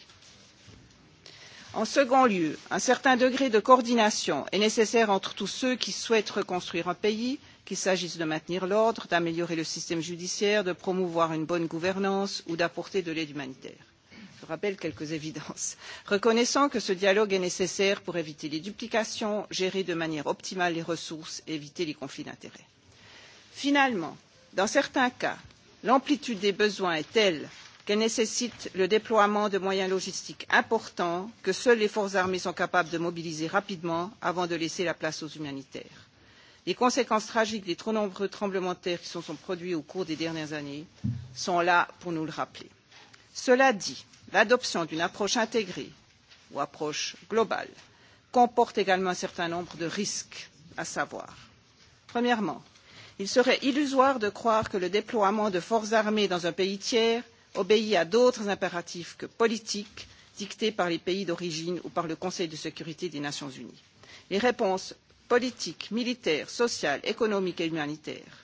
en second lieu un certain degré de coordination est nécessaire entre tous ceux qui souhaitent reconstruire un pays qu'il s'agisse de maintenir l'ordre d'améliorer le système judiciaire de promouvoir une bonne gouvernance ou d'apporter de l'aide humanitaire. je rappelle quelques évidences reconnaissant que ce dialogue est nécessaire pour éviter les duplications gérer de manière optimale les ressources et éviter les conflits d'intérêts. finalement dans certains cas l'amplitude des besoins est telle qu'elle nécessite le déploiement de moyens logistiques importants que seules les forces armées sont capables de mobiliser rapidement avant de laisser la place aux humanitaires les conséquences tragiques des trop nombreux tremblements de terre qui se sont produits au cours des dernières années sont là pour nous le rappeler. cela dit l'adoption d'une approche intégrée ou approche globale comporte également un certain nombre de risques à savoir premièrement il serait illusoire de croire que le déploiement de forces armées dans un pays tiers obéit à d'autres impératifs que politiques dictés par les pays d'origine ou par le conseil de sécurité des nations unies. les réponses politique militaire sociale économique et humanitaire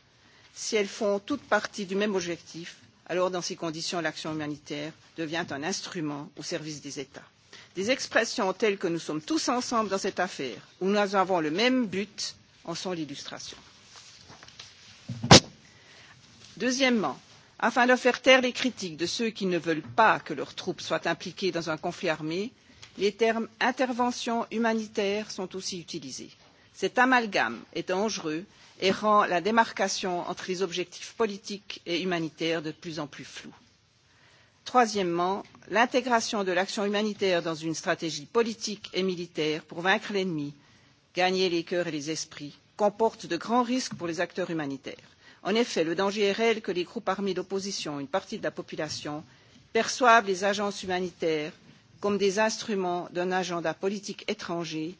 si elles font toutes partie du même objectif alors dans ces conditions l'action humanitaire devient un instrument au service des états. des expressions telles que nous sommes tous ensemble dans cette affaire ou nous avons le même but en sont l'illustration. deuxièmement afin de faire taire les critiques de ceux qui ne veulent pas que leurs troupes soient impliquées dans un conflit armé les termes intervention humanitaire sont aussi utilisés cet amalgame est dangereux et rend la démarcation entre les objectifs politiques et humanitaires de plus en plus floue. troisièmement l'intégration de l'action humanitaire dans une stratégie politique et militaire pour vaincre l'ennemi gagner les cœurs et les esprits comporte de grands risques pour les acteurs humanitaires. en effet le danger est réel que les groupes armés d'opposition une partie de la population perçoivent les agences humanitaires comme des instruments d'un agenda politique étranger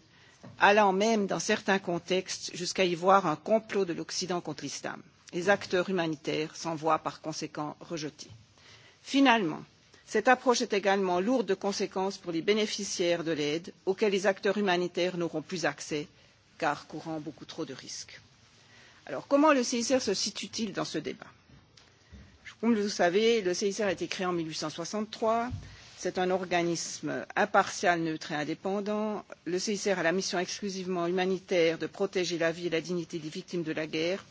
allant même dans certains contextes jusqu'à y voir un complot de l'Occident contre l'islam. Les acteurs humanitaires s'en voient par conséquent rejetés. Finalement, cette approche est également lourde de conséquences pour les bénéficiaires de l'aide auxquels les acteurs humanitaires n'auront plus accès car courant beaucoup trop de risques. Alors comment le CICR se situe-t-il dans ce débat Comme vous le savez, le CICR a été créé en 1863 c'est un organisme impartial neutre et indépendant. le cicr a la mission exclusivement humanitaire de protéger la vie et la dignité des victimes de la guerre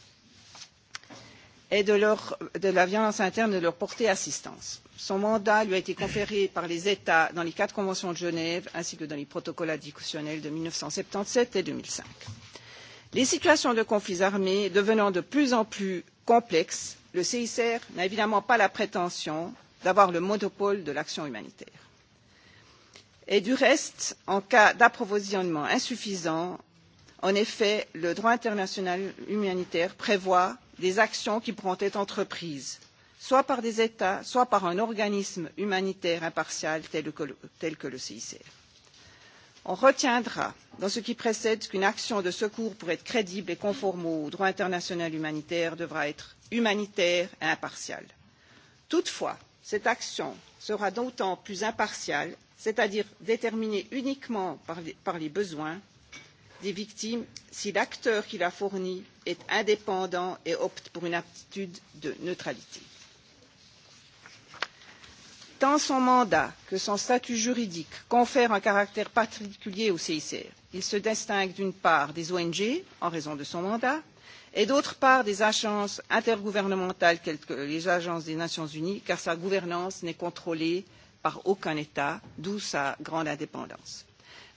et de, la violence interne de leur porter assistance. son mandat lui a été conféré par les états dans les quatre conventions de genève ainsi que dans les protocoles additionnels de mille neuf cent soixante dix et. deux mille cinq les situations de conflits armés devenant de plus en plus complexes le cicr n'a évidemment pas la prétention d'avoir le monopole de l'action humanitaire. Et du reste en cas d'approvisionnement insuffisant en effet le droit international humanitaire prévoit des actions qui pourront être entreprises soit par des états soit par un organisme humanitaire impartial tel que le, cicr. on retiendra dans ce qui précède qu'une action de secours pour être crédible et conforme au droit international humanitaire devra être humanitaire et impartiale. toutefois cette action sera d'autant plus impartiale c'est à dire déterminée uniquement par les, besoins des victimes si l'acteur qui la fournit est indépendant et opte pour une attitude de neutralité. tant son mandat que son statut juridique confèrent un caractère particulier au cicr. il se distingue d'une part des ong en raison de son mandat et d'autre part des agences intergouvernementales telles que les agences des nations unies car sa gouvernance n'est contrôlée par aucun état d'où sa grande indépendance.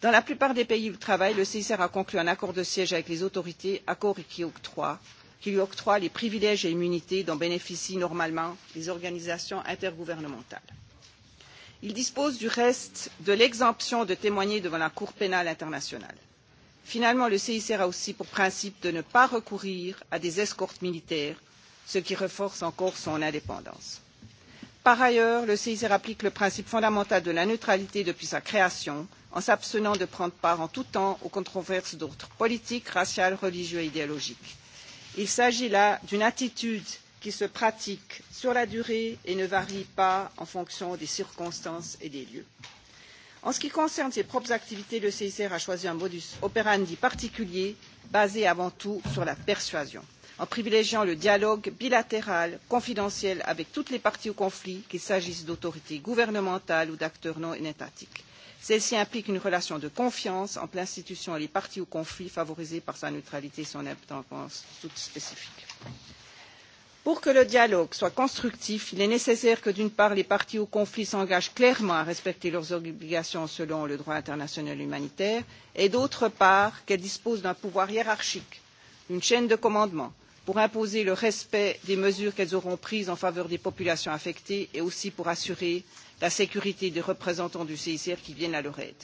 dans la plupart des pays où il travaille le csr a conclu un accord de siège avec les autorités accord qui lui octroie les privilèges et immunités dont bénéficient normalement les organisations intergouvernementales. il dispose du reste de l'exemption de témoigner devant la cour pénale internationale finalement le cicr a aussi pour principe de ne pas recourir à des escortes militaires ce qui renforce encore son indépendance. par ailleurs le cicr applique le principe fondamental de la neutralité depuis sa création en s'abstenant de prendre part en tout temps aux controverses d'ordre politique racial religieux et idéologique. il s'agit là d'une attitude qui se pratique sur la durée et ne varie pas en fonction des circonstances et des lieux en ce qui concerne ses propres activités le csr a choisi un modus operandi particulier basé avant tout sur la persuasion en privilégiant le dialogue bilatéral confidentiel avec toutes les parties au conflit qu'il s'agisse d'autorités gouvernementales ou d'acteurs non étatiques. celle ci implique une relation de confiance entre l'institution et les parties au conflit favorisée par sa neutralité et son indépendance toutes spécifiques pour que le dialogue soit constructif il est nécessaire que d'une part les parties au conflit s'engagent clairement à respecter leurs obligations selon le droit international humanitaire et d'autre part qu'elles disposent d'un pouvoir hiérarchique d'une chaîne de commandement pour imposer le respect des mesures qu'elles auront prises en faveur des populations affectées et aussi pour assurer la sécurité des représentants du CICR qui viennent à leur aide.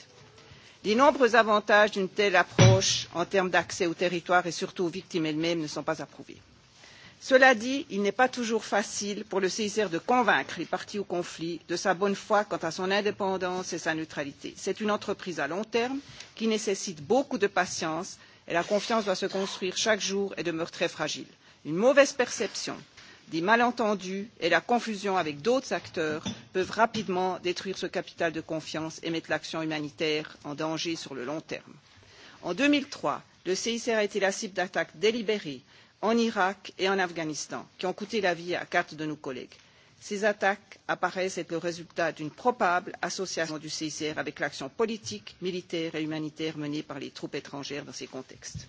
Les nombreux avantages d'une telle approche en termes d'accès au territoire et surtout aux victimes elles-mêmes ne sont pas à prouver cela dit il n'est pas toujours facile pour le csr de convaincre les parties au conflit de sa bonne foi quant à son indépendance et sa neutralité. c'est une entreprise à long terme qui nécessite beaucoup de patience et la confiance doit se construire chaque jour et demeure très fragile. une mauvaise perception des malentendus et la confusion avec d'autres acteurs peuvent rapidement détruire ce capital de confiance et mettre l'action humanitaire en danger sur le long terme. en deux mille trois le csr a été la cible d'attaques délibérées en iraq et en Afghanistan, qui ont coûté la vie à quatre de nos collègues. Ces attaques apparaissent être le résultat d'une probable association du CICR avec l'action politique, militaire et humanitaire menée par les troupes étrangères dans ces contextes.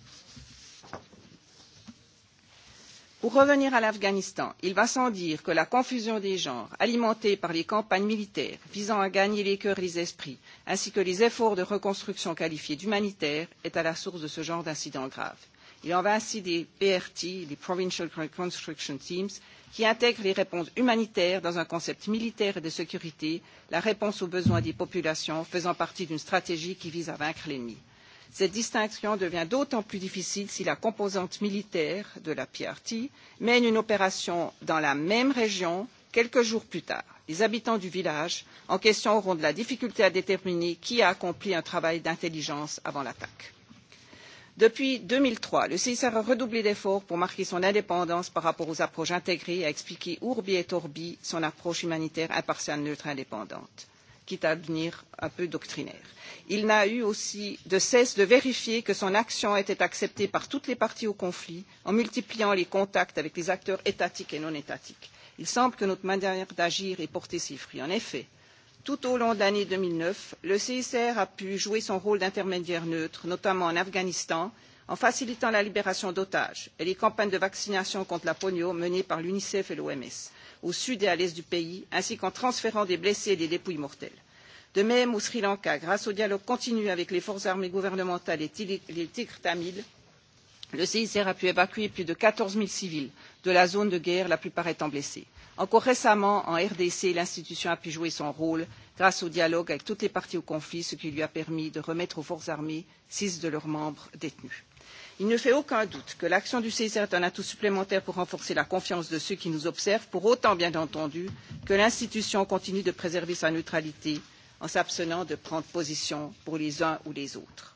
Pour revenir à l'Afghanistan, il va sans dire que la confusion des genres, alimentée par les campagnes militaires visant à gagner les cœurs et les esprits, ainsi que les efforts de reconstruction qualifiés d'humanitaires, est à la source de ce genre d'incidents graves Il en va ainsi des PRT, les Provincial Reconstruction Teams, qui intègrent les réponses humanitaires dans un concept militaire et de sécurité, la réponse aux besoins des populations faisant partie d'une stratégie qui vise à vaincre l'ennemi. Cette distinction devient d'autant plus difficile si la composante militaire de la PRT mène une opération dans la même région quelques jours plus tard. Les habitants du village en question auront de la difficulté à déterminer qui a accompli un travail d'intelligence avant l'attaque depuis deux mille trois le csr a redoublé d'efforts pour marquer son indépendance par rapport aux approches intégrées et a expliqué urbi et orbi son approche humanitaire impartiale neutre et indépendante quitte à devenir un peu doctrinaire. il n'a eu aussi de cesse de vérifier que son action était acceptée par toutes les parties au conflit en multipliant les contacts avec les acteurs étatiques et non étatiques. il semble que notre manière d'agir ait porté ses fruits. en effet tout au long de l'année deux mille neuf le cicr a pu jouer son rôle d'intermédiaire neutre notamment en afghanistan en facilitant la libération d'otages et les campagnes de vaccination contre la polio menées par l'unicef et l'oms au sud et à l'est du pays ainsi qu'en transférant des blessés et des dépouilles mortelles. de même au sri lanka grâce au dialogue continu avec les forces armées gouvernementales et les tigres tamils le cicr a pu évacuer plus de quatorze zéro civils de la zone de guerre la plupart étant blessés. Encore récemment, en RDC, l'institution a pu jouer son rôle grâce au dialogue avec toutes les parties au conflit, ce qui lui a permis de remettre aux forces armées six de leurs membres détenus. Il ne fait aucun doute que l'action du CICR est un atout supplémentaire pour renforcer la confiance de ceux qui nous observent, pour autant, bien entendu, que l'institution continue de préserver sa neutralité en s'abstenant de prendre position pour les uns ou les autres.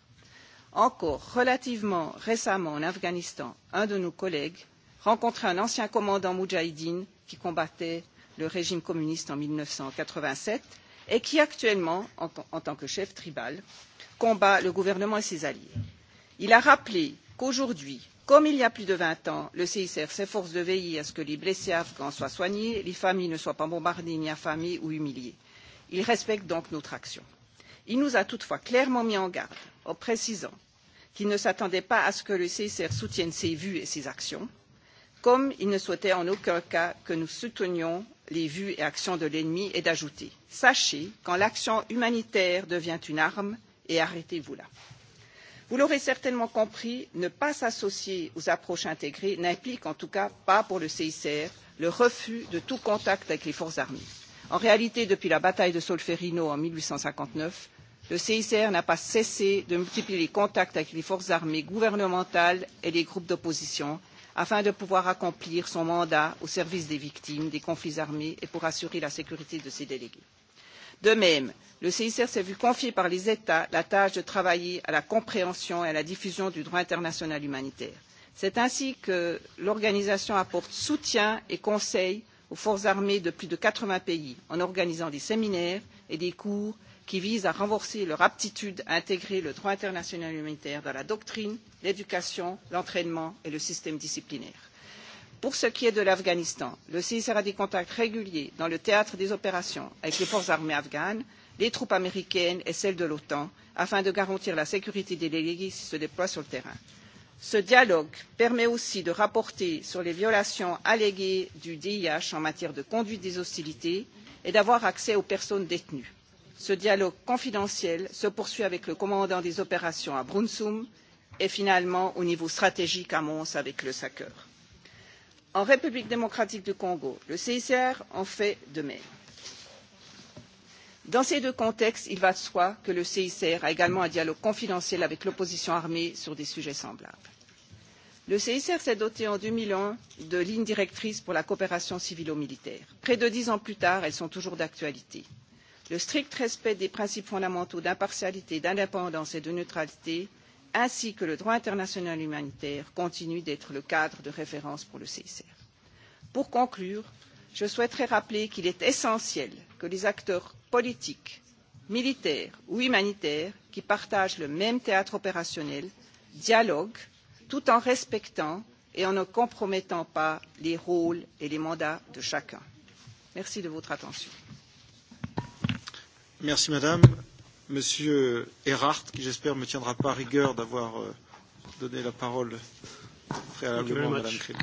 Encore relativement récemment en Afghanistan, un de nos collègues rencontrait un ancien commandant moudjahidine qui combattait le régime communiste en mille neuf cent quatre vingt sept et qui actuellement en, tant que chef tribal combat le gouvernement et ses alliés. il a rappelé qu'aujourd'hui comme il y a plus de vingt ans le cicr s'efforce de veiller à ce que les blessés afghans soient soignés les familles ne soient pas bombardées ni affamées ou humiliées. il respecte donc notre action. il nous a toutefois clairement mis en garde en précisant qu'il ne s'attendait pas à ce que le cicr soutienne ses vues et ses actions comme il ne souhaitait en aucun cas que nous soutenions les vues et actions de l'ennemi et d'ajouter sachez quand l'action humanitaire devient une arme et arrêtez vous là. vous l'aurez certainement compris ne pas s'associer aux approches intégrées n'implique en tout cas pas pour le cicr le refus de tout contact avec les forces armées. en réalité depuis la bataille de solferino en mille huit cent cinquante neuf le cicr n'a pas cessé de multiplier les contacts avec les forces armées gouvernementales et les groupes d'opposition afin de pouvoir accomplir son mandat au service des victimes des conflits armés et pour assurer la sécurité de ses délégués. De même, le CICR s'est vu confier par les États la tâche de travailler à la compréhension et à la diffusion du droit international humanitaire. C'est ainsi que l'organisation apporte soutien et conseil aux forces armées de plus de 80 pays en organisant des séminaires et des cours qui vise à renforcer leur aptitude à intégrer le droit international humanitaire dans la doctrine, l'éducation, l'entraînement et le système disciplinaire. Pour ce qui est de l'Afghanistan, le CICR a des contacts réguliers dans le théâtre des opérations avec les forces armées afghanes, les troupes américaines et celles de l'OTAN, afin de garantir la sécurité des délégués qui se déploient sur le terrain. Ce dialogue permet aussi de rapporter sur les violations alléguées du DIH en matière de conduite des hostilités et d'avoir accès aux personnes détenues ce dialogue confidentiel se poursuit avec le commandant des opérations à brunsum et finalement au niveau stratégique à mons avec le sacr. en république démocratique du congo le cicr en fait de même. dans ces deux contextes il va de soi que le cicr a également un dialogue confidentiel avec l'opposition armée sur des sujets semblables. Le CICR s'est doté en deux mille un de lignes directrices pour la coopération civilo-militaire. Près de dix ans plus tard, elles sont toujours d'actualité le strict respect des principes fondamentaux d'impartialité d'indépendance et de neutralité ainsi que le droit international humanitaire continuent d'être le cadre de référence pour le csr. pour conclure je souhaiterais rappeler qu'il est essentiel que les acteurs politiques militaires ou humanitaires qui partagent le même théâtre opérationnel dialoguent tout en respectant et en ne compromettant pas les rôles et les mandats de chacun. merci de votre attention. Merci Madame. Monsieur Erhardt, qui j'espère ne me tiendra pas à rigueur d'avoir euh, donné la parole préalablement à Madame Krill.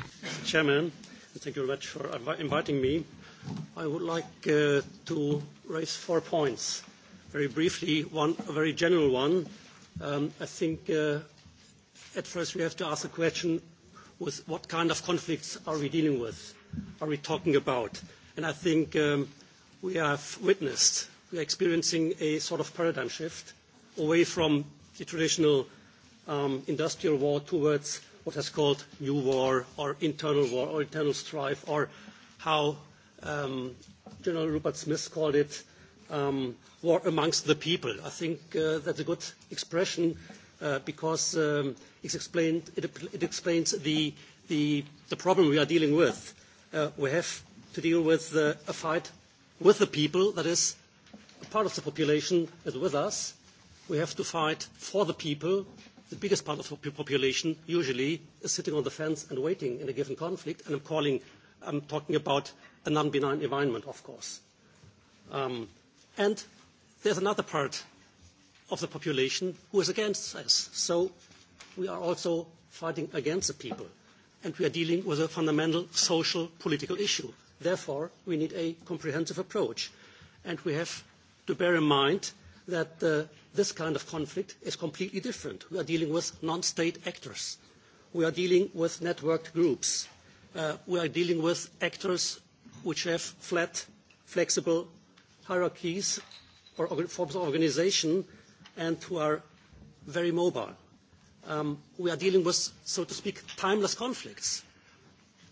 Chairman, thank you very much for inviting me. I would like uh, to raise four points. Very briefly, one a very general one. Um, I think uh, at first we have to ask the question with what kind of conflicts are we dealing with? Are we talking about? And I think um, we have witnessed we are experiencing a sort of paradigm shift away from the traditional um, industrial war towards what is called new war or internal war or internal strife or how um, General Rupert Smith called it um, war amongst the people. I think uh, that's a good expression uh, because um, it's explained, it, it explains the, the, the, problem we are dealing with. Uh, we have to deal with uh, a fight with the people, that is, part of the population is with us. We have to fight for the people. The biggest part of the population usually is sitting on the fence and waiting in a given conflict. And I'm calling, I'm talking about a non-benign environment, of course. Um, and there's another part of the population who is against us. So we are also fighting against the people. And we are dealing with a fundamental social political issue. Therefore, we need a comprehensive approach. And we have to bear in mind that uh, this kind of conflict is completely different. We are dealing with non-state actors. We are dealing with networked groups. Uh, we are dealing with actors which have flat, flexible hierarchies or forms of organisation and who are very mobile. Um, we are dealing with, so to speak, timeless conflicts.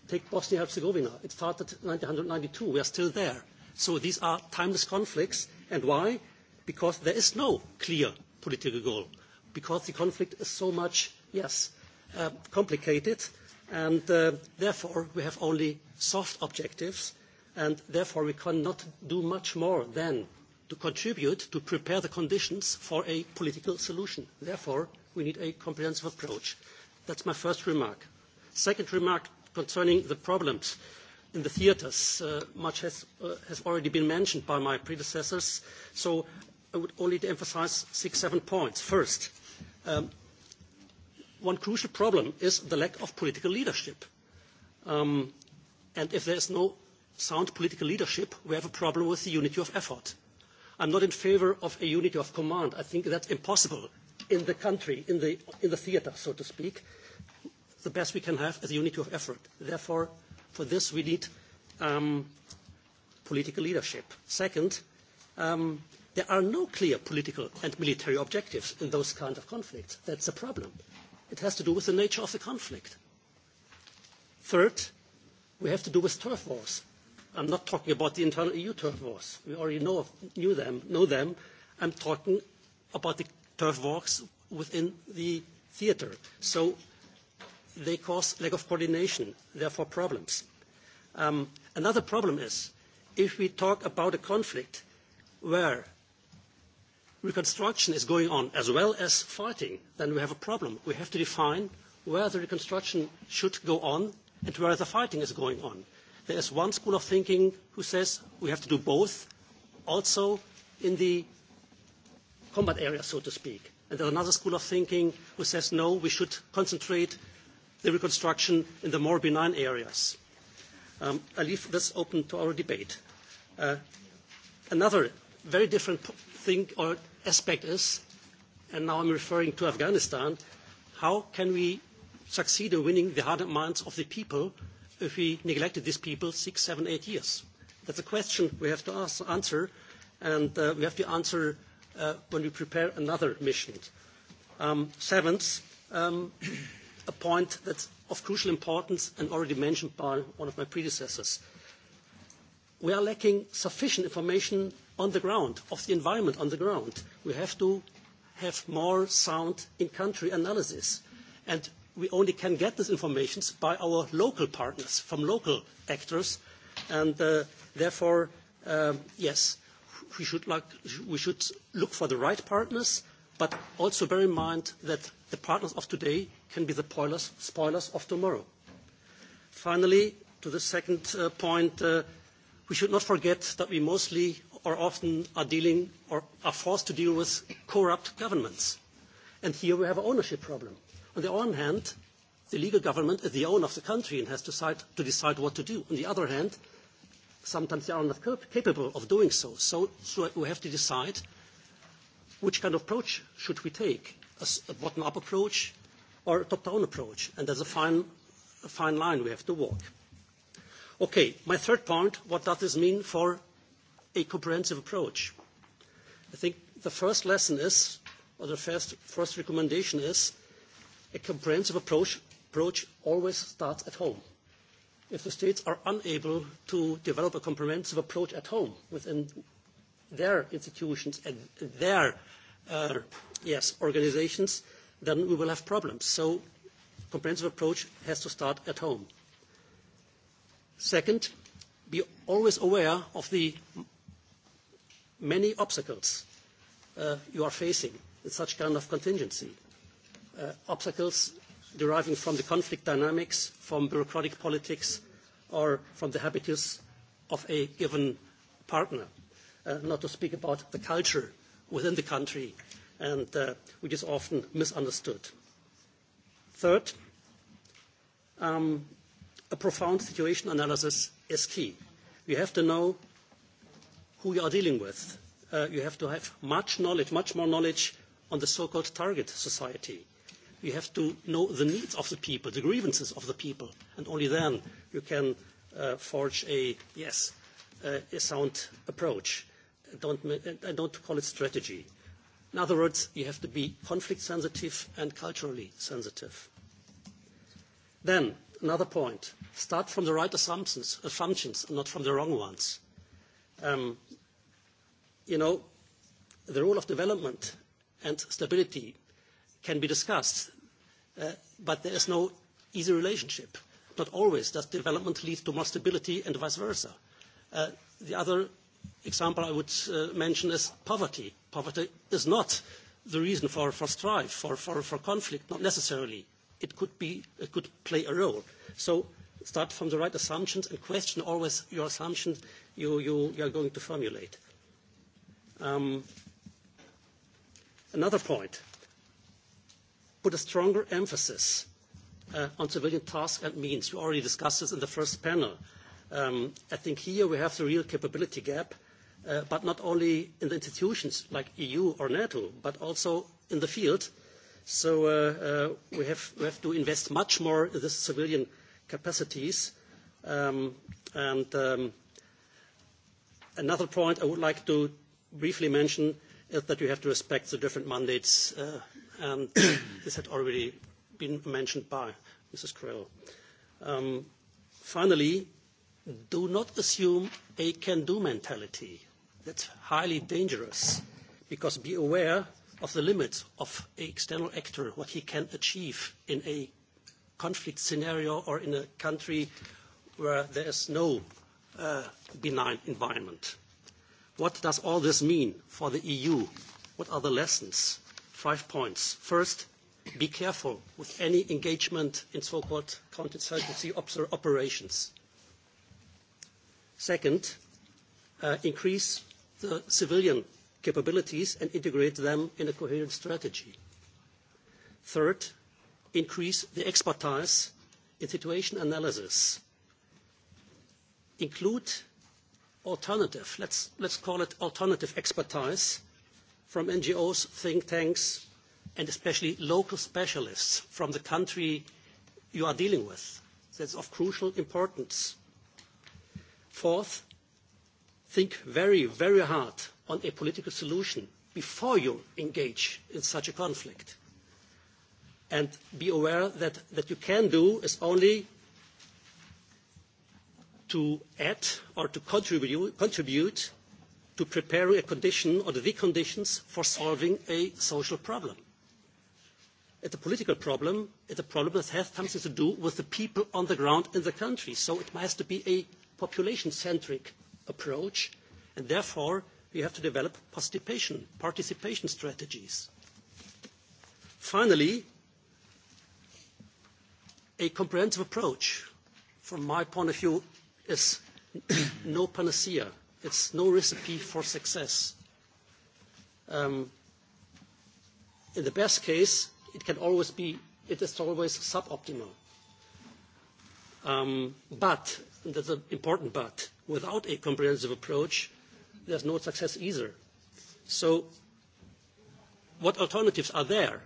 Take Bosnia-Herzegovina. It started in 1992. We are still there. So these are timeless conflicts And why? Because there is no clear political goal, because the conflict is so much, yes, uh, complicated, and uh, therefore we have only soft objectives, and therefore we cannot do much more than to contribute to prepare the conditions for a political solution. Therefore, we need a comprehensive approach. That's my first remark. Second remark concerning the problems. Uh, in the theatres. Uh, much has, uh, has already been mentioned by my predecessors, so I would only emphasise six, seven points. First, um, one crucial problem is the lack of political leadership. Um, and if there is no sound political leadership, we have a problem with the unity of effort. I'm not in favour of a unity of command. I think that's impossible in the country, in the, in the theatre, so to speak. The best we can have is a unity of effort. Therefore, For this, we need um, political leadership. Second, um, there are no clear political and military objectives in those kind of conflicts. That's a problem. It has to do with the nature of the conflict. Third, we have to do with turf wars. I'm not talking about the internal EU turf wars. We already know, knew them, know them. I'm talking about the turf wars within the theater. So they cause lack of coordination, therefore problems. Um, another problem is if we talk about a conflict where reconstruction is going on as well as fighting, then we have a problem. We have to define where the reconstruction should go on and where the fighting is going on. There is one school of thinking who says we have to do both, also in the combat area, so to speak. And there's another school of thinking who says no, we should concentrate the reconstruction in the more benign areas. Um, I leave this open to our debate. Uh, another very different thing or aspect is, and now I'm referring to Afghanistan, how can we succeed in winning the heart and minds of the people if we neglected these people six, seven, eight years? That's a question we have to ask, answer, and uh, we have to answer uh, when we prepare another mission. Um, seventh, um, a point that's of crucial importance and already mentioned by one of my predecessors. We are lacking sufficient information on the ground, of the environment on the ground. We have to have more sound in-country analysis. And we only can get this information by our local partners, from local actors. And uh, therefore, um, yes, we should, like, we should look for the right partners But also bear in mind that the partners of today can be the spoilers, spoilers of tomorrow. Finally, to the second uh, point, uh, we should not forget that we mostly or often are dealing or are forced to deal with corrupt governments. And here we have an ownership problem. On the one hand, the legal government is the owner of the country and has to decide, to decide what to do. On the other hand, sometimes they are not capable of doing so. So, so we have to decide which kind of approach should we take? A bottom-up approach or a top-down approach? And there's a fine, a fine line we have to walk. Okay, my third point, what does this mean for a comprehensive approach? I think the first lesson is, or the first, first recommendation is, a comprehensive approach, approach always starts at home. If the states are unable to develop a comprehensive approach at home within their institutions and their uh, yes, organizations, then we will have problems. So comprehensive approach has to start at home. Second, be always aware of the many obstacles uh, you are facing in such kind of contingency. Uh, obstacles deriving from the conflict dynamics, from bureaucratic politics, or from the habitus of a given partner. Uh, not to speak about the culture within the country, and uh, which is often misunderstood. Third, um, a profound situation analysis is key. You have to know who you are dealing with. Uh, you have to have much knowledge, much more knowledge on the so-called target society. You have to know the needs of the people, the grievances of the people, and only then you can uh, forge a, yes, uh, a sound approach don't, I uh, don't call it strategy. In other words, you have to be conflict sensitive and culturally sensitive. Then, another point. Start from the right assumptions, assumptions and not from the wrong ones. Um, you know, the role of development and stability can be discussed, uh, but there is no easy relationship. Not always does development lead to more stability and vice versa. Uh, the other example I would uh, mention is poverty. Poverty is not the reason for, for strife, for, for, for conflict, not necessarily. It could, be, it could play a role. So start from the right assumptions and question always your assumptions you, you, you are going to formulate. Um, another point, put a stronger emphasis uh, on civilian tasks and means. We already discussed this in the first panel. Um, I think here we have the real capability gap, uh, but not only in the institutions like EU or NATO, but also in the field. So uh, uh, we, have, to invest much more in the civilian capacities. Um, and um, another point I would like to briefly mention is that we have to respect the different mandates, and this had already been mentioned by Mrs. Crowell. finally, do not assume a can-do mentality. That's highly dangerous because be aware of the limits of an external actor, what he can achieve in a conflict scenario or in a country where there is no uh, benign environment. What does all this mean for the EU? What are the lessons? Five points. First, be careful with any engagement in so-called counterinsurgency operations Second, uh, increase the civilian capabilities and integrate them in a coherent strategy. Third, increase the expertise in situation analysis. Include alternative, let's, let's call it alternative expertise from NGOs, think tanks, and especially local specialists from the country you are dealing with. That's of crucial importance. Fourth, think very, very hard on a political solution before you engage in such a conflict. And be aware that what you can do is only to add or to contribute, contribute to preparing a condition or the conditions for solving a social problem. It's a political problem. It's a problem that has something to do with the people on the ground in the country. So it has to be a population-centric approach, and therefore we have to develop participation, participation strategies. Finally, a comprehensive approach, from my point of view, is no panacea. It's no recipe for success. Um, in the best case, it can always be, it is always suboptimal. Um, but and that's an important but, without a comprehensive approach, there's no success either. So what alternatives are there?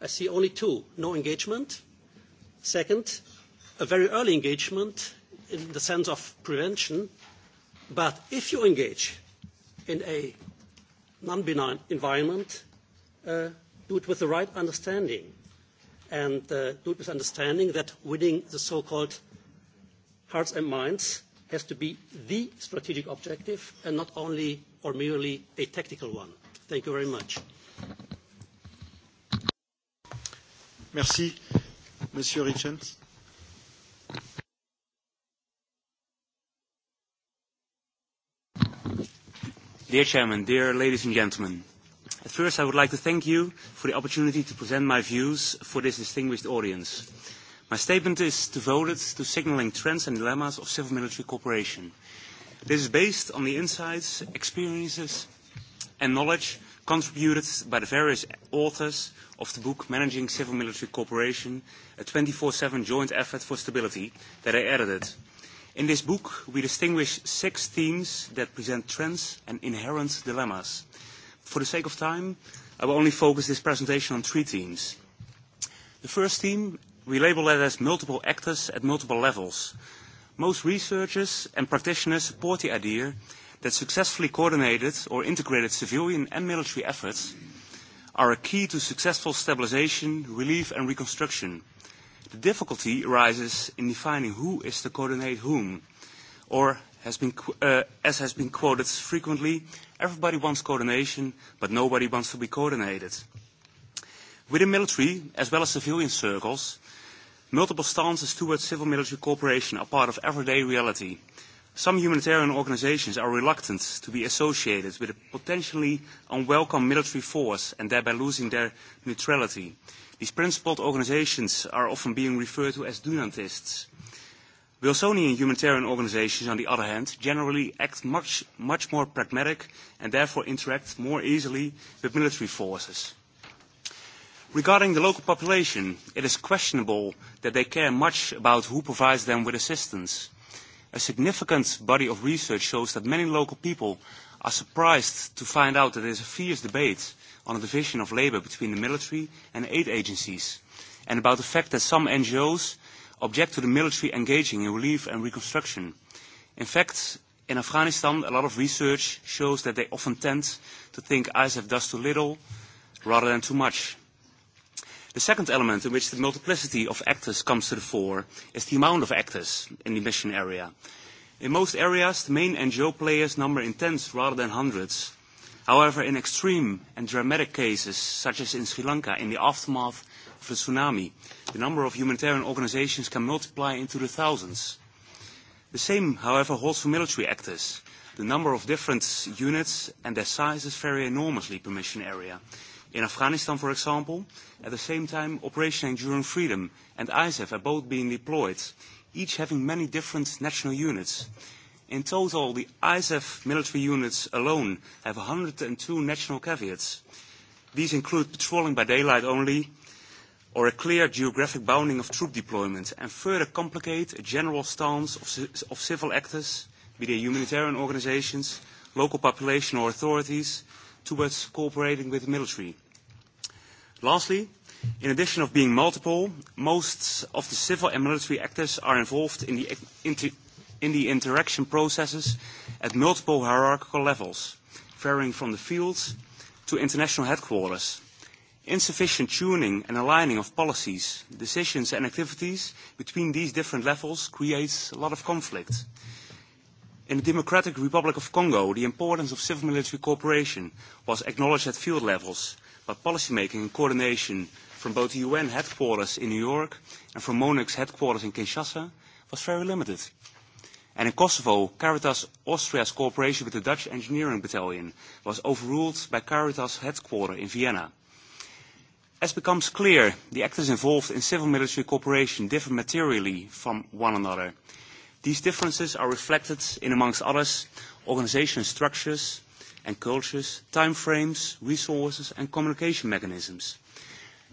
I see only two. No engagement. Second, a very early engagement in the sense of prevention. But if you engage in a non-benign environment, uh, do it with the right understanding. And uh, do it with understanding that winning the so-called hearts and minds has to be the strategic objective and not only or merely a tactical one. Thank you very much. Merci, Monsieur Richens. Dear Chairman, dear ladies and gentlemen, at first I would like to thank you for the opportunity to present my views for this distinguished audience. My statement is devoted to signalling trends and dilemmas of civil military cooperation. This is based on the insights, experiences and knowledge contributed by the various authors of the book Managing Civil Military Cooperation, a 24-7 joint effort for stability that I edited. In this book, we distinguish six themes that present trends and inherent dilemmas. For the sake of time, I will only focus this presentation on three themes. The first theme we label it as multiple actors at multiple levels. Most researchers and practitioners support the idea that successfully coordinated or integrated civilian and military efforts are a key to successful stabilization, relief and reconstruction. The difficulty arises in defining who is to coordinate whom, or has been, uh, as has been quoted frequently, everybody wants coordination, but nobody wants to be coordinated. Within military, as well as civilian circles, Multiple stances towards civil military cooperation are part of everyday reality. Some humanitarian organizations are reluctant to be associated with a potentially unwelcome military force and thereby losing their neutrality. These principled organizations are often being referred to as Dunantists. Wilsonian humanitarian organizations, on the other hand, generally act much, much more pragmatic and therefore interact more easily with military forces. Regarding the local population, it is questionable that they care much about who provides them with assistance. A significant body of research shows that many local people are surprised to find out that there is a fierce debate on the division of labour between the military and aid agencies, and about the fact that some NGOs object to the military engaging in relief and reconstruction. In fact, in Afghanistan, a lot of research shows that they often tend to think ISAF does too little rather than too much. The second element in which the multiplicity of actors comes to the fore is the amount of actors in the mission area. In most areas, the main NGO players number in tens rather than hundreds. However, in extreme and dramatic cases, such as in Sri Lanka in the aftermath of the tsunami, the number of humanitarian organizations can multiply into the thousands. The same, however, holds for military actors. The number of different units and their sizes vary enormously per mission area in Afghanistan, for example. At the same time, Operation Enduring Freedom and ISAF are both being deployed, each having many different national units. In total, the ISAF military units alone have 102 national caveats. These include patrolling by daylight only, or a clear geographic bounding of troop deployment, and further complicate a general stance of, of civil actors, be they humanitarian organizations, local population or authorities, towards cooperating with the military. Lastly, in addition of being multiple, most of the civil and military actors are involved in the, inter in the interaction processes at multiple hierarchical levels, varying from the fields to international headquarters. Insufficient tuning and aligning of policies, decisions and activities between these different levels creates a lot of conflict. In the Democratic Republic of Congo, the importance of civil-military cooperation was acknowledged at field levels, but policymaking and coordination from both the UN headquarters in New York and from MONUC's headquarters in Kinshasa was very limited. And in Kosovo, Caritas Austria's cooperation with the Dutch Engineering Battalion was overruled by Caritas headquarters in Vienna. As becomes clear, the actors involved in civil-military cooperation differ materially from one another. These differences are reflected in, amongst others, organisation structures, and cultures, time frames, resources and communication mechanisms.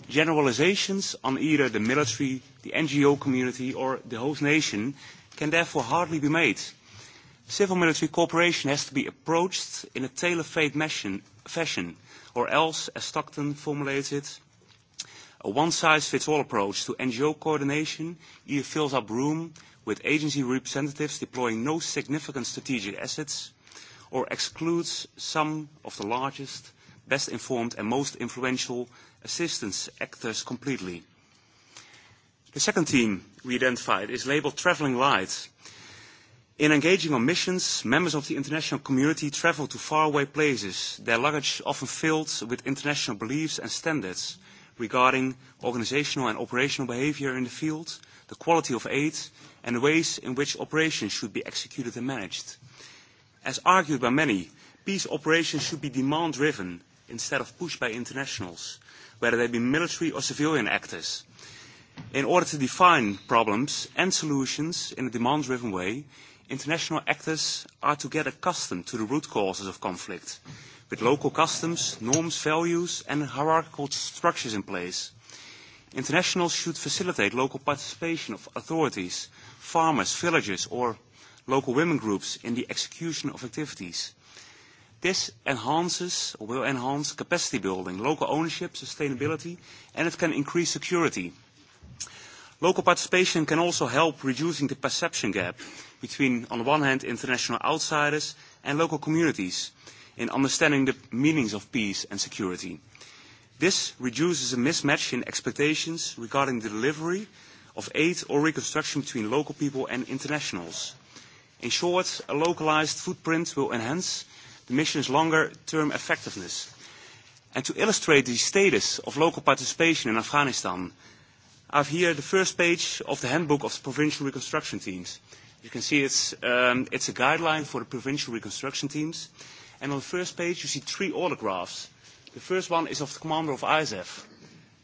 Generalizations on either the military, the NGO community or the host nation can therefore hardly be made. Civil military cooperation has to be approached in a tailor-made fashion, or else, as Stockton formulated it, a one-size-fits-all approach to NGO coordination either fills up room with agency representatives deploying no significant strategic assets or excludes some of the largest, best informed and most influential assistance actors completely. The second theme we identified is labeled Travelling Light. In engaging on missions, members of the international community travel to faraway places, their luggage often filled with international beliefs and standards regarding organizational and operational behavior in the field, the quality of aid, and the ways in which operations should be executed and managed. As argued by many, peace operations should be demand-driven instead of pushed by internationals, whether they be military or civilian actors. In order to define problems and solutions in a demand-driven way, international actors are to get accustomed to the root causes of conflict, with local customs, norms, values and hierarchical structures in place. Internationals should facilitate local participation of authorities, farmers, villagers or local women groups in the execution of activities. This enhances or will enhance capacity building, local ownership, sustainability, and it can increase security. Local participation can also help reducing the perception gap between, on the one hand, international outsiders and local communities in understanding the meanings of peace and security. This reduces a mismatch in expectations regarding the delivery of aid or reconstruction between local people and internationals. In short, a localized footprint will enhance the mission's longer-term effectiveness. And to illustrate the status of local participation in Afghanistan, I have here the first page of the handbook of the provincial reconstruction teams. You can see it's, um, it's a guideline for the provincial reconstruction teams. And on the first page, you see three autographs. The first one is of the commander of ISAF.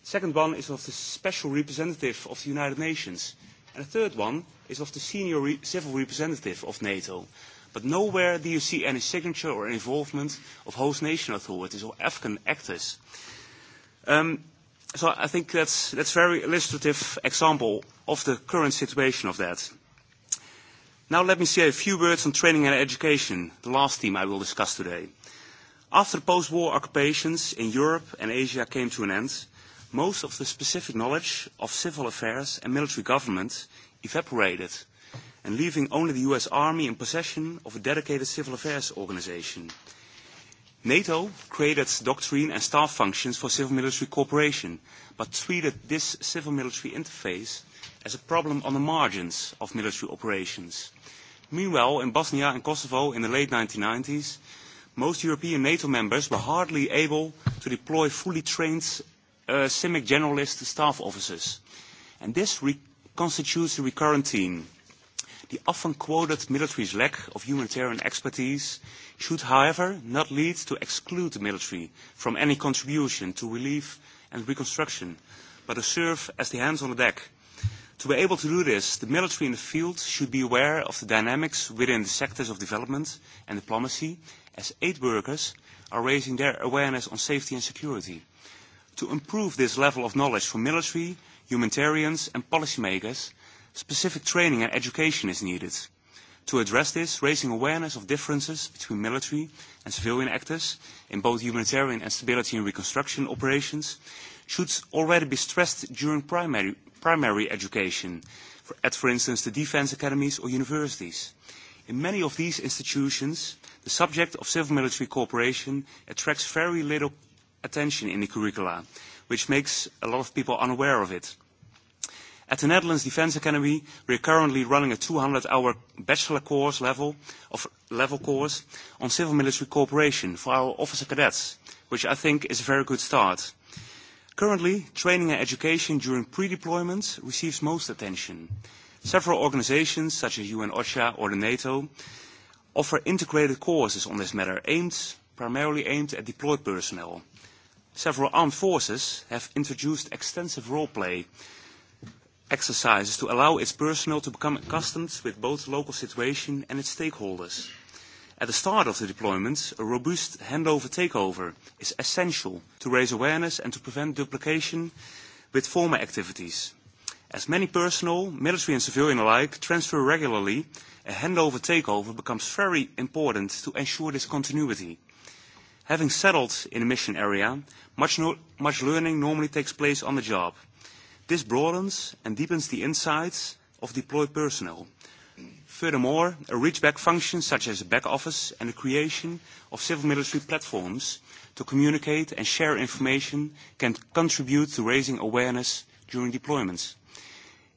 The second one is of the special representative of the United Nations. And the third one is of the senior re civil representative of NATO. But nowhere do you see any signature or involvement of host nation authorities or Afghan actors. Um, so I think that's, that's a very illustrative example of the current situation of that. Now let me say a few words on training and education, the last theme I will discuss today. After post-war occupations in Europe and Asia came to an end, most of the specific knowledge of civil affairs and military government evaporated, and leaving only the US Army in possession of a dedicated civil affairs organization. NATO created doctrine and staff functions for civil military cooperation, but treated this civil military interface as a problem on the margins of military operations. Meanwhile, in Bosnia and Kosovo in the late 1990s, most European NATO members were hardly able to deploy fully trained CIMIC uh, generalist staff officers. And this re constitutes a recurrent theme. The often quoted military's lack of humanitarian expertise should, however, not lead to exclude the military from any contribution to relief and reconstruction, but to serve as the hands on the deck. To be able to do this, the military in the field should be aware of the dynamics within the sectors of development and diplomacy, as aid workers are raising their awareness on safety and security to improve this level of knowledge for military, humanitarians and policymakers, specific training and education is needed. To address this, raising awareness of differences between military and civilian actors in both humanitarian and stability and reconstruction operations should already be stressed during primary, primary education, for, at, for instance, the defense academies or universities. In many of these institutions, the subject of civil-military cooperation attracts very little attention in the curricula, which makes a lot of people unaware of it. At the Netherlands Defence Academy, we are currently running a 200-hour bachelor course level, of, level course on civil military cooperation for our officer cadets, which I think is a very good start. Currently, training and education during pre-deployment receives most attention. Several organisations, such as UN OSHA or the NATO, offer integrated courses on this matter, aimed, primarily aimed at deployed personnel several armed forces have introduced extensive role-play exercises to allow its personnel to become accustomed with both local situation and its stakeholders. At the start of the deployment, a robust handover takeover is essential to raise awareness and to prevent duplication with former activities. As many personnel, military and civilian alike, transfer regularly, a handover takeover becomes very important to ensure this continuity. Having settled in a mission area, much, no much learning normally takes place on the job. This broadens and deepens the insights of deployed personnel. Furthermore, a reach-back function such as a back office and the creation of civil military platforms to communicate and share information can contribute to raising awareness during deployments.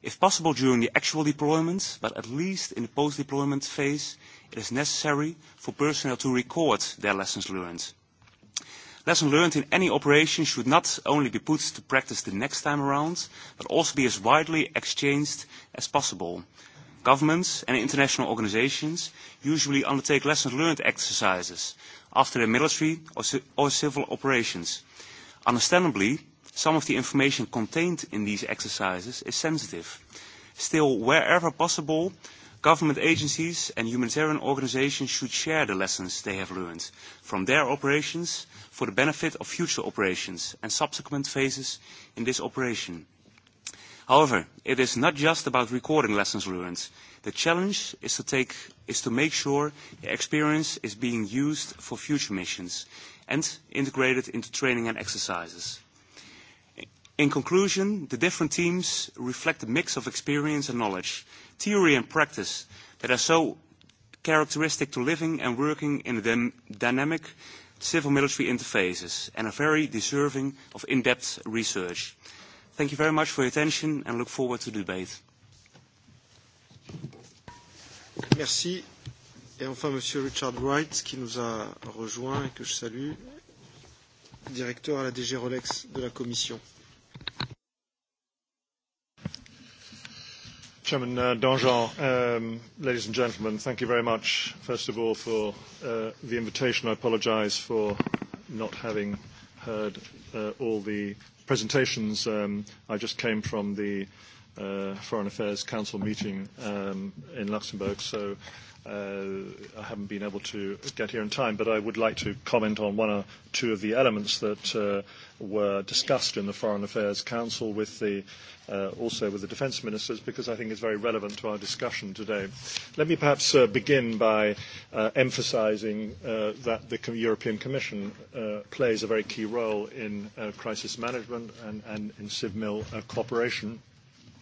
If possible during the actual deployments, but at least in the post-deployment phase, it is necessary for personnel to record their lessons learned. Lesson learned in any operation should not only be put to practice the next time around, but also be as widely exchanged as possible. Governments and international organizations usually undertake lesson learned exercises after their military or, ci or civil operations. Understandably, some of the information contained in these exercises is sensitive. Still, wherever possible, government agencies and humanitarian organizations should share the lessons they have learned from their operations for the benefit of future operations and subsequent phases in this operation. However, it is not just about recording lessons learned. The challenge is to, take, is to make sure the experience is being used for future missions and integrated into training and exercises. In conclusion, the different teams reflect a mix of experience and knowledge, theory and practice that are so characteristic to living and working in a dynamic civil military interfaces and are very deserving of in-depth research. Thank you very much for your attention and look forward to the debate. Merci. Et enfin, Monsieur Richard Wright, qui nous a rejoint et que je salue, directeur à la DG Rolex de la Commission. Chairman uh, Danjean, um, ladies and gentlemen, thank you very much, first of all, for uh, the invitation. I apologise for not having heard uh, all the presentations. Um, I just came from the uh, Foreign Affairs Council meeting um, in Luxembourg, so Uh, I haven't been able to get here in time, but I would like to comment on one or two of the elements that uh, were discussed in the Foreign Affairs Council with the, uh, also with the defence ministers, because I think it's very relevant to our discussion today. Let me perhaps uh, begin by uh, emphasising uh, that the European Commission plays a very key role in crisis management and, and in civil cooperation.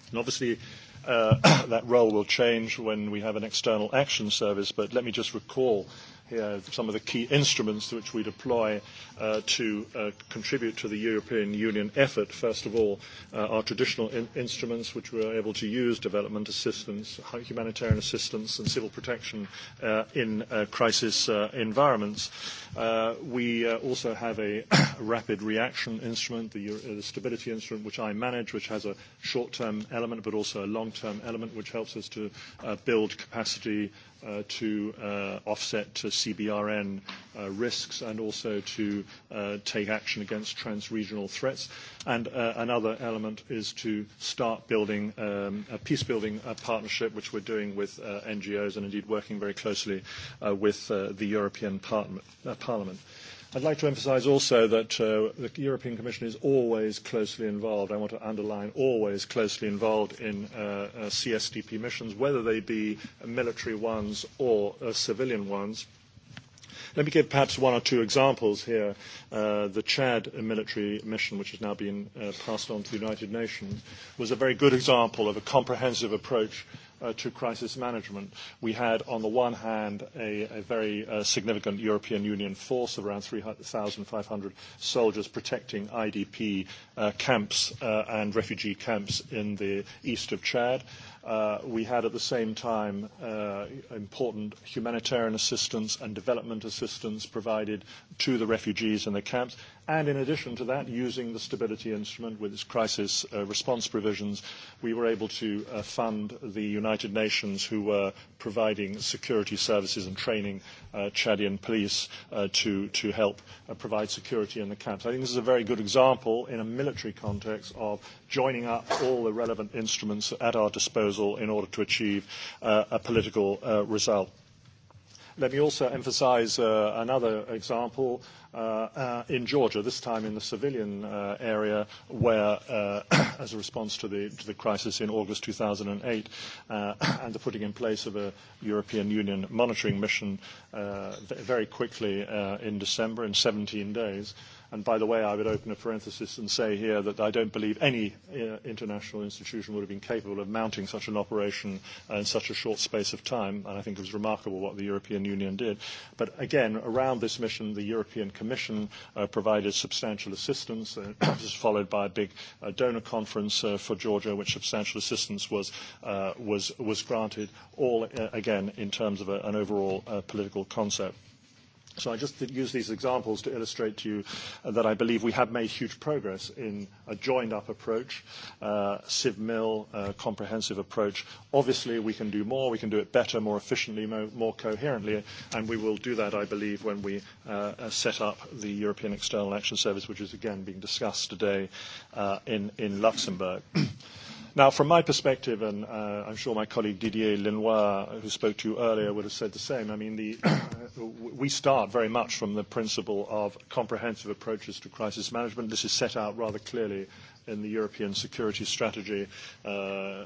And obviously, Uh, that role will change when we have an external action service, but let me just recall uh, some of the key instruments which we deploy uh, to uh, contribute to the European Union effort. First of all, uh, our traditional in- instruments which we are able to use, development assistance, humanitarian assistance and civil protection uh, in uh, crisis uh, environments. Uh, we uh, also have a rapid reaction instrument, the, Euro- the stability instrument which I manage, which has a short-term element but also a long-term element which helps us to uh, build capacity Uh, to uh, offset to CBRN uh, risks and also to uh, take action against trans-regional threats. And uh, another element is to start building um, a peace-building uh, partnership, which we're doing with uh, NGOs and indeed working very closely uh, with uh, the European par- uh, Parliament. I'd like to emphasize also that uh, the European Commission is always closely involved. I want to underline always closely involved in uh, uh, CSDP missions, whether they be military ones or uh, civilian ones. Let me give perhaps one or two examples here. Uh, the Chad military mission, which has now been uh, passed on to the United Nations, was a very good example of a comprehensive approach Uh, to crisis management. We had, on the one hand, a, a very uh, significant European Union force of around 3,500 soldiers protecting IDP uh, camps uh, and refugee camps in the east of Chad. Uh, we had at the same time uh, important humanitarian assistance and development assistance provided to the refugees in the camps, And in addition to that, using the stability instrument with its crisis uh, response provisions, we were able to uh, fund the United Nations who were providing security services and training uh, Chadian police uh, to, to help uh, provide security in the camps. I think this is a very good example in a military context of joining up all the relevant instruments at our disposal in order to achieve uh, a political result. Let me also emphasize uh, another example uh, uh, in Georgia, this time in the civilian uh, area, where, uh, as a response to the, to the crisis in August 2008 uh, and the putting in place of a European Union monitoring mission uh, very quickly uh, in December, in 17 days, And by the way, I would open a parenthesis and say here that I don't believe any uh, international institution would have been capable of mounting such an operation in such a short space of time. And I think it was remarkable what the European Union did. But again, around this mission, the European Commission uh, provided substantial assistance. Uh, this was followed by a big uh, donor conference uh, for Georgia, which substantial assistance was, uh, was, was granted, all uh, again in terms of a, an overall uh, political concept. So I just use these examples to illustrate to you uh, that I believe we have made huge progress in a joined-up approach, uh, CivMill uh, comprehensive approach. Obviously, we can do more. We can do it better, more efficiently, more, more coherently, and we will do that, I believe, when we uh, uh, set up the European External Action Service, which is again being discussed today uh, in, in Luxembourg. Now, from my perspective, and uh, I'm sure my colleague Didier Lenoir, who spoke to you earlier, would have said the same. I mean, the, uh, we start very much from the principle of comprehensive approaches to crisis management. This is set out rather clearly in the European Security Strategy uh,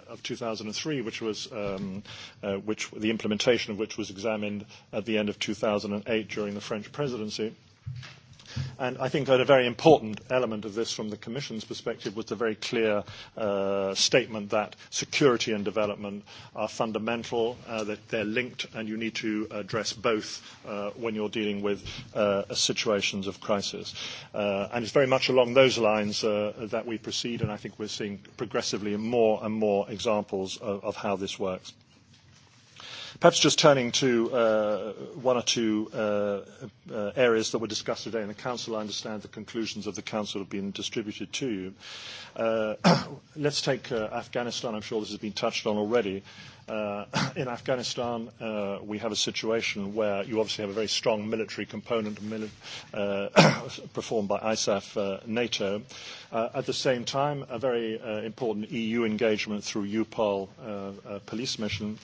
of 2003, which was um, uh, which the implementation of which was examined at the end of 2008 during the French presidency. And I think that a very important element of this from the Commission's perspective was the very clear uh, statement that security and development are fundamental, uh, that they're linked, and you need to address both uh, when you're dealing with uh, situations of crisis. Uh, and it's very much along those lines uh, that we proceed, and I think we're seeing progressively more and more examples of, of how this works. Perhaps just turning to uh, one or two uh, uh, areas that were discussed today in the Council. I understand the conclusions of the Council have been distributed to you. Uh, let's take uh, Afghanistan. I'm sure this has been touched on already. Uh, Uh, in Afghanistan, uh, we have a situation where you obviously have a very strong military component uh, performed by ISAF uh, NATO. Uh, at the same time, a very important EU engagement through UPOL police mission.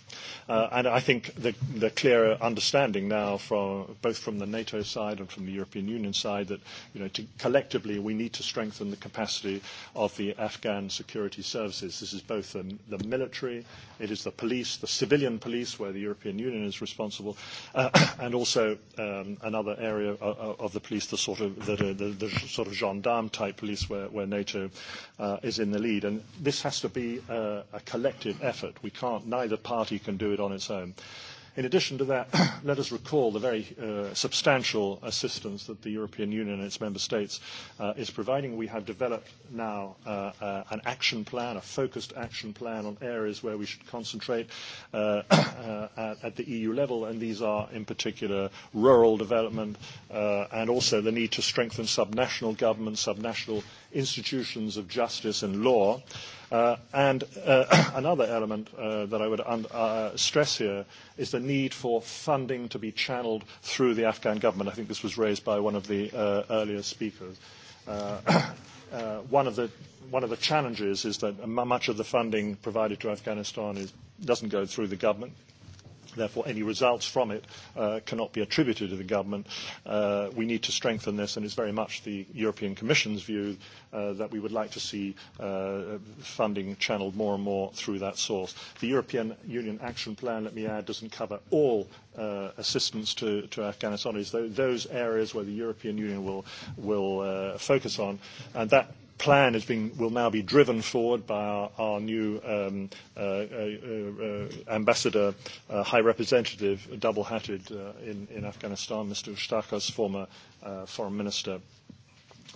and I think the, the clearer understanding now, from, both from the NATO side and from the European Union side, that you know, to, collectively we need to strengthen the capacity of the Afghan security services. This is both the, the military, it is the police police, the civilian police, where the European Union is responsible, uh, and also um, another area of, uh, uh, of the police, the sort of, the, the, the sort of gendarme type police, where, where NATO uh, is in the lead. And this has to be a, uh, a collective effort. We can't, neither party can do it on its own. In addition to that, let us recall the very uh, substantial assistance that the European Union and its member states uh, is providing. We have developed now uh, uh, an action plan, a focused action plan on areas where we should concentrate uh, uh, at, at the EU level, and these are in particular rural development uh, and also the need to strengthen subnational governments, subnational institutions of justice and law. Uh, Uh, and uh, another element uh, that I would un- uh, stress here is the need for funding to be channeled through the Afghan government. I think this was raised by one of the uh, earlier speakers. Uh, uh, one, of the, one of the challenges is that much of the funding provided to Afghanistan is, doesn't go through the government, Therefore, any results from it uh, cannot be attributed to the government. Uh, we need to strengthen this, and it's very much the European Commission's view uh, that we would like to see uh, funding channeled more and more through that source. The European Union Action Plan, let me add, doesn't cover all uh, assistance to, to Afghanistan. It's those areas where the European Union will, will uh, focus on, and that plan is being, will now be driven forward by our, our new um, uh, uh, uh, ambassador, uh, high representative, double-hatted uh, in, in Afghanistan, Mr. Ustakas, former uh, foreign minister.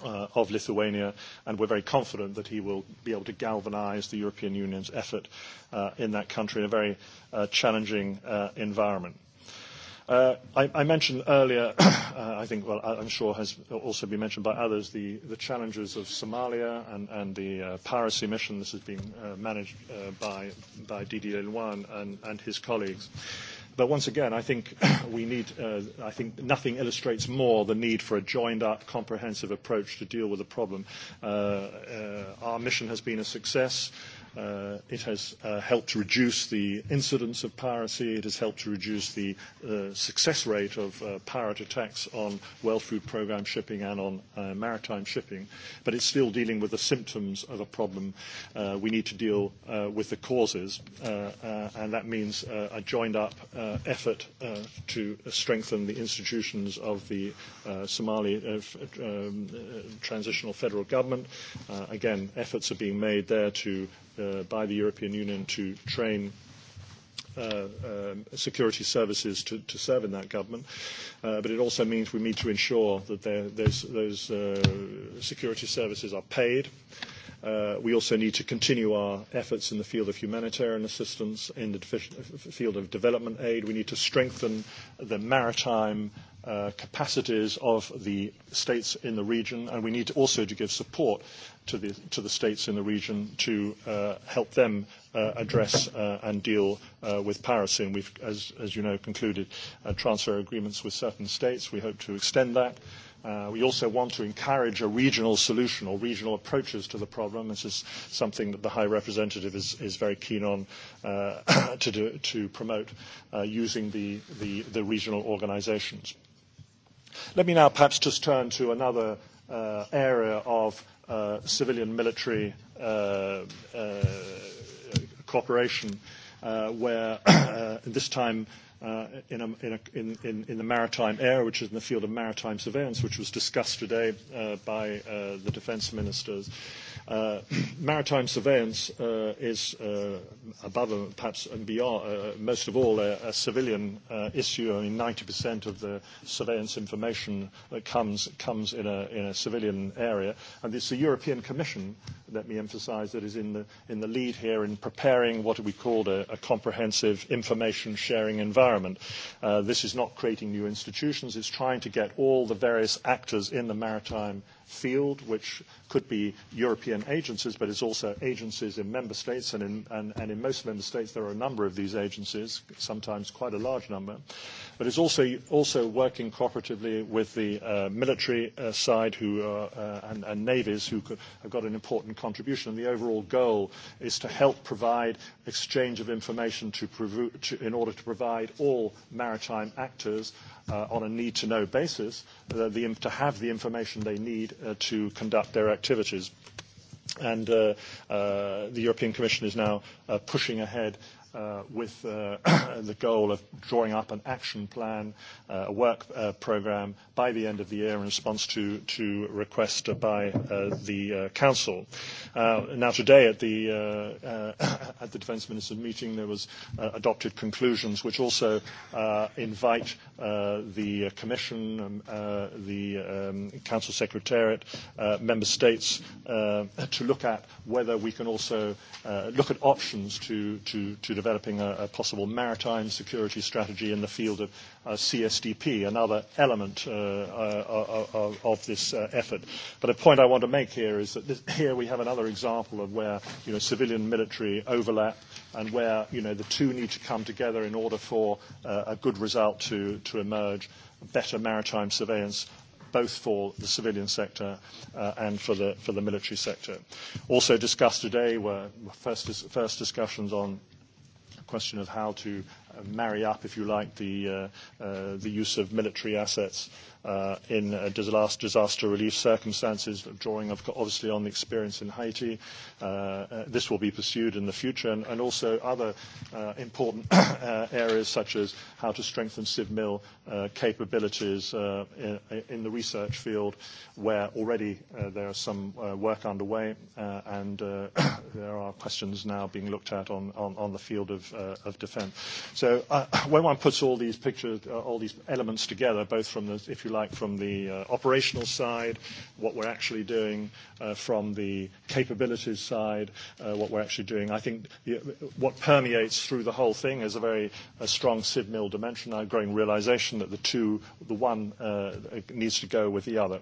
Uh, of Lithuania, and we're very confident that he will be able to galvanize the European Union's effort uh, in that country in a very uh, challenging uh, environment. Uh, I, mentioned earlier, uh, I think, well, I'm sure has also been mentioned by others, the, challenges of Somalia and, the uh, piracy mission. This has been managed by, Didier Louan and, and his colleagues. But once again, I think we need, I think nothing illustrates more the need for a joined-up, comprehensive approach to deal with the problem. Our mission has been a success. Uh, it has uh, helped to reduce the incidence of piracy. It has helped to reduce the uh, success rate of uh, pirate attacks on well food program shipping and on uh, maritime shipping. But it's still dealing with the symptoms of a problem. Uh, we need to deal uh, with the causes, uh, uh, and that means uh, a joined up uh, effort uh, to strengthen the institutions of the uh, Somali uh, uh um, uh, transitional federal government. Uh, again, efforts are being made there to uh, by the European Union to train Uh, um, security services to, to serve in that government. Uh, but it also means we need to ensure that those, those uh, security services are paid. Uh, we also need to continue our efforts in the field of humanitarian assistance, in the field of development aid. We need to strengthen the maritime uh, capacities of the states in the region, and we need also to give support to the, to the states in the region to uh, help them uh, address uh, and deal uh, with piracy. And we've, as, as you know, concluded uh, transfer agreements with certain states. We hope to extend that. Uh, we also want to encourage a regional solution or regional approaches to the problem. This is something that the High Representative is, is very keen on uh, to, do, to promote uh, using the, the, the regional organizations. Let me now perhaps just turn to another uh, area of uh, civilian military uh, uh, cooperation, uh, where uh, this time uh, in, a, in, a, in, in, in the maritime area, which is in the field of maritime surveillance, which was discussed today uh, by uh, the defense ministers. Uh, Uh, maritime surveillance uh, is uh, above and perhaps and beyond, uh, most of all, a, a civilian uh, issue. I mean, 90% of the surveillance information that comes, comes in, a, in a civilian area. And it's the European Commission, let me emphasize, that is in the, in the lead here in preparing what we called a, a comprehensive information sharing environment. Uh, this is not creating new institutions. It's trying to get all the various actors in the maritime field, which could be European agencies, but it's also agencies in member states, and in, and, and in most member states there are a number of these agencies, sometimes quite a large number. But it's also, also working cooperatively with the uh, military uh, side who are, uh, and, and navies who could, have got an important contribution. And the overall goal is to help provide exchange of information to, to, in order to provide all maritime actors Uh, on a need-to-know basis uh, the, to have the information they need uh, to conduct their activities. And uh, uh, the European Commission is now uh, pushing ahead Uh, with uh, the goal of drawing up an action plan, uh, a work program by the end of the year in response to, to request by uh, the uh, Council. Uh, now, today at the, uh, uh, at the Defence Minister meeting, there was uh, adopted conclusions which also uh, invite uh, the Commission, um, uh, the um, Council Secretariat, uh, Member States uh, to look at whether we can also uh, look at options to, to, to develop developing a, a possible maritime security strategy in the field of uh, CSDP, another element uh, uh, of, uh, uh, of this uh, effort. But a point I want to make here is that this, here we have another example of where you know, civilian military overlap and where you know, the two need to come together in order for uh, a good result to, to emerge, better maritime surveillance both for the civilian sector uh, and for the, for the military sector. Also discussed today were first, dis- first discussions on question of how to uh, marry up, if you like, the, uh, uh, the use of military assets uh, in uh, disaster, disaster relief circumstances, drawing of, obviously on the experience in Haiti. Uh, uh, this will be pursued in the future, and, and also other uh, important uh, areas such as how to strengthen CivMil uh, capabilities uh, in, in the research field, where already uh, there are some uh, work underway, uh, and uh, there are questions now being looked at on, on, on the field of, uh, of defence. So uh, when one puts all these pictures, uh, all these elements together, both from the, if you like, like, from the uh, operational side, what we're actually doing uh, from the capabilities side, uh, what we're actually doing. I think what permeates through the whole thing is a very strong Sid Mill dimension, a growing realization that the two, the one needs to go with the other.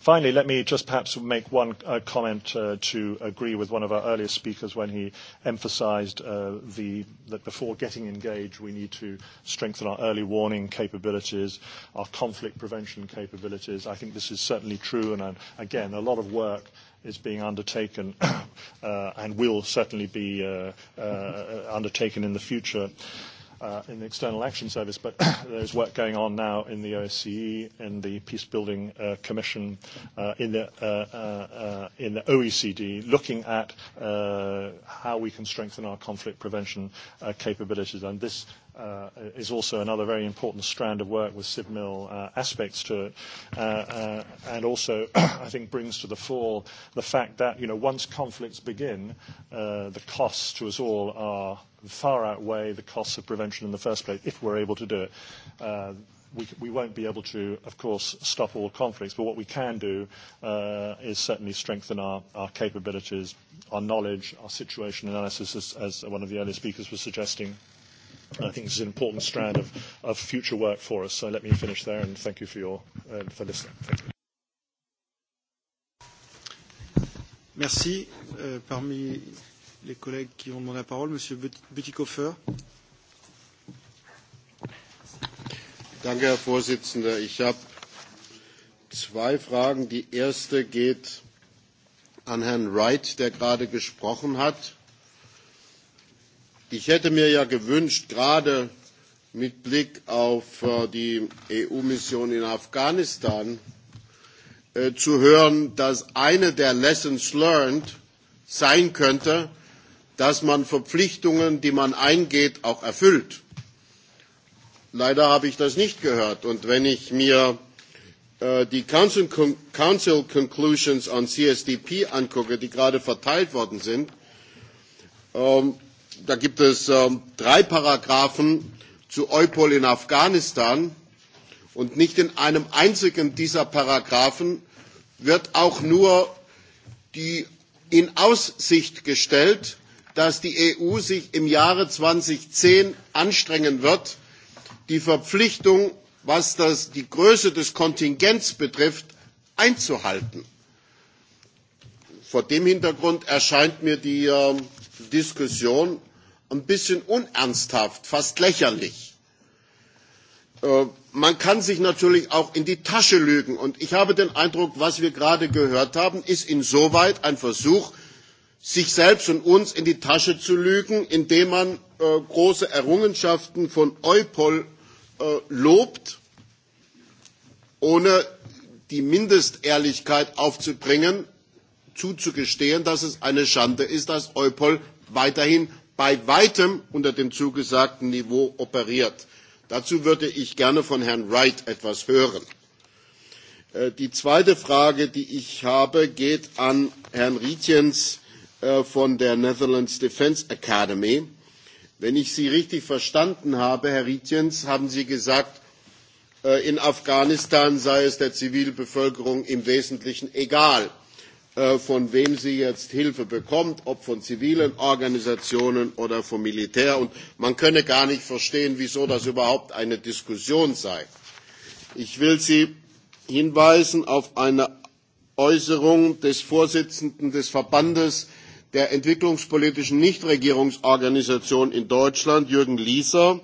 Finally, let me just perhaps make one uh, comment uh, to agree with one of our earlier speakers when he emphasized uh, the, that before getting engaged, we need to strengthen our early warning capabilities, our conflict prevention capabilities. I think this is certainly true, and uh, again, a lot of work is being undertaken uh, and will certainly be uh, uh, uh undertaken in the future uh, in the External Action Service, but there's work going on now in the OSCE, in the Peace Building uh, Commission, uh, in, the, uh, uh, uh in the OECD, looking at uh, how we can strengthen our conflict prevention uh, capabilities. And this uh, is also another very important strand of work with SIBMIL uh, aspects to it, uh, uh, and also I think brings to the fore the fact that you know once conflicts begin, uh, the costs to us all are far outweigh the costs of prevention in the first place if we're able to do it. Uh, we, we won't be able to, of course, stop all conflicts, but what we can do uh, is certainly strengthen our, our capabilities, our knowledge, our situation analysis, as, as one of the earlier speakers was suggesting. I think this is an important strand of, of future work for us. So let me finish there and thank you for, your, uh, for listening. Thank you. Merci. Euh, parmi les collègues qui ont demandé la parole, Monsieur Bütikofer. Danke, Herr Vorsitzender. Ich habe zwei Fragen. Die erste geht an Herrn Wright, der gerade gesprochen hat. Ich hätte mir ja gewünscht, gerade mit Blick auf äh, die EU-Mission in Afghanistan äh, zu hören, dass eine der Lessons learned sein könnte, dass man Verpflichtungen, die man eingeht, auch erfüllt. Leider habe ich das nicht gehört. Und wenn ich mir äh, die Council, Con Council Conclusions on CSDP angucke, die gerade verteilt worden sind, ähm, da gibt es ähm, drei Paragraphen zu Eupol in Afghanistan und nicht in einem einzigen dieser Paragraphen wird auch nur die in Aussicht gestellt, dass die EU sich im Jahre 2010 anstrengen wird, die Verpflichtung, was das, die Größe des Kontingents betrifft, einzuhalten. Vor dem Hintergrund erscheint mir die äh, Diskussion ein bisschen unernsthaft, fast lächerlich. Äh, man kann sich natürlich auch in die Tasche lügen. Und ich habe den Eindruck, was wir gerade gehört haben, ist insoweit ein Versuch, sich selbst und uns in die Tasche zu lügen, indem man äh, große Errungenschaften von Eupol äh, lobt, ohne die Mindestehrlichkeit aufzubringen, zuzugestehen, dass es eine Schande ist, dass Eupol weiterhin bei weitem unter dem zugesagten Niveau operiert. Dazu würde ich gerne von Herrn Wright etwas hören. Äh, die zweite Frage, die ich habe, geht an Herrn Rietjens äh, von der Netherlands Defence Academy. Wenn ich Sie richtig verstanden habe, Herr Rietjens, haben Sie gesagt, äh, in Afghanistan sei es der Zivilbevölkerung im Wesentlichen egal, Äh, von wem sie jetzt Hilfe bekommt, ob von zivilen Organisationen oder vom Militär. Und man könne gar nicht verstehen, wieso das überhaupt eine Diskussion sei. Ich will Sie hinweisen auf eine Äußerung des Vorsitzenden des Verbandes der entwicklungspolitischen Nichtregierungsorganisationen in Deutschland, Jürgen Lieser,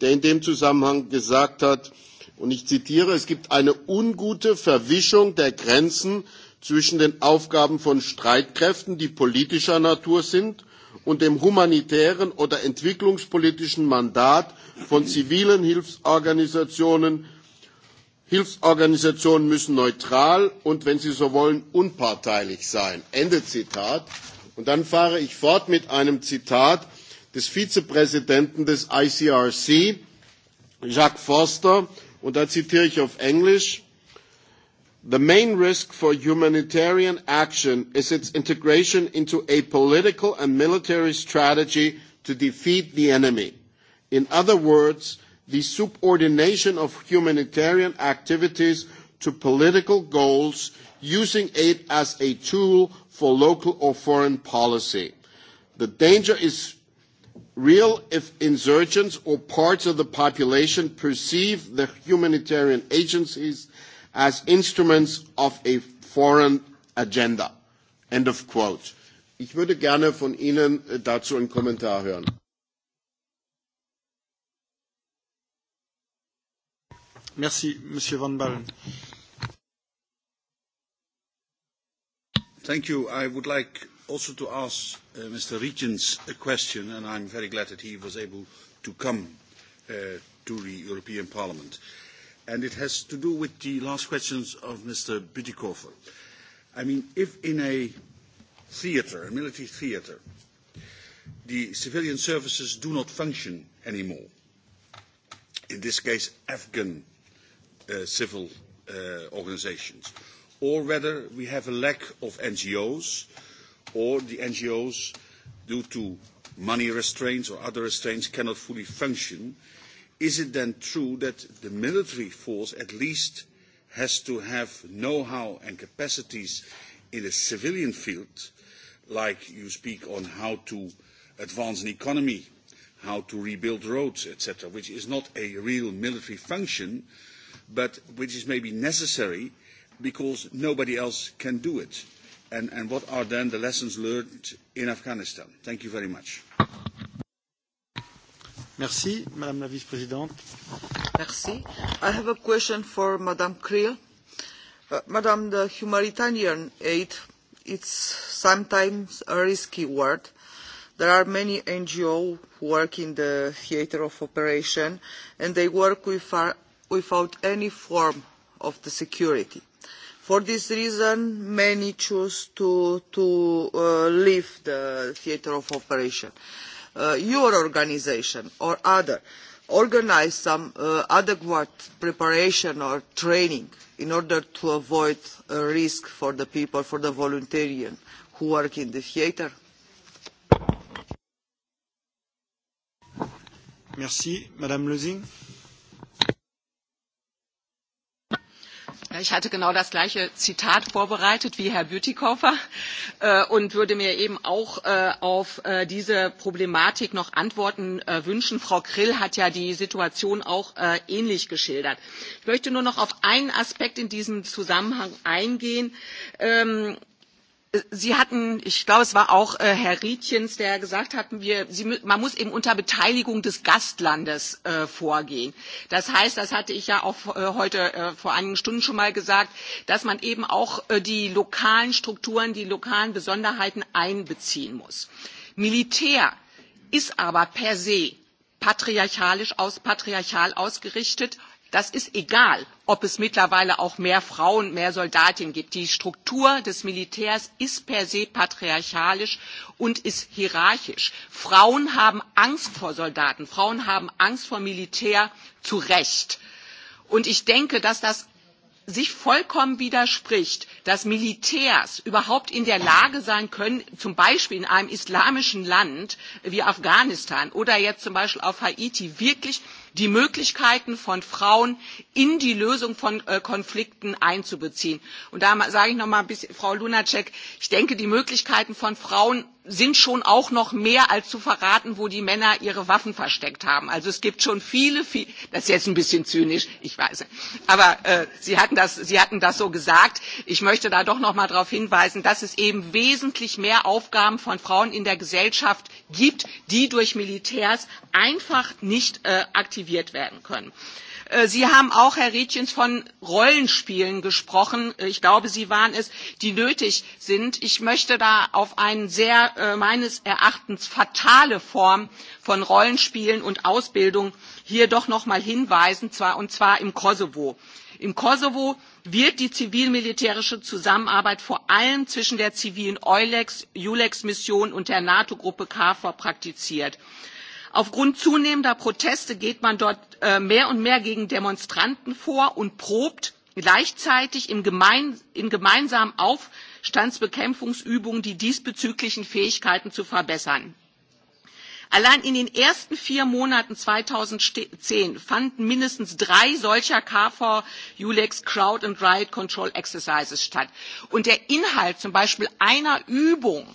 der in dem Zusammenhang gesagt hat, und ich zitiere, es gibt eine ungute Verwischung der Grenzen zwischen den Aufgaben von Streitkräften, die politischer Natur sind, und dem humanitären oder entwicklungspolitischen Mandat von zivilen Hilfsorganisationen. Hilfsorganisationen müssen neutral und, wenn sie so wollen, unparteilich sein. Ende Zitat. Und dann fahre ich fort mit einem Zitat des Vizepräsidenten des ICRC, Jacques Forster, und da zitiere ich auf Englisch The main risk for humanitarian action is its integration into a political and military strategy to defeat the enemy. In other words, the subordination of humanitarian activities to political goals using aid as a tool for local or foreign policy. The danger is real if insurgents or parts of the population perceive the humanitarian agencies as instruments of a foreign agenda. End of quote. Ich würde gerne von Ihnen äh, dazu einen Kommentar hören. Merci, Monsieur Van Ballen. Thank you. I would like also to ask uh, Mr. Regens a question, and I'm very glad that he was able to come uh, to the European Parliament. Uh, and it has to do with the last questions of Mr. Bütikofer. I mean, if in a theater, a military theater, the civilian services do not function anymore, in this case Afghan uh, civil uh, organizations, or whether we have a lack of NGOs, or the NGOs, due to money restraints or other restraints, cannot fully function, is it then true that the military force at least has to have know-how and capacities in the civilian field, like you speak on how to advance an economy, how to rebuild roads, etc., which is not a real military function, but which is maybe necessary because nobody else can do it? And, and what are then the lessons learned in Afghanistan? Thank you very much. Merci, Madame la Vice-Présidente. Merci. I have a question for Madame Creel. Uh, Madame, the humanitarian aid, it's sometimes a risky word. There are many NGOs who work in the theater of operation, and they work with our, without any form of the security. For this reason, many choose to, to uh, leave the theater of operation. Uh, Uh, your organisation or other organise some uh, adequate preparation or training in order to avoid a risk for the people, for the volunteers who work in the theatre? Merci. Madame Lezing Ich hatte genau das gleiche Zitat vorbereitet wie Herr Bütikofer äh, und würde mir eben auch äh, auf äh, diese Problematik noch Antworten äh, wünschen. Frau Krill hat ja die Situation auch äh, ähnlich geschildert. Ich möchte nur noch auf einen Aspekt in diesem Zusammenhang eingehen. Ähm, Sie hatten, ich glaube, es war auch äh, Herr Rietjens, der gesagt hat, wir, Sie, man muss eben unter Beteiligung des Gastlandes äh, vorgehen. Das heißt, das hatte ich ja auch äh, heute äh, vor einigen Stunden schon mal gesagt, dass man eben auch äh, die lokalen Strukturen, die lokalen Besonderheiten einbeziehen muss. Militär ist aber per se patriarchalisch aus, patriarchal ausgerichtet Das ist egal, ob es mittlerweile auch mehr Frauen, mehr Soldatinnen gibt. Die Struktur des Militärs ist per se patriarchalisch und ist hierarchisch. Frauen haben Angst vor Soldaten. Frauen haben Angst vor Militär zu Recht. Und ich denke, dass das sich vollkommen widerspricht, dass Militärs überhaupt in der Lage sein können, zum Beispiel in einem islamischen Land wie Afghanistan oder jetzt zum Beispiel auf Haiti wirklich die Möglichkeiten von Frauen in die Lösung von äh, Konflikten einzubeziehen. Und da sage ich nochmal, Frau Lunacek, ich denke, die Möglichkeiten von Frauen sind schon auch noch mehr als zu verraten, wo die Männer ihre Waffen versteckt haben. Also es gibt schon viele, viele das ist jetzt ein bisschen zynisch, ich weiß, aber äh, Sie, hatten das, Sie hatten das so gesagt. Ich möchte da doch noch mal darauf hinweisen, dass es eben wesentlich mehr Aufgaben von Frauen in der Gesellschaft gibt, die durch Militärs einfach nicht äh, aktiviert aktiviert werden können. Äh, Sie haben auch, Herr Rietjens, von Rollenspielen gesprochen. Äh, ich glaube, Sie waren es, die nötig sind. Ich möchte da auf eine sehr äh, meines Erachtens fatale Form von Rollenspielen und Ausbildung hier doch noch mal hinweisen, und zwar im Kosovo. Im Kosovo wird die zivil-militärische Zusammenarbeit vor allem zwischen der zivilen EULEX-Mission und der NATO-Gruppe KFOR praktiziert aufgrund zunehmender proteste geht man dort äh, mehr und mehr gegen demonstranten vor und probt gleichzeitig in gemeinsamen aufstandsbekämpfungsübungen die diesbezüglichen fähigkeiten zu verbessern. allein in den ersten vier monaten zweitausendzehn fanden mindestens drei solcher kfor eulex crowd and riot control exercises statt und der inhalt zum beispiel einer übung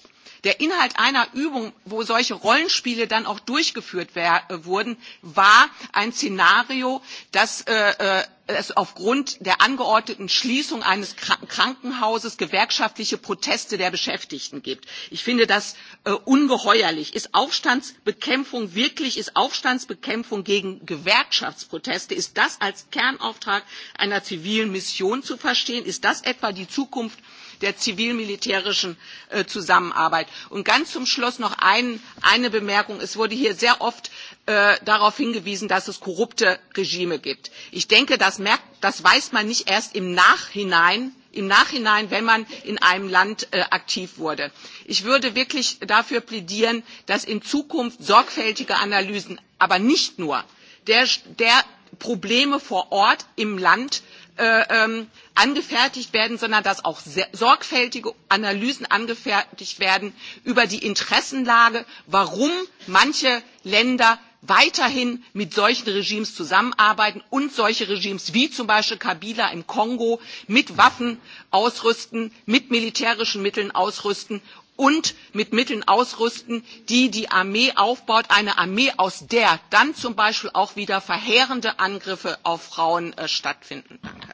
der inhalt einer übung wo solche rollenspiele dann auch durchgeführt äh, wurden war ein szenario das äh, äh, es aufgrund der angeordneten schließung eines krankenhauses gewerkschaftliche proteste der beschäftigten gibt. ich finde das äh, ungeheuerlich. ist aufstandsbekämpfung wirklich ist aufstandsbekämpfung gegen gewerkschaftsproteste ist das als kernauftrag einer zivilen mission zu verstehen? ist das etwa die zukunft der zivil-militärischen äh, Zusammenarbeit. Und ganz zum Schluss noch ein, eine Bemerkung. Es wurde hier sehr oft äh, darauf hingewiesen, dass es korrupte Regime gibt. Ich denke, das, merkt, das weiß man nicht erst im Nachhinein, im Nachhinein, wenn man in einem Land äh, aktiv wurde. Ich würde wirklich dafür plädieren, dass in Zukunft sorgfältige Analysen, aber nicht nur der, der Probleme vor Ort im Land Äh, ähm, angefertigt werden, sondern dass auch sorgfältige Analysen angefertigt werden über die Interessenlage, warum manche Länder weiterhin mit solchen Regimes zusammenarbeiten und solche Regimes wie zum Beispiel Kabila im Kongo mit Waffen ausrüsten, mit militärischen Mitteln ausrüsten und mit Mitteln ausrüsten, die die Armee aufbaut, eine Armee, aus der dann zum Beispiel auch wieder verheerende Angriffe auf Frauen äh, stattfinden. Danke.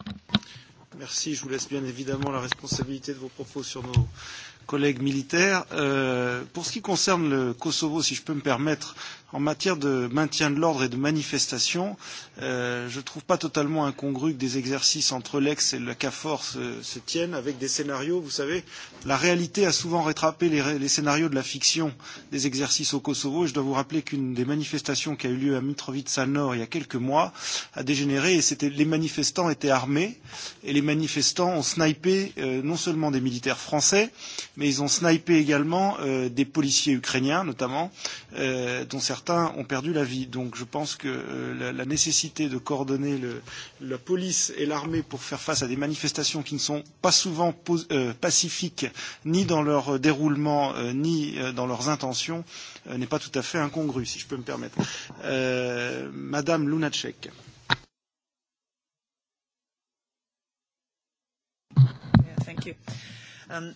Merci. Je vous laisse bien évidemment la responsabilité de vos propos sur nos collègues militaires. Euh, pour ce qui concerne le Kosovo, si je peux me permettre, en matière de maintien de l'ordre et de manifestation, euh, je ne trouve pas totalement incongru que des exercices entre l'ex et la KFOR se, se tiennent avec des scénarios. Vous savez, la réalité a souvent rattrapé les, les scénarios de la fiction des exercices au Kosovo. Et je dois vous rappeler qu'une des manifestations qui a eu lieu à Mitrovica Nord il y a quelques mois a dégénéré et c'était les manifestants étaient armés et les manifestants ont snipé euh, non seulement des militaires français, mais ils ont snipé également euh, des policiers ukrainiens, notamment, euh, dont certains ont perdu la vie. Donc je pense que euh, la, la nécessité de coordonner le, la police et l'armée pour faire face à des manifestations qui ne sont pas souvent euh, pacifiques, ni dans leur déroulement, euh, ni euh, dans leurs intentions, euh, n'est pas tout à fait incongrue, si je peux me permettre. Euh, Madame Lunacek. thank you. Um,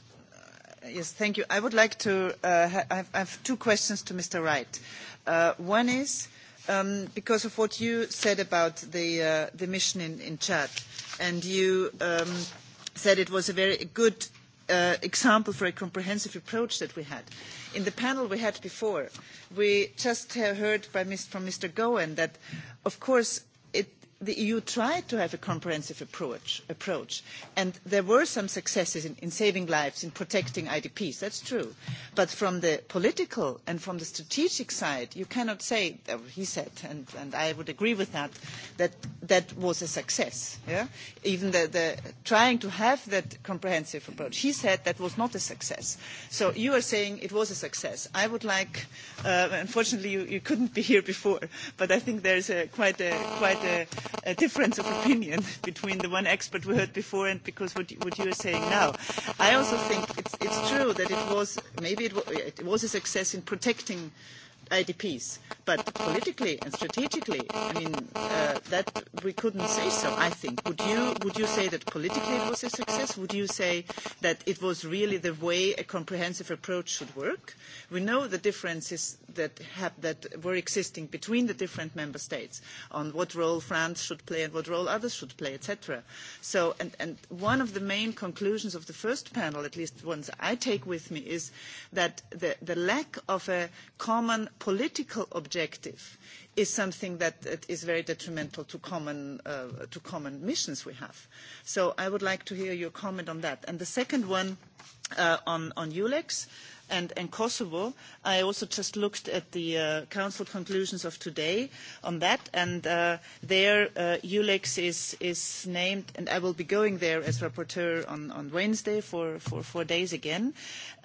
Yes, thank you. I would like to, uh, I have two questions to Mr. Wright. Uh, one is, um, because of what you said about the, uh, the mission in, in Chad, and you um, said it was a very good Uh, example for a comprehensive approach that we had. In the panel we had before, we just uh, heard by, from Mr. Gowen that, of course, the EU tried to have a comprehensive approach, and there were some successes in, saving lives, in protecting IDPs, that's true. But from the political and from the strategic side, you cannot say, oh, he said, and, I would agree with that, that that was a success. Even the, trying to have that comprehensive approach, he said that was not a success. So you are saying it was a success. I would like, uh, unfortunately, you, couldn't be here before, but I think there a, quite a, quite a a difference of opinion between the one expert we heard before and because what, what you are saying now. I also think it's, it's true that it was, maybe it, it was a success in protecting uh, ADPs. But politically and strategically, I mean, uh, that we couldn't say so, I think. Would you, would you say that politically it was a success? Would you say that it was really the way a comprehensive approach should work? We know the differences that, have, that were existing between the different member states on what role France should play and what role others should play, etc. So, and, and one of the main conclusions of the first panel, at least ones I take with me, is that the, the lack of a common political objective is something that, is very detrimental to common, uh, to common missions we have. So I would like to hear your comment on that. And the second one uh, on, on ULEX and, and Kosovo, I also just looked at the uh, Council conclusions of today on that, and uh, there uh, ULEX is, is named, and I will be going there as rapporteur on, on Wednesday for, for four days again.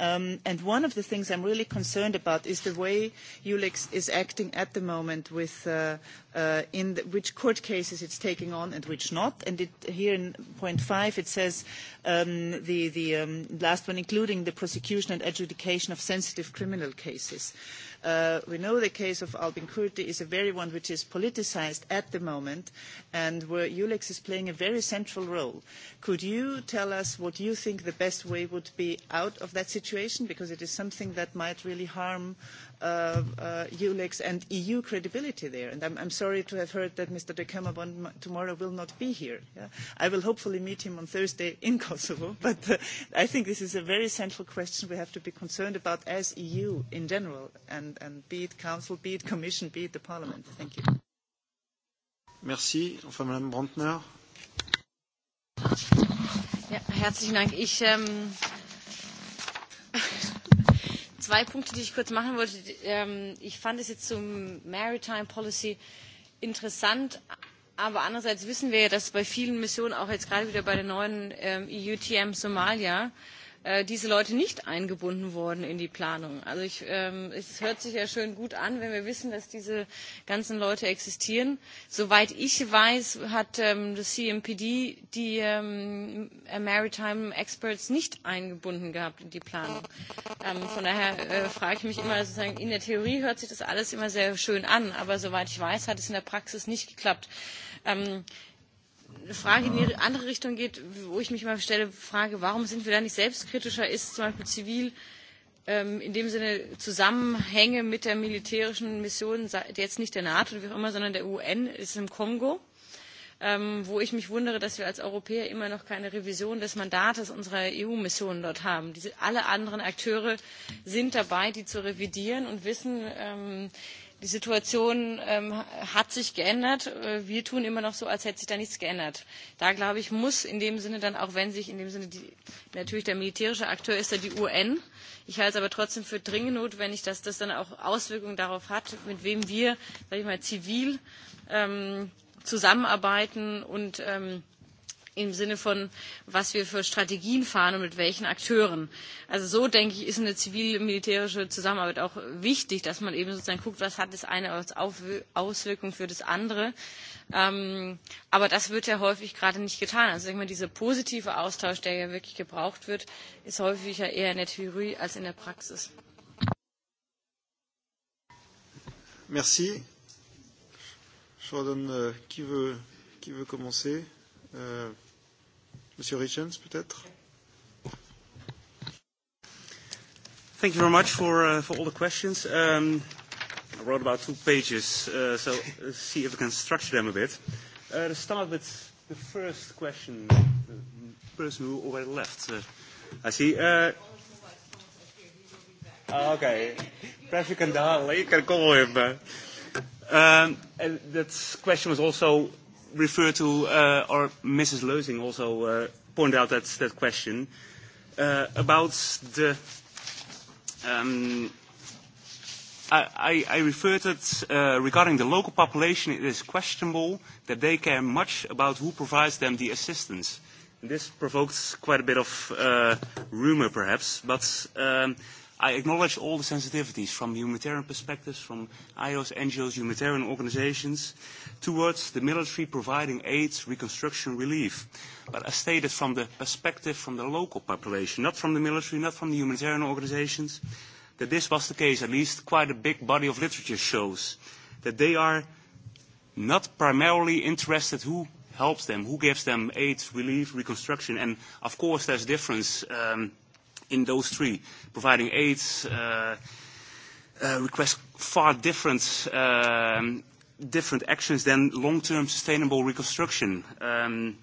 Um, and one of the things I'm really concerned about is the way ULEX is acting at the moment with uh, uh, in the, which court cases it's taking on and which not. And it, here in point five, it says um, the, the um, last one, including the prosecution and adjudication of sensitive criminal cases. Uh, we know the case of Albin Kurti is a very one which is politicized at the moment and where ULEX is playing a very central role. Could you tell us what you think the best way would be out of that situation? Because it is something that might really harm uh, Uh, uh, ULEX and EU credibility there. And I'm, I'm sorry to have heard that Mr. de Camerbon tomorrow will not be here. Yeah? I will hopefully meet him on Thursday in Kosovo, but uh, I think this is a very central question we have to be concerned about as EU in general, and, and be it Council, be it Commission, be it the Parliament. Thank you. Merci. Enfin, Madame Brandner. Ja, herzlichen Dank. Ich, ähm zwei Punkte, die ich kurz machen wollte. Ähm, ich fand es jetzt zum Maritime Policy interessant, aber andererseits wissen wir ja, dass bei vielen Missionen, auch jetzt gerade wieder bei der neuen EUTM ähm, Somalia, Äh, diese Leute nicht eingebunden wurden in die Planung. Also ich, ähm, es hört sich ja schön gut an, wenn wir wissen, dass diese ganzen Leute existieren. Soweit ich weiß, hat ähm, das CMPD die ähm, äh, Maritime Experts nicht eingebunden gehabt in die Planung. Ähm, von daher äh, frage ich mich immer, sozusagen in der Theorie hört sich das alles immer sehr schön an, aber soweit ich weiß, hat es in der Praxis nicht geklappt. Ähm, eine Frage in die andere Richtung geht, wo ich mich immer stelle, frage, warum sind wir da nicht selbstkritischer? Ist zum Beispiel zivil ähm, in dem Sinne Zusammenhänge mit der militärischen Mission, jetzt nicht der NATO, oder wie auch immer, sondern der UN, ist im Kongo, ähm, wo ich mich wundere, dass wir als Europäer immer noch keine Revision des Mandates unserer EU-Missionen dort haben. Diese, alle anderen Akteure sind dabei, die zu revidieren und wissen, ähm, die situation ähm, hat sich geändert. Äh, wir tun immer noch so, als hätte sich da nichts geändert. Da, glaube ich, muss in dem Sinne dann, auch wenn sich in dem Sinne die, natürlich der militärische Akteur ist ja die UN. Ich halte es aber trotzdem für dringend notwendig, dass das dann auch Auswirkungen darauf hat, mit wem wir, sage ich mal, zivil ähm, zusammenarbeiten und ähm, im Sinne von, was wir für Strategien fahren und mit welchen Akteuren. Also so, denke ich, ist eine zivil-militärische Zusammenarbeit auch wichtig, dass man eben sozusagen guckt, was hat das eine als Auswirkung für das andere. Ähm, aber das wird ja häufig gerade nicht getan. Also ich meine, dieser positive Austausch, der ja wirklich gebraucht wird, ist häufig ja eher in der Theorie als in der Praxis. Merci. Jordan, euh, qui veut, qui veut commencer euh, Monsieur Richens, peut-être Thank you very much for, uh, for all the questions. Um, I wrote about two pages, uh, so let's uh, see if I can structure them a bit. Uh, to start with the first question, the person who already left. Uh, I see. Uh, ah, okay. Perhaps you can dial. You can call him. Uh, um, and that question was also refer to, uh, or Mrs. Leusing also uh, pointed out that, that question, uh, about the... Um, I, I, referred that uh, regarding the local population, it is questionable that they care much about who provides them the assistance. And this provoked quite a bit of uh, rumor, perhaps, but... Um, I acknowledge all the sensitivities from humanitarian perspectives, from IOs, NGOs, humanitarian organizations, towards the military providing aid, reconstruction, relief. But as stated from the perspective from the local population, not from the military, not from the humanitarian organizations, that this was the case, at least quite a big body of literature shows, that they are not primarily interested who helps them, who gives them aid, relief, reconstruction. And of course there's difference. Um, in those three, providing aid, uh, uh, request far different, um, different actions than long-term sustainable reconstruction. Um,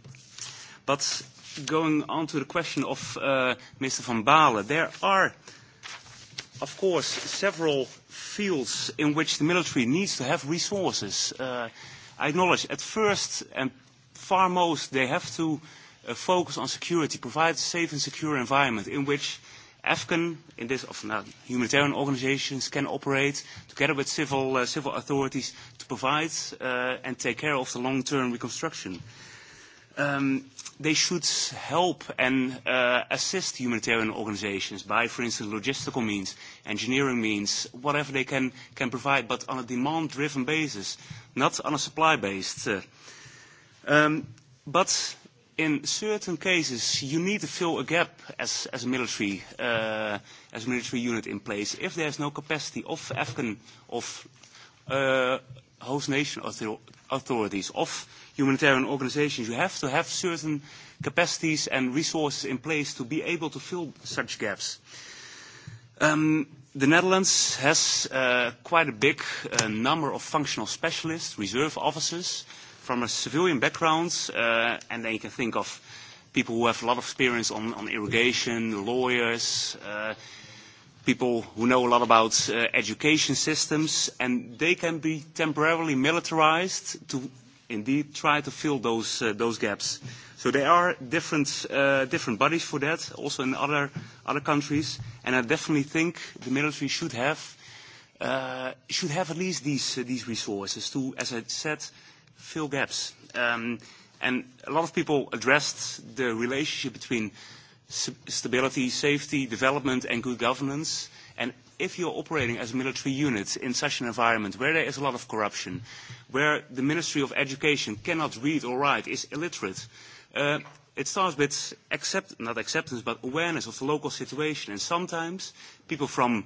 but going on to the question of uh, Mr. Van Balen, there are, of course, several fields in which the military needs to have resources. Uh, I acknowledge at first and far most they have to uh, a uh, focus on security, provide a safe and secure environment in which Afghan, in this, of, now, humanitarian organizations, can operate together with civil, uh, civil authorities to provide uh, and take care of the long-term reconstruction. Um, they should help and uh, assist humanitarian organizations by, for instance, logistical means, engineering means, whatever they can, can provide, but on a demand-driven basis, not on a supply-based. Uh, um, but in certain cases, you need to fill a gap as, as, a military, uh, as a military unit in place if there's no capacity of Afghan, of uh, host nation author authorities, of humanitarian organizations. You have to have certain capacities and resources in place to be able to fill such gaps. Um, the Netherlands has uh, quite a big uh, number of functional specialists, reserve officers, from a civilian background, uh, and then you can think of people who have a lot of experience on, on irrigation, lawyers, uh, people who know a lot about uh, education systems, and they can be temporarily militarized to indeed try to fill those, uh, those gaps. So there are different, uh, different bodies for that, also in other, other countries, and I definitely think the military should have, uh, should have at least these, uh, these resources to, as I said, fill gaps. Um, and a lot of people addressed the relationship between stability, safety, development, and good governance. And if you're operating as a military unit in such an environment where there is a lot of corruption, where the Ministry of Education cannot read or write, is illiterate, uh, it starts with accept, not acceptance, but awareness of the local situation. And sometimes people from,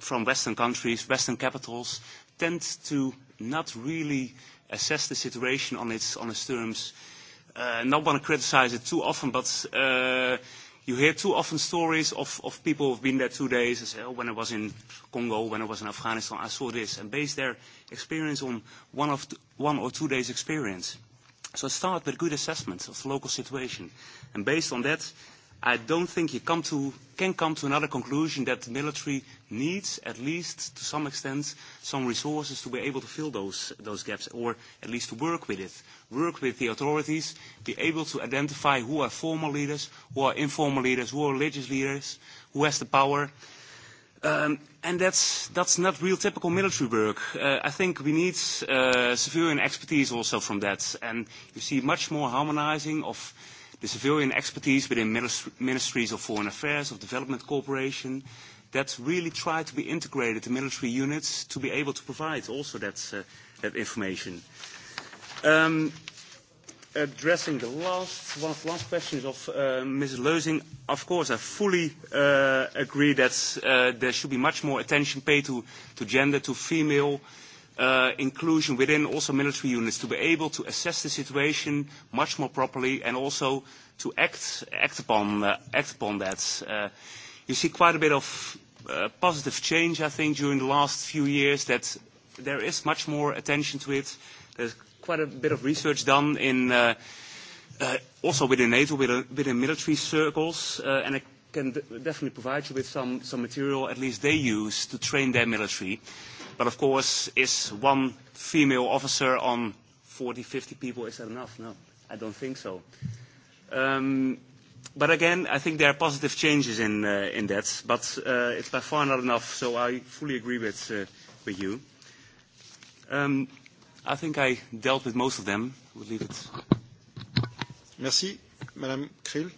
from Western countries, Western capitals, tend to not really assess the situation on its, on its terms. Uh, not want to criticize it too often, but uh, you hear too often stories of, of people who've been there two days and say, oh, when I was in Congo, when I was in Afghanistan, I saw this, and base their experience on one, of th- one or two days' experience. So start with good assessment of the local situation. And based on that, I don't think you come to, can come to another conclusion that the military needs at least to some extent some resources to be able to fill those, those gaps or at least to work with it. Work with the authorities, be able to identify who are formal leaders, who are informal leaders, who are religious leaders, who has the power. Um, and that's, that's not real typical military work. Uh, I think we need uh, civilian expertise also from that. And you see much more harmonizing of the civilian expertise within ministries of foreign affairs, of development cooperation, that really try to be integrated in military units to be able to provide also that, uh, that information. Um, addressing the last, one of the last questions of uh, Mrs. Leusing, of course I fully uh, agree that uh, there should be much more attention paid to, to gender, to female uh, inclusion within also military units to be able to assess the situation much more properly and also to act, act, upon, uh, act upon that. Uh, you see quite a bit of Uh, positive change, I think, during the last few years that there is much more attention to it. There's quite a bit of research done in uh, uh, also within NATO, within, uh, within military circles, uh, and I can definitely provide you with some, some material at least they use to train their military. But of course, is one female officer on 40, 50 people, is that enough? No, I don't think so. Um, But again, I think there are positive changes in, uh, in that, but uh, it's by far not enough, so I fully agree with, uh, with you. Um, I think I dealt with most of them. We'll leave it. Merci. Madame Krill.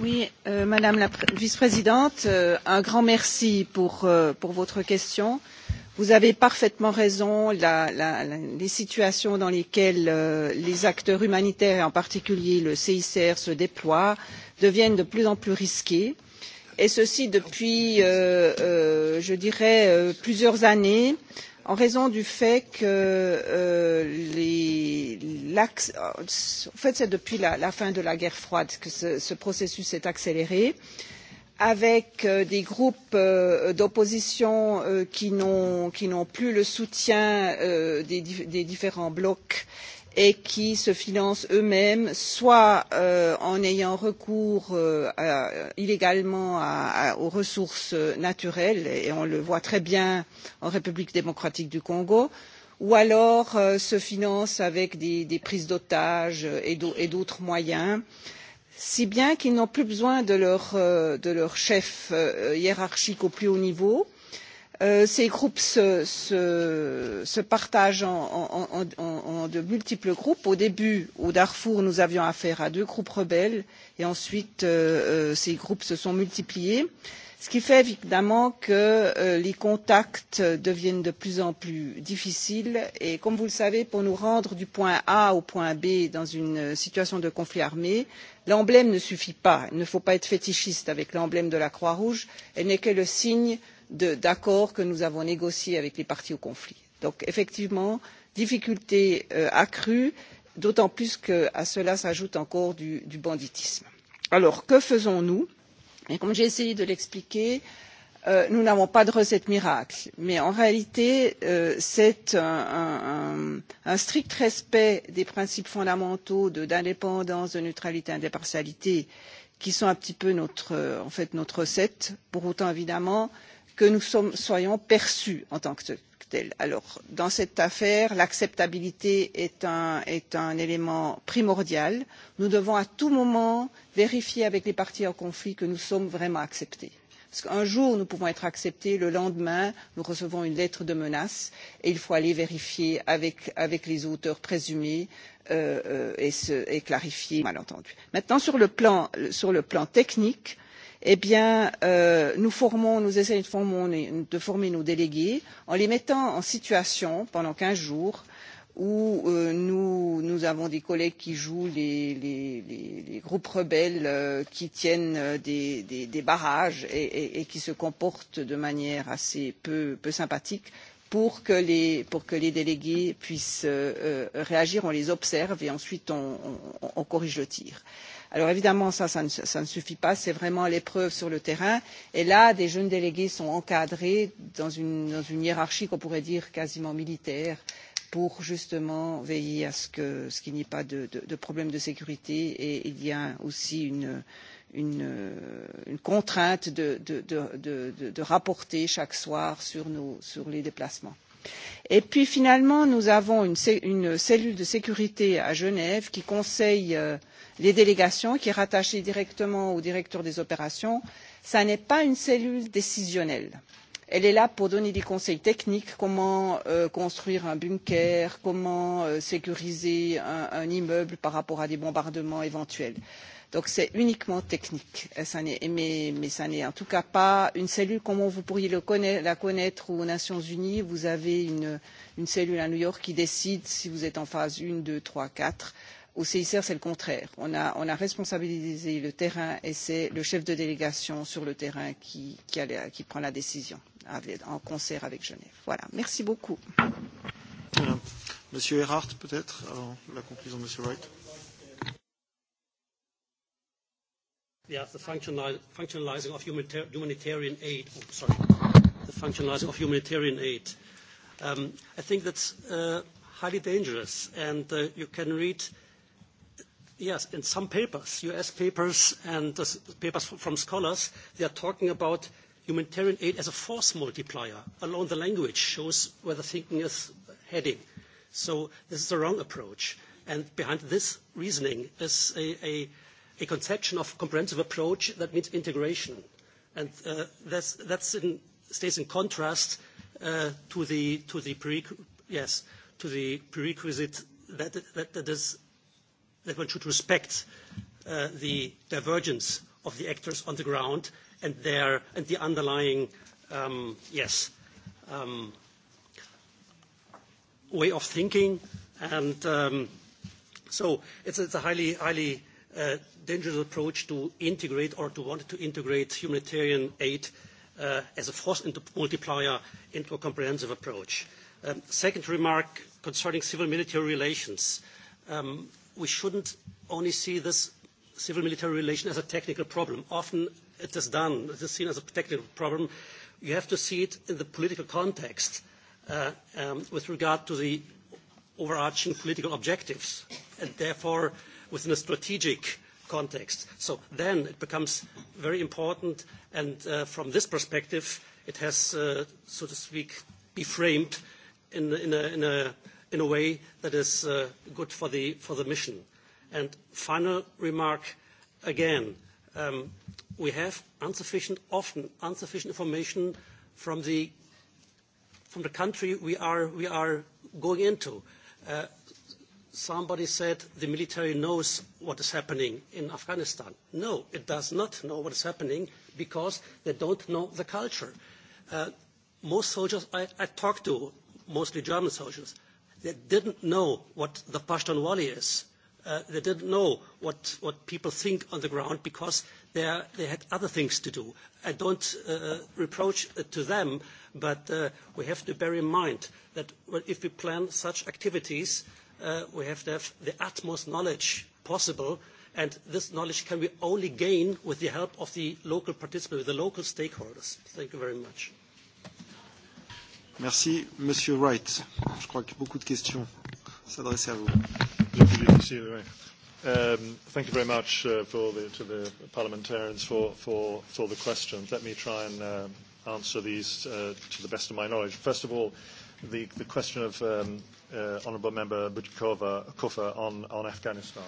Oui, euh, Madame la vice-présidente, euh, un grand merci pour, euh, pour votre question. Euh, vous avez parfaitement raison la, la, les situations dans lesquelles euh, les acteurs humanitaires et en particulier le cicr se déploient deviennent de plus en plus risquées et ceci depuis euh, euh, je dirais euh, plusieurs années en raison du fait que euh, les, en fait c'est depuis la, la fin de la guerre froide que ce, ce processus s'est accéléré et avec euh, des groupes euh, d'opposition euh, qui n'ont plus le soutien des, différents blocs et qui se financent eux mêmes soit en ayant recours illégalement aux ressources naturelles et on le voit très bien en république démocratique du congo ou alors se financent avec des, prises d'otages et d'autres moyens. il si bien qu'ils n'ont plus besoin de leur, euh, de leur chef euh, hiérarchique au plus haut niveau. Euh, ces groupes se, se, se partagent en, en, en, en de multiples groupes. Au début, au Darfour, nous avions affaire à deux groupes rebelles et ensuite euh, ces groupes se sont multipliés. Euh, ce qui fait évidemment que euh, les contacts deviennent de plus en plus difficiles et comme vous le savez pour nous rendre du point a au point b dans une situation de conflit armé l'emblème ne suffit pas il ne faut pas être fétichiste avec l'emblème de la croix rouge elle n'est que le signe d'accords que nous avons négociés avec les parties au conflit. donc effectivement difficulté euh, accrues d'autant plus qu'à cela s'ajoute encore du, du banditisme. alors que faisons nous? mais comme j'ai essayé de l'expliquer euh, nous n'avons pas de recette miracle mais en réalité euh, c'est un, un, un strict respect des principes fondamentaux d'indépendance de, de neutralité et d'impartialité qui sont un petit peu notre, euh, en fait notre recette pour autant évidemment que nous sommes, soyons perçus en tant que tels cocktail. Alors, dans cette affaire, l'acceptabilité est un, est un élément primordial. Nous devons à tout moment vérifier avec les parties en conflit que nous sommes vraiment acceptés. Parce qu'un jour, nous pouvons être acceptés, le lendemain, nous recevons une lettre de menace et il faut aller vérifier avec, avec les auteurs présumés euh, euh et, se, et clarifier malentendu. Maintenant, sur le plan, sur le plan technique, eh bien, euh, nous formons, nous essayons de former, nos délégués en les mettant en situation pendant quinze jours où euh, nous, nous avons des collègues qui jouent les, les, les, groupes rebelles euh, qui tiennent des, des, des barrages et, et, et qui se comportent de manière assez peu, peu sympathique pour que les, pour que les délégués puissent euh, réagir. On les observe et ensuite on, on, on corrige le tir alors évidemment ça, ça, ne, ça ne suffit pas c'est vraiment l'épreuve sur le terrain et là des jeunes délégués sont encadrés dans une, dans une hiérarchie qu'on pourrait dire quasiment militaire pour justement veiller à ce qu'il qu n'y ait pas de, de, de problème de sécurité et il y a aussi une, une, une contrainte de, de, de, de, de rapporter chaque soir sur, nos, sur les déplacements et puis finalement nous avons une, cellule de sécurité à genève qui conseille euh, les délégations qui est rattachée directement au directeur des opérations. ce n'est pas une cellule décisionnelle elle est là pour donner des conseils techniques comment euh, construire un bunker comment euh, sécuriser un, un immeuble par rapport à des bombardements éventuels etc donc c'est uniquement technique euh, ça n'est, mais, mais ça n'est en tout cas pas une cellule comme vous pourriez le connaître, la connaître aux Nations Unies. Vous avez une, une cellule à New York qui décide si vous êtes en phase 1, 2, 3, 4. Au CICR, c'est le contraire. On a, on a responsabilisé le terrain et c'est le chef de délégation sur le terrain qui, qui, a, qui prend la décision avec, en concert avec Genève. Voilà. Merci beaucoup. Monsieur Erhardt, peut-être, avant la conclusion de Monsieur Wright. yeah, the functionalizing of humanitarian aid. Oh, sorry, the functionalizing of humanitarian aid. Um, I think that's uh, highly dangerous, and uh, you can read, yes, in some papers, U.S. papers and uh, papers from scholars, they are talking about humanitarian aid as a force multiplier. Alone, the language shows where the thinking is heading. So this is the wrong approach, and behind this reasoning is a, a a conception of comprehensive approach that means integration. And uh, that's, that's in, stays in contrast uh, to, the, to, the yes, to the prerequisite that, that, that, is, that one should respect uh, the divergence of the actors on the ground and, their, and the underlying, um, yes, um, way of thinking. And um, so it's, it's a highly, highly dangerous approach to integrate or to want to integrate humanitarian aid uh, as a force multiplier into a comprehensive approach. Um, second remark concerning civil-military relations. Um, we shouldn't only see this civil-military relation as a technical problem. Often it is done, it is seen as a technical problem. You have to see it in the political context uh, um, with regard to the overarching political objectives. And therefore, within a strategic context. So then it becomes very important, and uh, from this perspective, it has, uh, so to speak, be framed in, in, a, in, a, in a way that is uh, good for the, for the mission. And final remark, again, um, we have insufficient, often insufficient information from the, from the country we are, we are going into. Uh, somebody said the military knows what is happening in Afghanistan. No, it does not know what is happening because they don't know the culture. Uh, most soldiers I, I talked to, mostly German soldiers, they didn't know what the Pashtun Wali is. Uh, they didn't know what, what people think on the ground because they, are, they had other things to do. I don't uh, reproach uh, to them, but uh, we have to bear in mind that if we plan such activities, uh, we have to have the utmost knowledge possible, and this knowledge can we only gain with the help of the local participants, the local stakeholders. Thank you very much. Merci, Monsieur Wright. Je crois que beaucoup de questions s'adressent à vous. Um, thank you very much uh, for the, to the parliamentarians for, for, for the questions. Let me try and uh, answer these uh, to the best of my knowledge. First of all, the, the question of um, uh, Honourable Member Budkova on, on Afghanistan.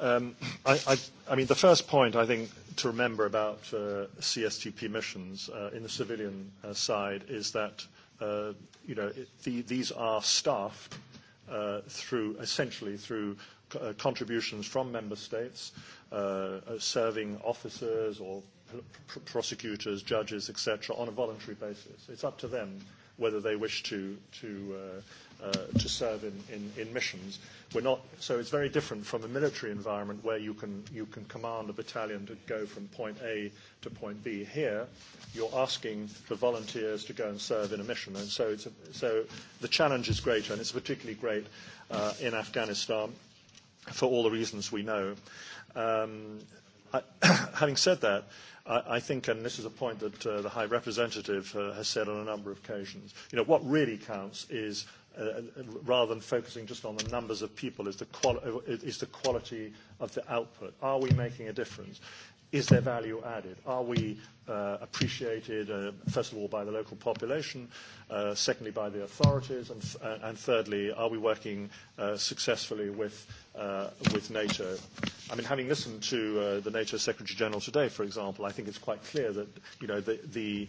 Um, I, I, I mean, the first point I think to remember about uh, CSTP missions uh, in the civilian uh, side is that uh, you know it, the, these are staffed uh, through essentially through co- uh, contributions from member states, uh, uh, serving officers or pr- prosecutors, judges, etc., on a voluntary basis. It's up to them whether they wish to to uh, Uh, to serve in, in, in missions. We're not, so it's very different from a military environment where you can, you can command a battalion to go from point A to point B. Here, you're asking the volunteers to go and serve in a mission. And so, it's a, so the challenge is greater, and it's particularly great uh, in Afghanistan for all the reasons we know. Um, I, having said that, I, I think, and this is a point that uh, the High Representative uh, has said on a number of occasions, you know, what really counts is Uh, uh, rather than focusing just on the numbers of people, is the, quali uh, is the quality of the output. Are we making a difference? Is there value added? Are we uh, appreciated, uh, first of all, by the local population, uh, secondly, by the authorities, and, and thirdly, are we working successfully with, with NATO? I mean, having listened to the NATO Secretary General today, for example, I think it's quite clear that, you know, the, the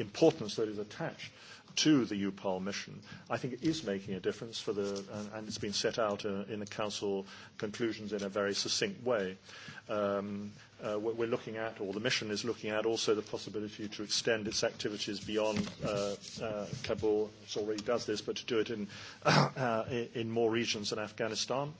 importance that is attached to the EUPOL mission, I think it is making a difference for the, and, and it's been set out uh, in the Council conclusions in a very succinct way. Um, uh, what we're looking at, or the mission is looking at, also the possibility to extend its activities beyond uh, uh, Kabul. It already does this, but to do it in, uh, in more regions than Afghanistan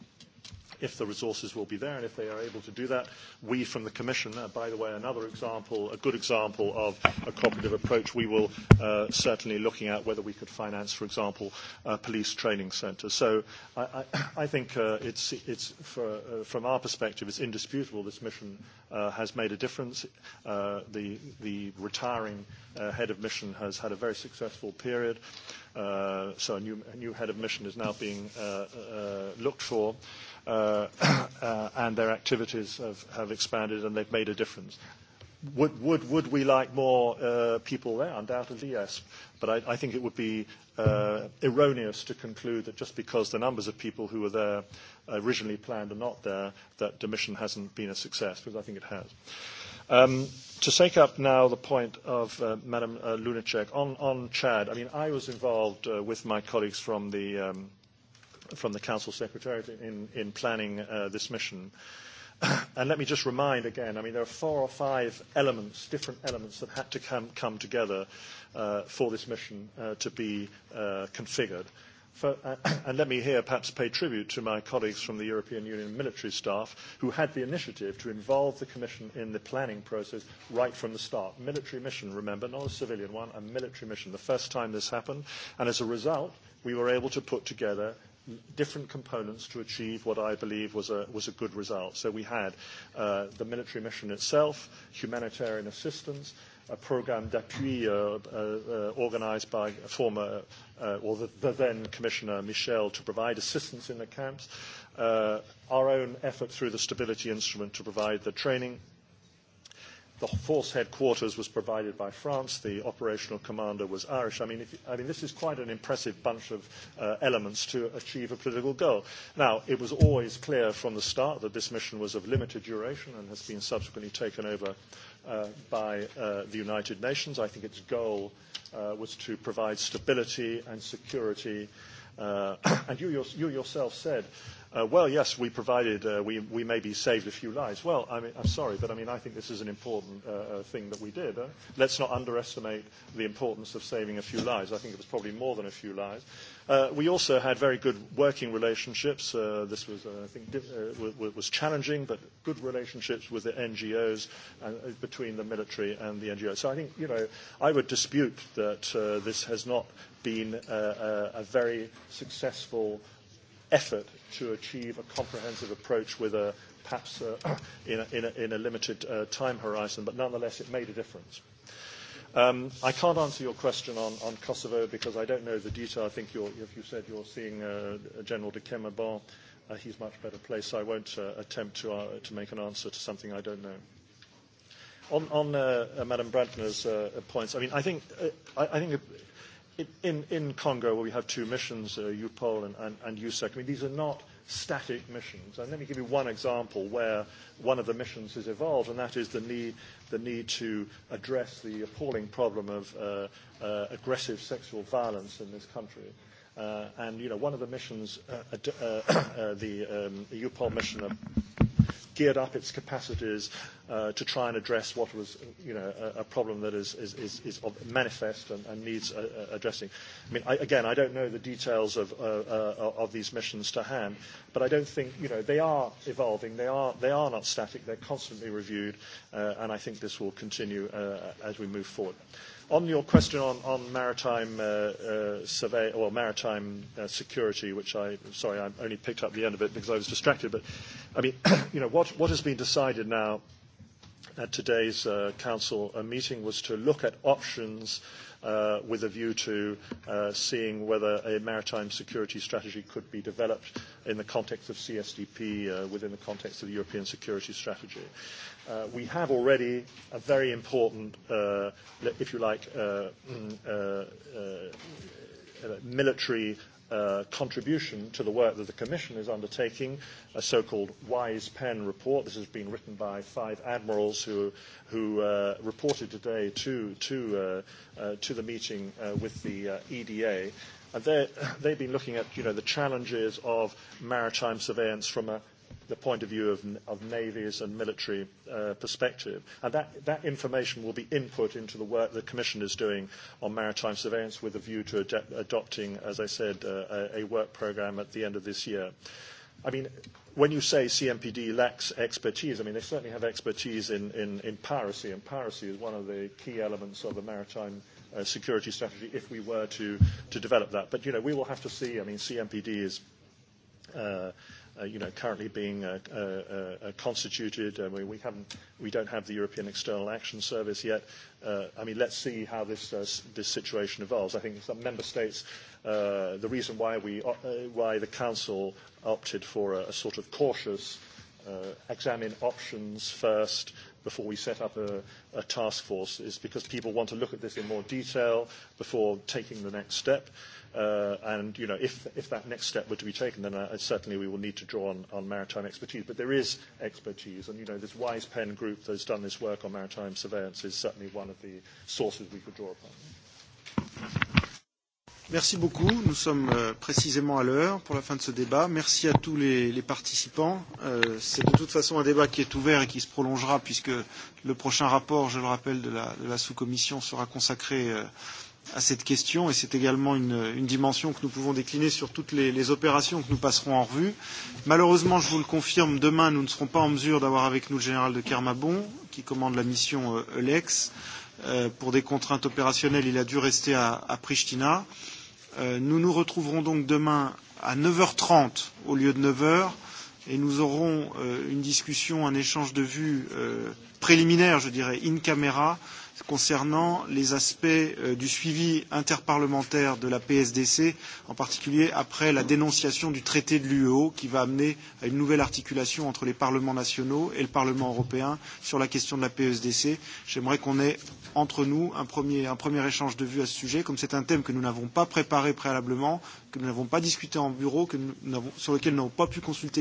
if the resources will be there and if they are able to do that. We from the Commission, uh, by the way, another example, a good example of a cooperative approach, we will uh, certainly looking at whether we could finance, for example, a uh, police training centres. So I, I, I think uh, it's, it's for, uh, from our perspective, it's indisputable this mission uh, has made a difference. Uh, the, the retiring uh, head of mission has had a very successful period. Uh, so a new, a new head of mission is now being uh, uh, looked for. Uh, uh, and their activities have, have expanded and they've made a difference. Would, would, would we like more uh, people there? Undoubtedly, yes. But I, I think it would be uh, erroneous to conclude that just because the numbers of people who were there originally planned are not there, that the mission hasn't been a success, because I think it has. Um, to take up now the point of uh, Madam uh, Lunacek on, on Chad, I mean, I was involved uh, with my colleagues from the um, from the Council Secretariat in, in planning uh, this mission. and let me just remind again, I mean, there are four or five elements, different elements that had to come, come together uh, for this mission uh, to be uh, configured. For, uh, and let me here perhaps pay tribute to my colleagues from the European Union military staff who had the initiative to involve the Commission in the planning process right from the start. Military mission, remember, not a civilian one, a military mission, the first time this happened. And as a result, we were able to put together different components to achieve what I believe was a, was a good result. So we had uh, the military mission itself, humanitarian assistance, a programme d'appui uh, uh, organised by a former, uh, or the, the then Commissioner Michel to provide assistance in the camps, uh, our own effort through the Stability Instrument to provide the training the force headquarters was provided by France. The operational commander was Irish. I mean, if, I mean this is quite an impressive bunch of uh, elements to achieve a political goal. Now, it was always clear from the start that this mission was of limited duration and has been subsequently taken over uh, by uh, the United Nations. I think its goal uh, was to provide stability and security. Uh, and you, your, you yourself said uh, well, yes, we provided, uh, we, we maybe saved a few lives. Well, I mean, I'm sorry, but I mean, I think this is an important uh, uh thing that we did. Uh, let's not underestimate the importance of saving a few lives. I think it was probably more than a few lives. Uh, we also had very good working relationships. Uh, this was, uh, I think, uh, was challenging, but good relationships with the NGOs and uh, between the military and the NGOs. So I think, you know, I would dispute that uh, this has not been uh, a, uh, a very successful effort to achieve a comprehensive approach with a, perhaps uh, in, a, in, a, in a limited uh, time horizon, but nonetheless it made a difference. Um, I can't answer your question on, on Kosovo because I don't know the detail. I think you're, if you said you're seeing uh, General de Kemmerban, uh, he's much better placed. So I won't uh, attempt to, uh, to make an answer to something I don't know. On, on uh, uh, Madam Brandner's uh, points, I mean, I think, uh, I, I think in, in Congo, where we have two missions, uh, UPOL and, and, and USEC, I mean, these are not static missions. And let me give you one example where one of the missions has evolved, and that is the need, the need to address the appalling problem of uh, uh, aggressive sexual violence in this country. Uh, and, you know, one of the missions, uh, uh, uh, the, um, the UPOL mission geared up its capacities uh, to try and address what was, you know, a, a problem that is, is, is, is manifest and, and needs uh, uh, addressing. I mean, I, again, I don't know the details of, uh, uh, of these missions to hand, but I don't think, you know, they are evolving. They are, they are not static. They're constantly reviewed, uh, and I think this will continue uh, as we move forward. On your question on, on maritime uh, uh, survey or maritime uh, security, which I sorry I only picked up the end of it because I was distracted. But I mean, you know, what what has been decided now at today's uh, council a meeting was to look at options uh, with a view to uh, seeing whether a maritime security strategy could be developed in the context of CSDP, uh, within the context of the European security strategy uh, we have already a very important, uh, if you like, uh, mm, uh, uh, uh, military uh, contribution to the work that the Commission is undertaking, a so-called Wise Pen report. This has been written by five admirals who, who uh, reported today to, to, uh, uh, to the meeting uh, with the uh, EDA. And they've been looking at you know, the challenges of maritime surveillance from a the point of view of, of navies and military uh, perspective. And that, that information will be input into the work the Commission is doing on maritime surveillance with a view to ad- adopting, as I said, uh, a, a work programme at the end of this year. I mean, when you say CMPD lacks expertise, I mean, they certainly have expertise in, in, in piracy, and piracy is one of the key elements of the maritime uh, security strategy if we were to, to develop that. But, you know, we will have to see. I mean, CMPD is. Uh, Uh, you know, currently being uh, uh, uh, constituted. I mean, we, haven't, we don't have the European External Action Service yet. Uh, I mean, let's see how this, uh, this situation evolves. I think some member states, uh, the reason why, we, uh, why the Council opted for a, a sort of cautious uh, examine options first before we set up a, a task force is because people want to look at this in more detail before taking the next step. Uh, Uh, and you know, if, if that next step were to be taken, then uh, certainly we will need to draw on, on maritime expertise. But there is expertise, and you know, this Wise Pen group that's done this work on maritime surveillance is certainly one of the sources we could draw upon. Merci beaucoup. Nous sommes euh, précisément à l'heure pour la fin de ce débat. Merci à tous les, les participants. Euh, C'est de toute façon un débat qui est ouvert et qui se prolongera puisque le prochain rapport, je le rappelle, de la, de la sous-commission sera consacré euh, à cette question et c'est également une, une dimension que nous pouvons décliner sur toutes les, les opérations que nous passerons en revue. Malheureusement, je vous le confirme, demain nous ne serons pas en mesure d'avoir avec nous le général de Kermabon qui commande la mission euh, Eulex. Euh, pour des contraintes opérationnelles, il a dû rester à, à Pristina. Euh, nous nous retrouverons donc demain à 9h30 au lieu de 9h et nous aurons euh, une discussion, un échange de vues euh, préliminaire, je dirais, in camera, euh, concernant les aspects euh, du suivi interparlementaire de la PSDC, en particulier après la dénonciation du traité de l'UEO qui va amener à une nouvelle articulation entre les parlements nationaux et le Parlement européen sur la question de la PSDC. J'aimerais qu'on ait entre nous un premier, un premier échange de vues à ce sujet, comme c'est un thème que nous n'avons pas préparé préalablement, que nous n'avons pas discuté en bureau, que nous sur lequel nous n'avons pas pu consulter